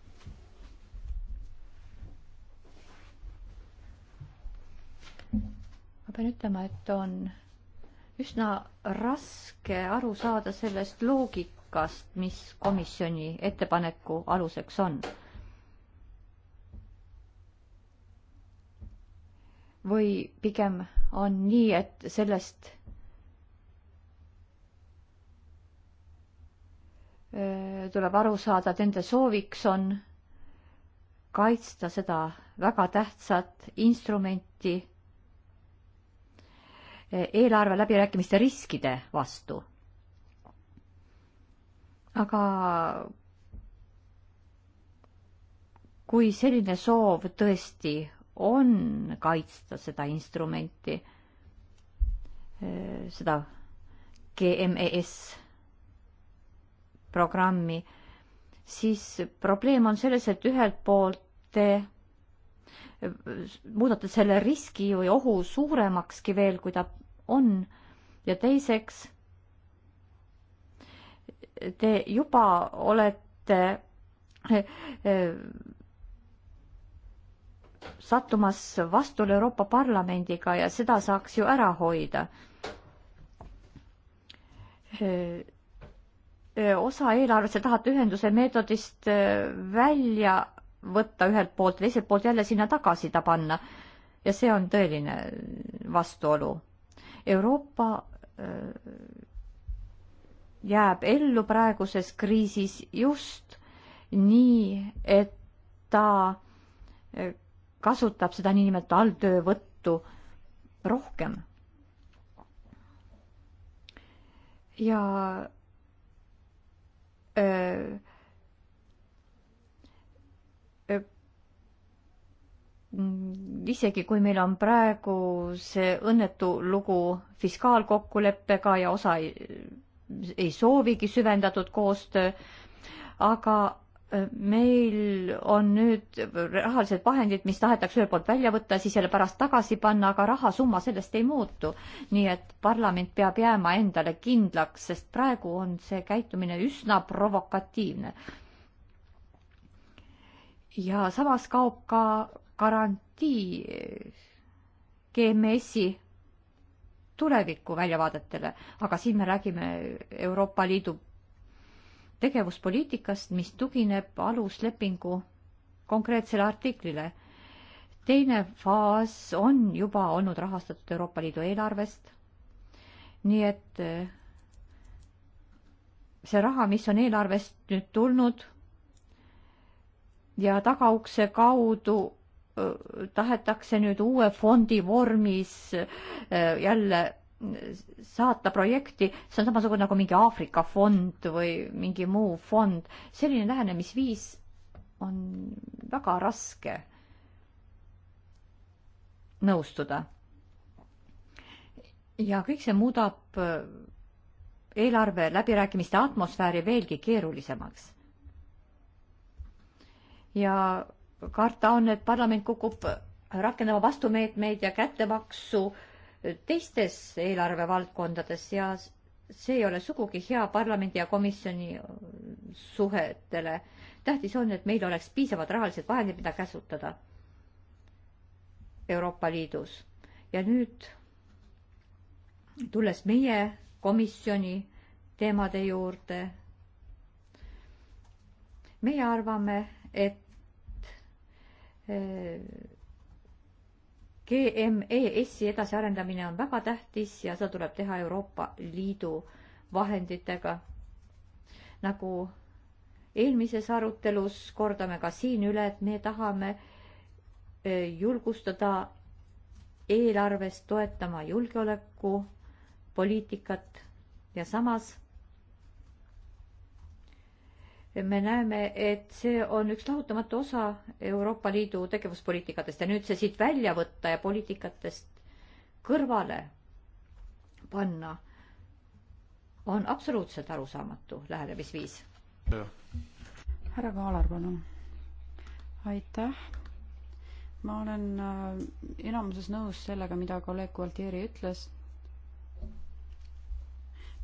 ma pean ütlema, et on üsna raske aru saada sellest loogikast, mis komisjoni ettepaneku aluseks on. või pigem on nii, et sellest äh, tuleb aru saada, et nende sooviks on kaitsta seda väga tähtsat instrumenti eelarve läbirääkimiste riskide vastu. aga kui selline soov tõesti on kaitsta seda instrumenti, seda GMES programmi, siis probleem on selles, et ühelt poolt te muudate selle riski või ohu suuremakski veel, kui ta on. ja teiseks, te juba olete eh, eh, sattumas vastuolu Euroopa Parlamendiga ja seda saaks ju ära hoida eh, osa eelarvest te tahate ühenduse meetodist välja võtta ühelt poolt ja teiselt poolt jälle sinna tagasi ta panna. ja see on tõeline vastuolu. Euroopa äh, jääb ellu praeguses kriisis just nii, et ta äh, kasutab seda niinimetatud alltöövõttu rohkem. ja öö, äh, Mm, isegi kui meil on praegu see õnnetu lugu fiskaalkokkuleppega ja osa ei, ei soovigi süvendatud koostöö, aga äh, meil on nüüd rahalised vahendid, mis tahetakse ühelt poolt välja võtta, siis jälle pärast tagasi panna, aga rahasumma sellest ei muutu. nii et parlament peab jääma endale kindlaks, sest praegu on see käitumine üsna provokatiivne ja samas kaob ka garantii GMS-i tuleviku väljavaadetele, aga siin me räägime Euroopa Liidu tegevuspoliitikast, mis tugineb aluslepingu konkreetsele artiklile. teine faas on juba olnud rahastatud Euroopa Liidu eelarvest. nii et eh, see raha, mis on eelarvest nüüd tulnud ja tagaukse kaudu tahetakse nüüd uue fondi vormis äh, jälle saata projekti, see on samasugune nagu mingi Aafrika fond või mingi muu fond. selline lähenemisviis on väga raske nõustuda. ja kõik see muudab äh, eelarve läbirääkimiste atmosfääri veelgi keerulisemaks. ja karta on, et parlament kukub rakendama vastumeetmeid ja kättemaksu teistes eelarvevaldkondades ja see ei ole sugugi hea parlamendi ja komisjoni suhetele. tähtis on, et meil oleks piisavad rahalised vahendid, mida käsutada Euroopa Liidus. ja nüüd tulles meie komisjoni teemade juurde, meie arvame, et GMES-i edasiarendamine on väga tähtis ja seda tuleb teha Euroopa Liidu vahenditega. nagu eelmises arutelus kordame ka siin üle, et me tahame e, julgustada eelarvest toetama julgeolekupoliitikat ja samas me näeme, et see on üks lahutamatu osa Euroopa Liidu tegevuspoliitikatest ja nüüd see siit välja võtta ja poliitikatest kõrvale panna on absoluutselt arusaamatu lähenemisviis. härra Kaalar, palun. aitäh. ma olen äh, enamuses nõus sellega, mida kolleeg Gualtieri ütles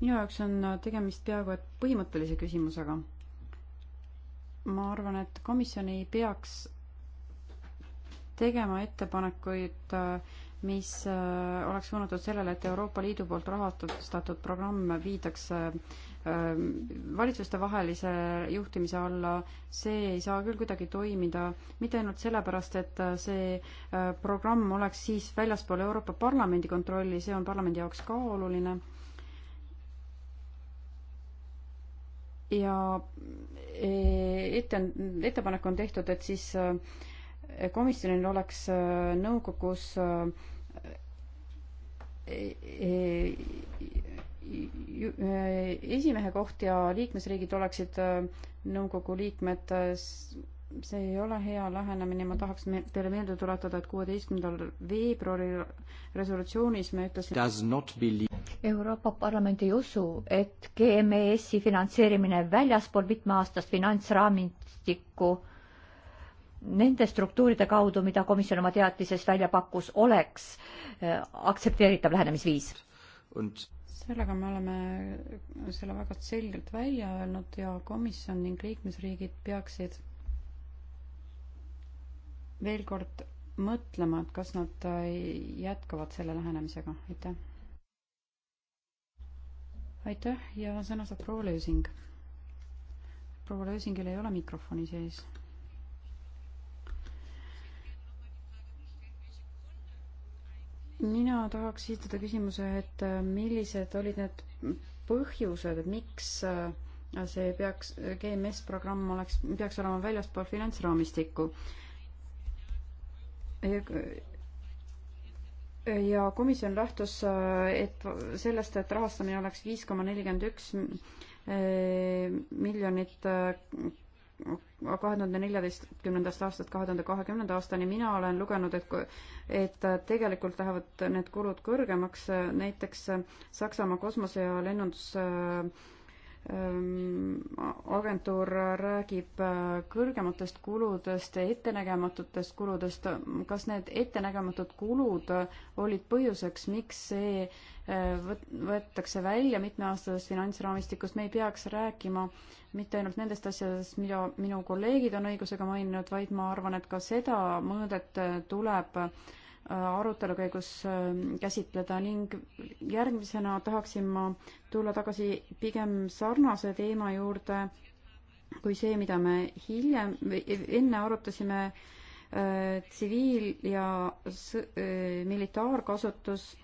minu jaoks on äh, tegemist peaaegu et põhimõttelise küsimusega ma arvan, et komisjon ei peaks tegema ettepanekuid, mis äh, oleks suunatud sellele, et Euroopa Liidu poolt rahastatud programm viidakse ähm, valitsustevahelise juhtimise alla, see ei saa küll kuidagi toimida, mitte ainult sellepärast, et äh, see äh, programm oleks siis väljaspool Euroopa Parlamendi kontrolli, see on parlamendi jaoks ka oluline ja e, ette on, ettepanek on tehtud, et siis e, komisjonil oleks e, nõukogus esimehe koht ja liikmesriigid oleksid nõukogu liikmed see ei ole hea lähenemine, ma tahaks me, teile meelde tuletada, et kuueteistkümnendal veebruaril resolutsioonis me ütlesime Euroopa Parlament ei usu, et GMS-i e finantseerimine väljaspool mitmeaastast finantsraamistikku nende struktuuride kaudu, mida komisjon oma teatises välja pakkus, oleks äh, aktsepteeritav lähenemisviis Und.... sellega me oleme selle väga selgelt välja öelnud ja komisjon ning liikmesriigid peaksid veel kord mõtlema, et kas nad äh, jätkavad selle lähenemisega, aitäh. aitäh ja sõna saab proua Lösing. proua Lösingil ei ole mikrofoni sees. mina tahaks esitada küsimuse, et äh, millised olid need põhjused, et miks äh, see peaks, GMS programm oleks, peaks olema väljaspool finantsraamistikku ja komisjon lähtus äh, et sellest, et rahastamine oleks viis koma nelikümmend üks äh, miljonit äh, kahe tuhande neljateistkümnendast aastast kahe tuhande kahekümnenda aastani, mina olen lugenud, et et tegelikult lähevad need kulud kõrgemaks, näiteks Saksamaa kosmose- ja lennundus- agentuur räägib äh, kõrgematest kuludest, ettenägematutest kuludest. kas need ettenägematud kulud olid põhjuseks, miks see äh, võetakse välja mitmeaastasest finantsraamistikust? me ei peaks rääkima mitte ainult nendest asjadest, mida minu kolleegid on õigusega maininud, vaid ma arvan, et ka seda mõõdet tuleb äh, arutelu käigus äh, käsitleda ning järgmisena tahaksin ma tulla tagasi pigem sarnase teema juurde kui see, mida me hiljem, enne arutasime äh, tsiviil- ja äh, militaarkasutus.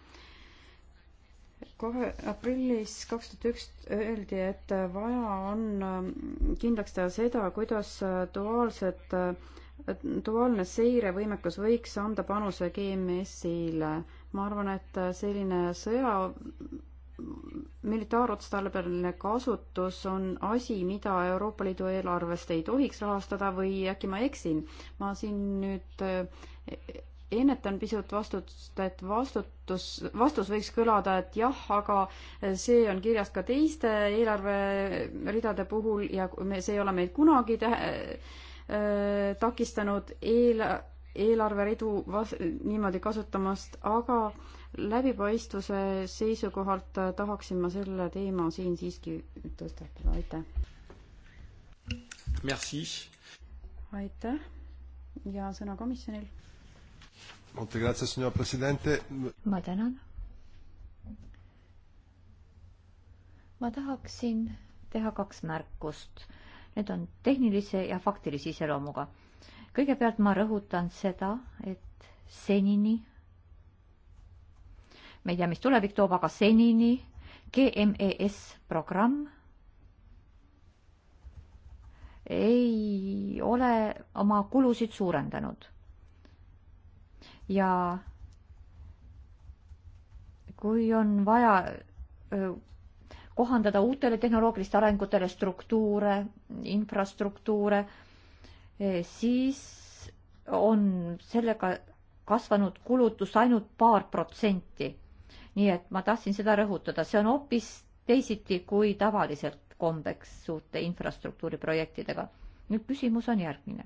kahe aprillis kaks tuhat üks öeldi, et vaja on äh, kindlaks teha seda, kuidas äh, duaalset äh, duaalne seirevõimekus võiks anda panuse GMS-ile. ma arvan, et selline sõja militaarotstarbeline kasutus on asi, mida Euroopa Liidu eelarvest ei tohiks rahastada või äkki ma eksin? ma siin nüüd eh, ennetan pisut vastutust, et vastutus, vastus võiks kõlada, et jah, aga see on kirjas ka teiste eelarveridade puhul ja me, see ei ole meid kunagi tähe-, takistanud eel, eelarveridu vas-, niimoodi kasutamast, aga läbipaistvuse seisukohalt äh, tahaksin ma selle teema siin siiski tõstatada, aitäh. Merci. aitäh ja sõna komisjonil. ma tänan. ma tahaksin teha kaks märkust Need on tehnilise ja faktilise iseloomuga. kõigepealt ma rõhutan seda, et senini, me ei tea, mis tulevik toob, aga senini GMES programm ei ole oma kulusid suurendanud. ja kui on vaja kohandada uutele tehnoloogiliste arengutele struktuure, infrastruktuure, eh, siis on sellega kasvanud kulutus ainult paar protsenti. nii et ma tahtsin seda rõhutada, see on hoopis teisiti kui tavaliselt kombeks suurte infrastruktuuriprojektidega. nüüd küsimus on järgmine.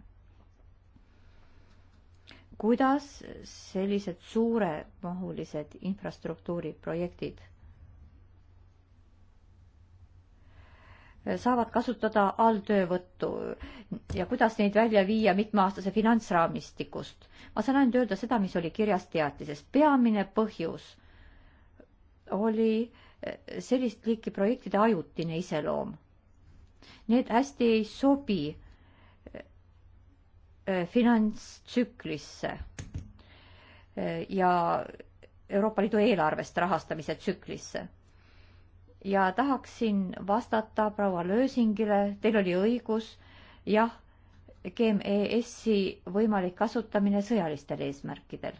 kuidas sellised suuremahulised infrastruktuuriprojektid saavad kasutada alltöövõttu ja kuidas neid välja viia mitmeaastase finantsraamistikust. ma saan ainult öelda seda, mis oli kirjas teatises. peamine põhjus oli eh, sellist liiki projektide ajutine iseloom. Need hästi ei sobi eh, finantstsüklisse eh, ja Euroopa Liidu eelarvest rahastamise tsüklisse ja tahaksin vastata proua Lösingile, teil oli õigus, jah, GMES-i võimalik kasutamine sõjalistel eesmärkidel.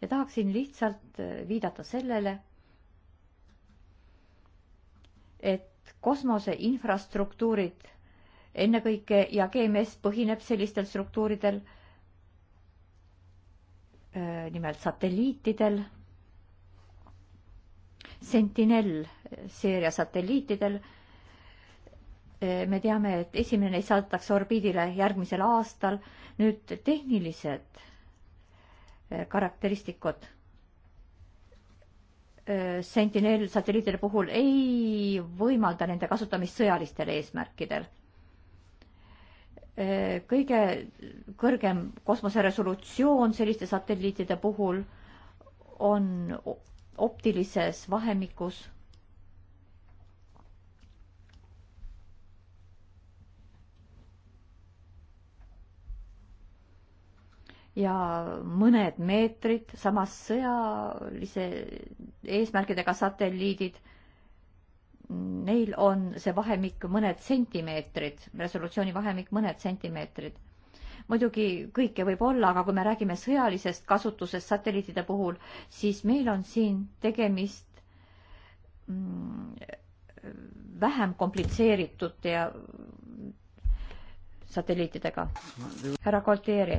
ja tahaksin lihtsalt viidata sellele, et kosmose infrastruktuurid ennekõike ja GMS e põhineb sellistel struktuuridel, nimelt satelliitidel Sentinel seeria satelliitidel. Eh, me teame, et esimene neist saadetakse orbiidile järgmisel aastal. nüüd tehnilised eh, karakteristikud. Eh, Sentinel satelliitide puhul ei võimalda nende kasutamist sõjalistel eesmärkidel. kõige kõrgem kosmoseresolutsioon selliste satelliitide puhul on optilises vahemikus. ja mõned meetrid, samas sõjalise eesmärkidega satelliidid, neil on see vahemik mõned sentimeetrid, resolutsiooni vahemik mõned sentimeetrid muidugi kõike võib olla, aga kui me räägime sõjalisest kasutusest satelliitide puhul, siis meil on siin tegemist mm, vähem komplitseeritud ja satelliitidega. härra Kolteeri.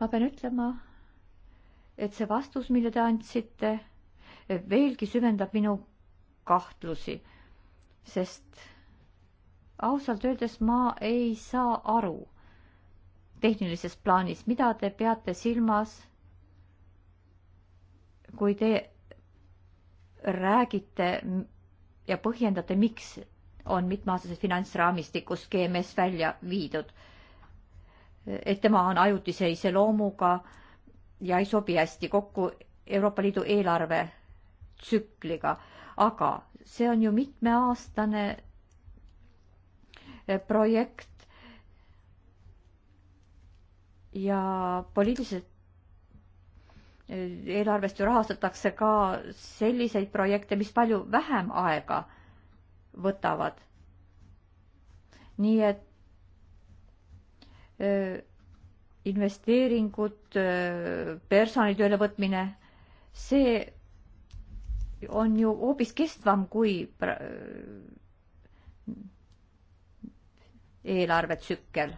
ma pean ütlema, et see vastus, mille te andsite, veelgi süvendab minu kahtlusi, sest ausalt öeldes ma ei saa aru tehnilises plaanis, mida te peate silmas, kui te räägite ja põhjendate, miks on mitmeaastases finantsraamistikus GMS välja viidud. et tema on ajutise iseloomuga ja ei sobi hästi kokku Euroopa Liidu eelarvetsükliga, aga see on ju mitmeaastane Eh, projekt ja poliitiliselt eh, eelarvest ju rahastatakse ka selliseid projekte, mis palju vähem aega võtavad. nii et öö, eh, investeeringud, personali tööle võtmine, see on ju hoopis kestvam kui eelarvetsükkel.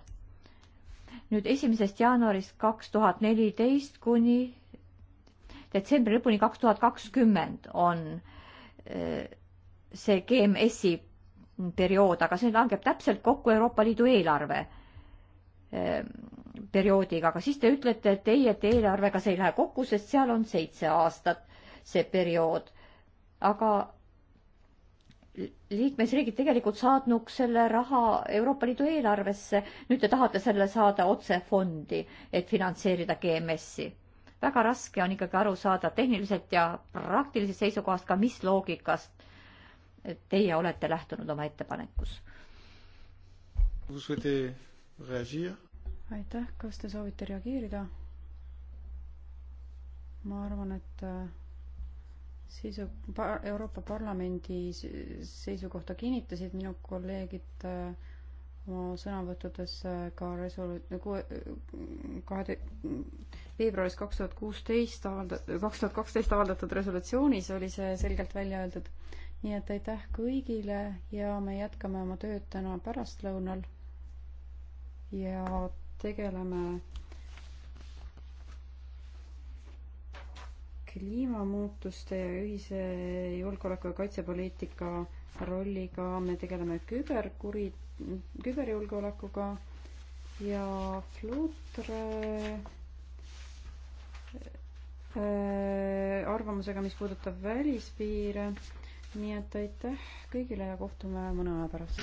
nüüd esimesest jaanuarist kaks tuhat neliteist kuni detsembri lõpuni kaks tuhat kakskümmend on äh, see GMS-i periood, aga see langeb täpselt kokku Euroopa Liidu eelarve äh, perioodiga, aga siis te ütlete, et ei, et eelarvega see ei lähe kokku, sest seal on seitse aastat see periood. aga liikmesriigid tegelikult saadnuks selle raha Euroopa Liidu eelarvesse. nüüd te tahate selle saada otse fondi, et finantseerida GMS-i. väga raske on ikkagi aru saada tehniliselt ja praktilisest seisukohast ka, mis loogikast teie olete lähtunud oma ettepanekus. aitäh, kas te soovite reageerida? ma arvan, et äh, seisu, Euroopa Parlamendi seisukohta kinnitasid minu kolleegid äh, oma sõnavõttudes äh, ka resolu-, nagu, äh, kahe, veebruaris kaks tuhat kuusteist avalda-, kaks tuhat kaksteist avaldatud resolutsioonis oli see selgelt välja öeldud. nii et aitäh kõigile ja me jätkame oma tööd täna pärastlõunal ja tegeleme kliimamuutuste ja ühise julgeoleku ja kaitsepoliitika rolliga, me tegeleme küberkuri, küberjulgeolekuga ja Flutre äh, arvamusega, mis puudutab välispiire. nii et aitäh kõigile ja kohtume mõne aja pärast.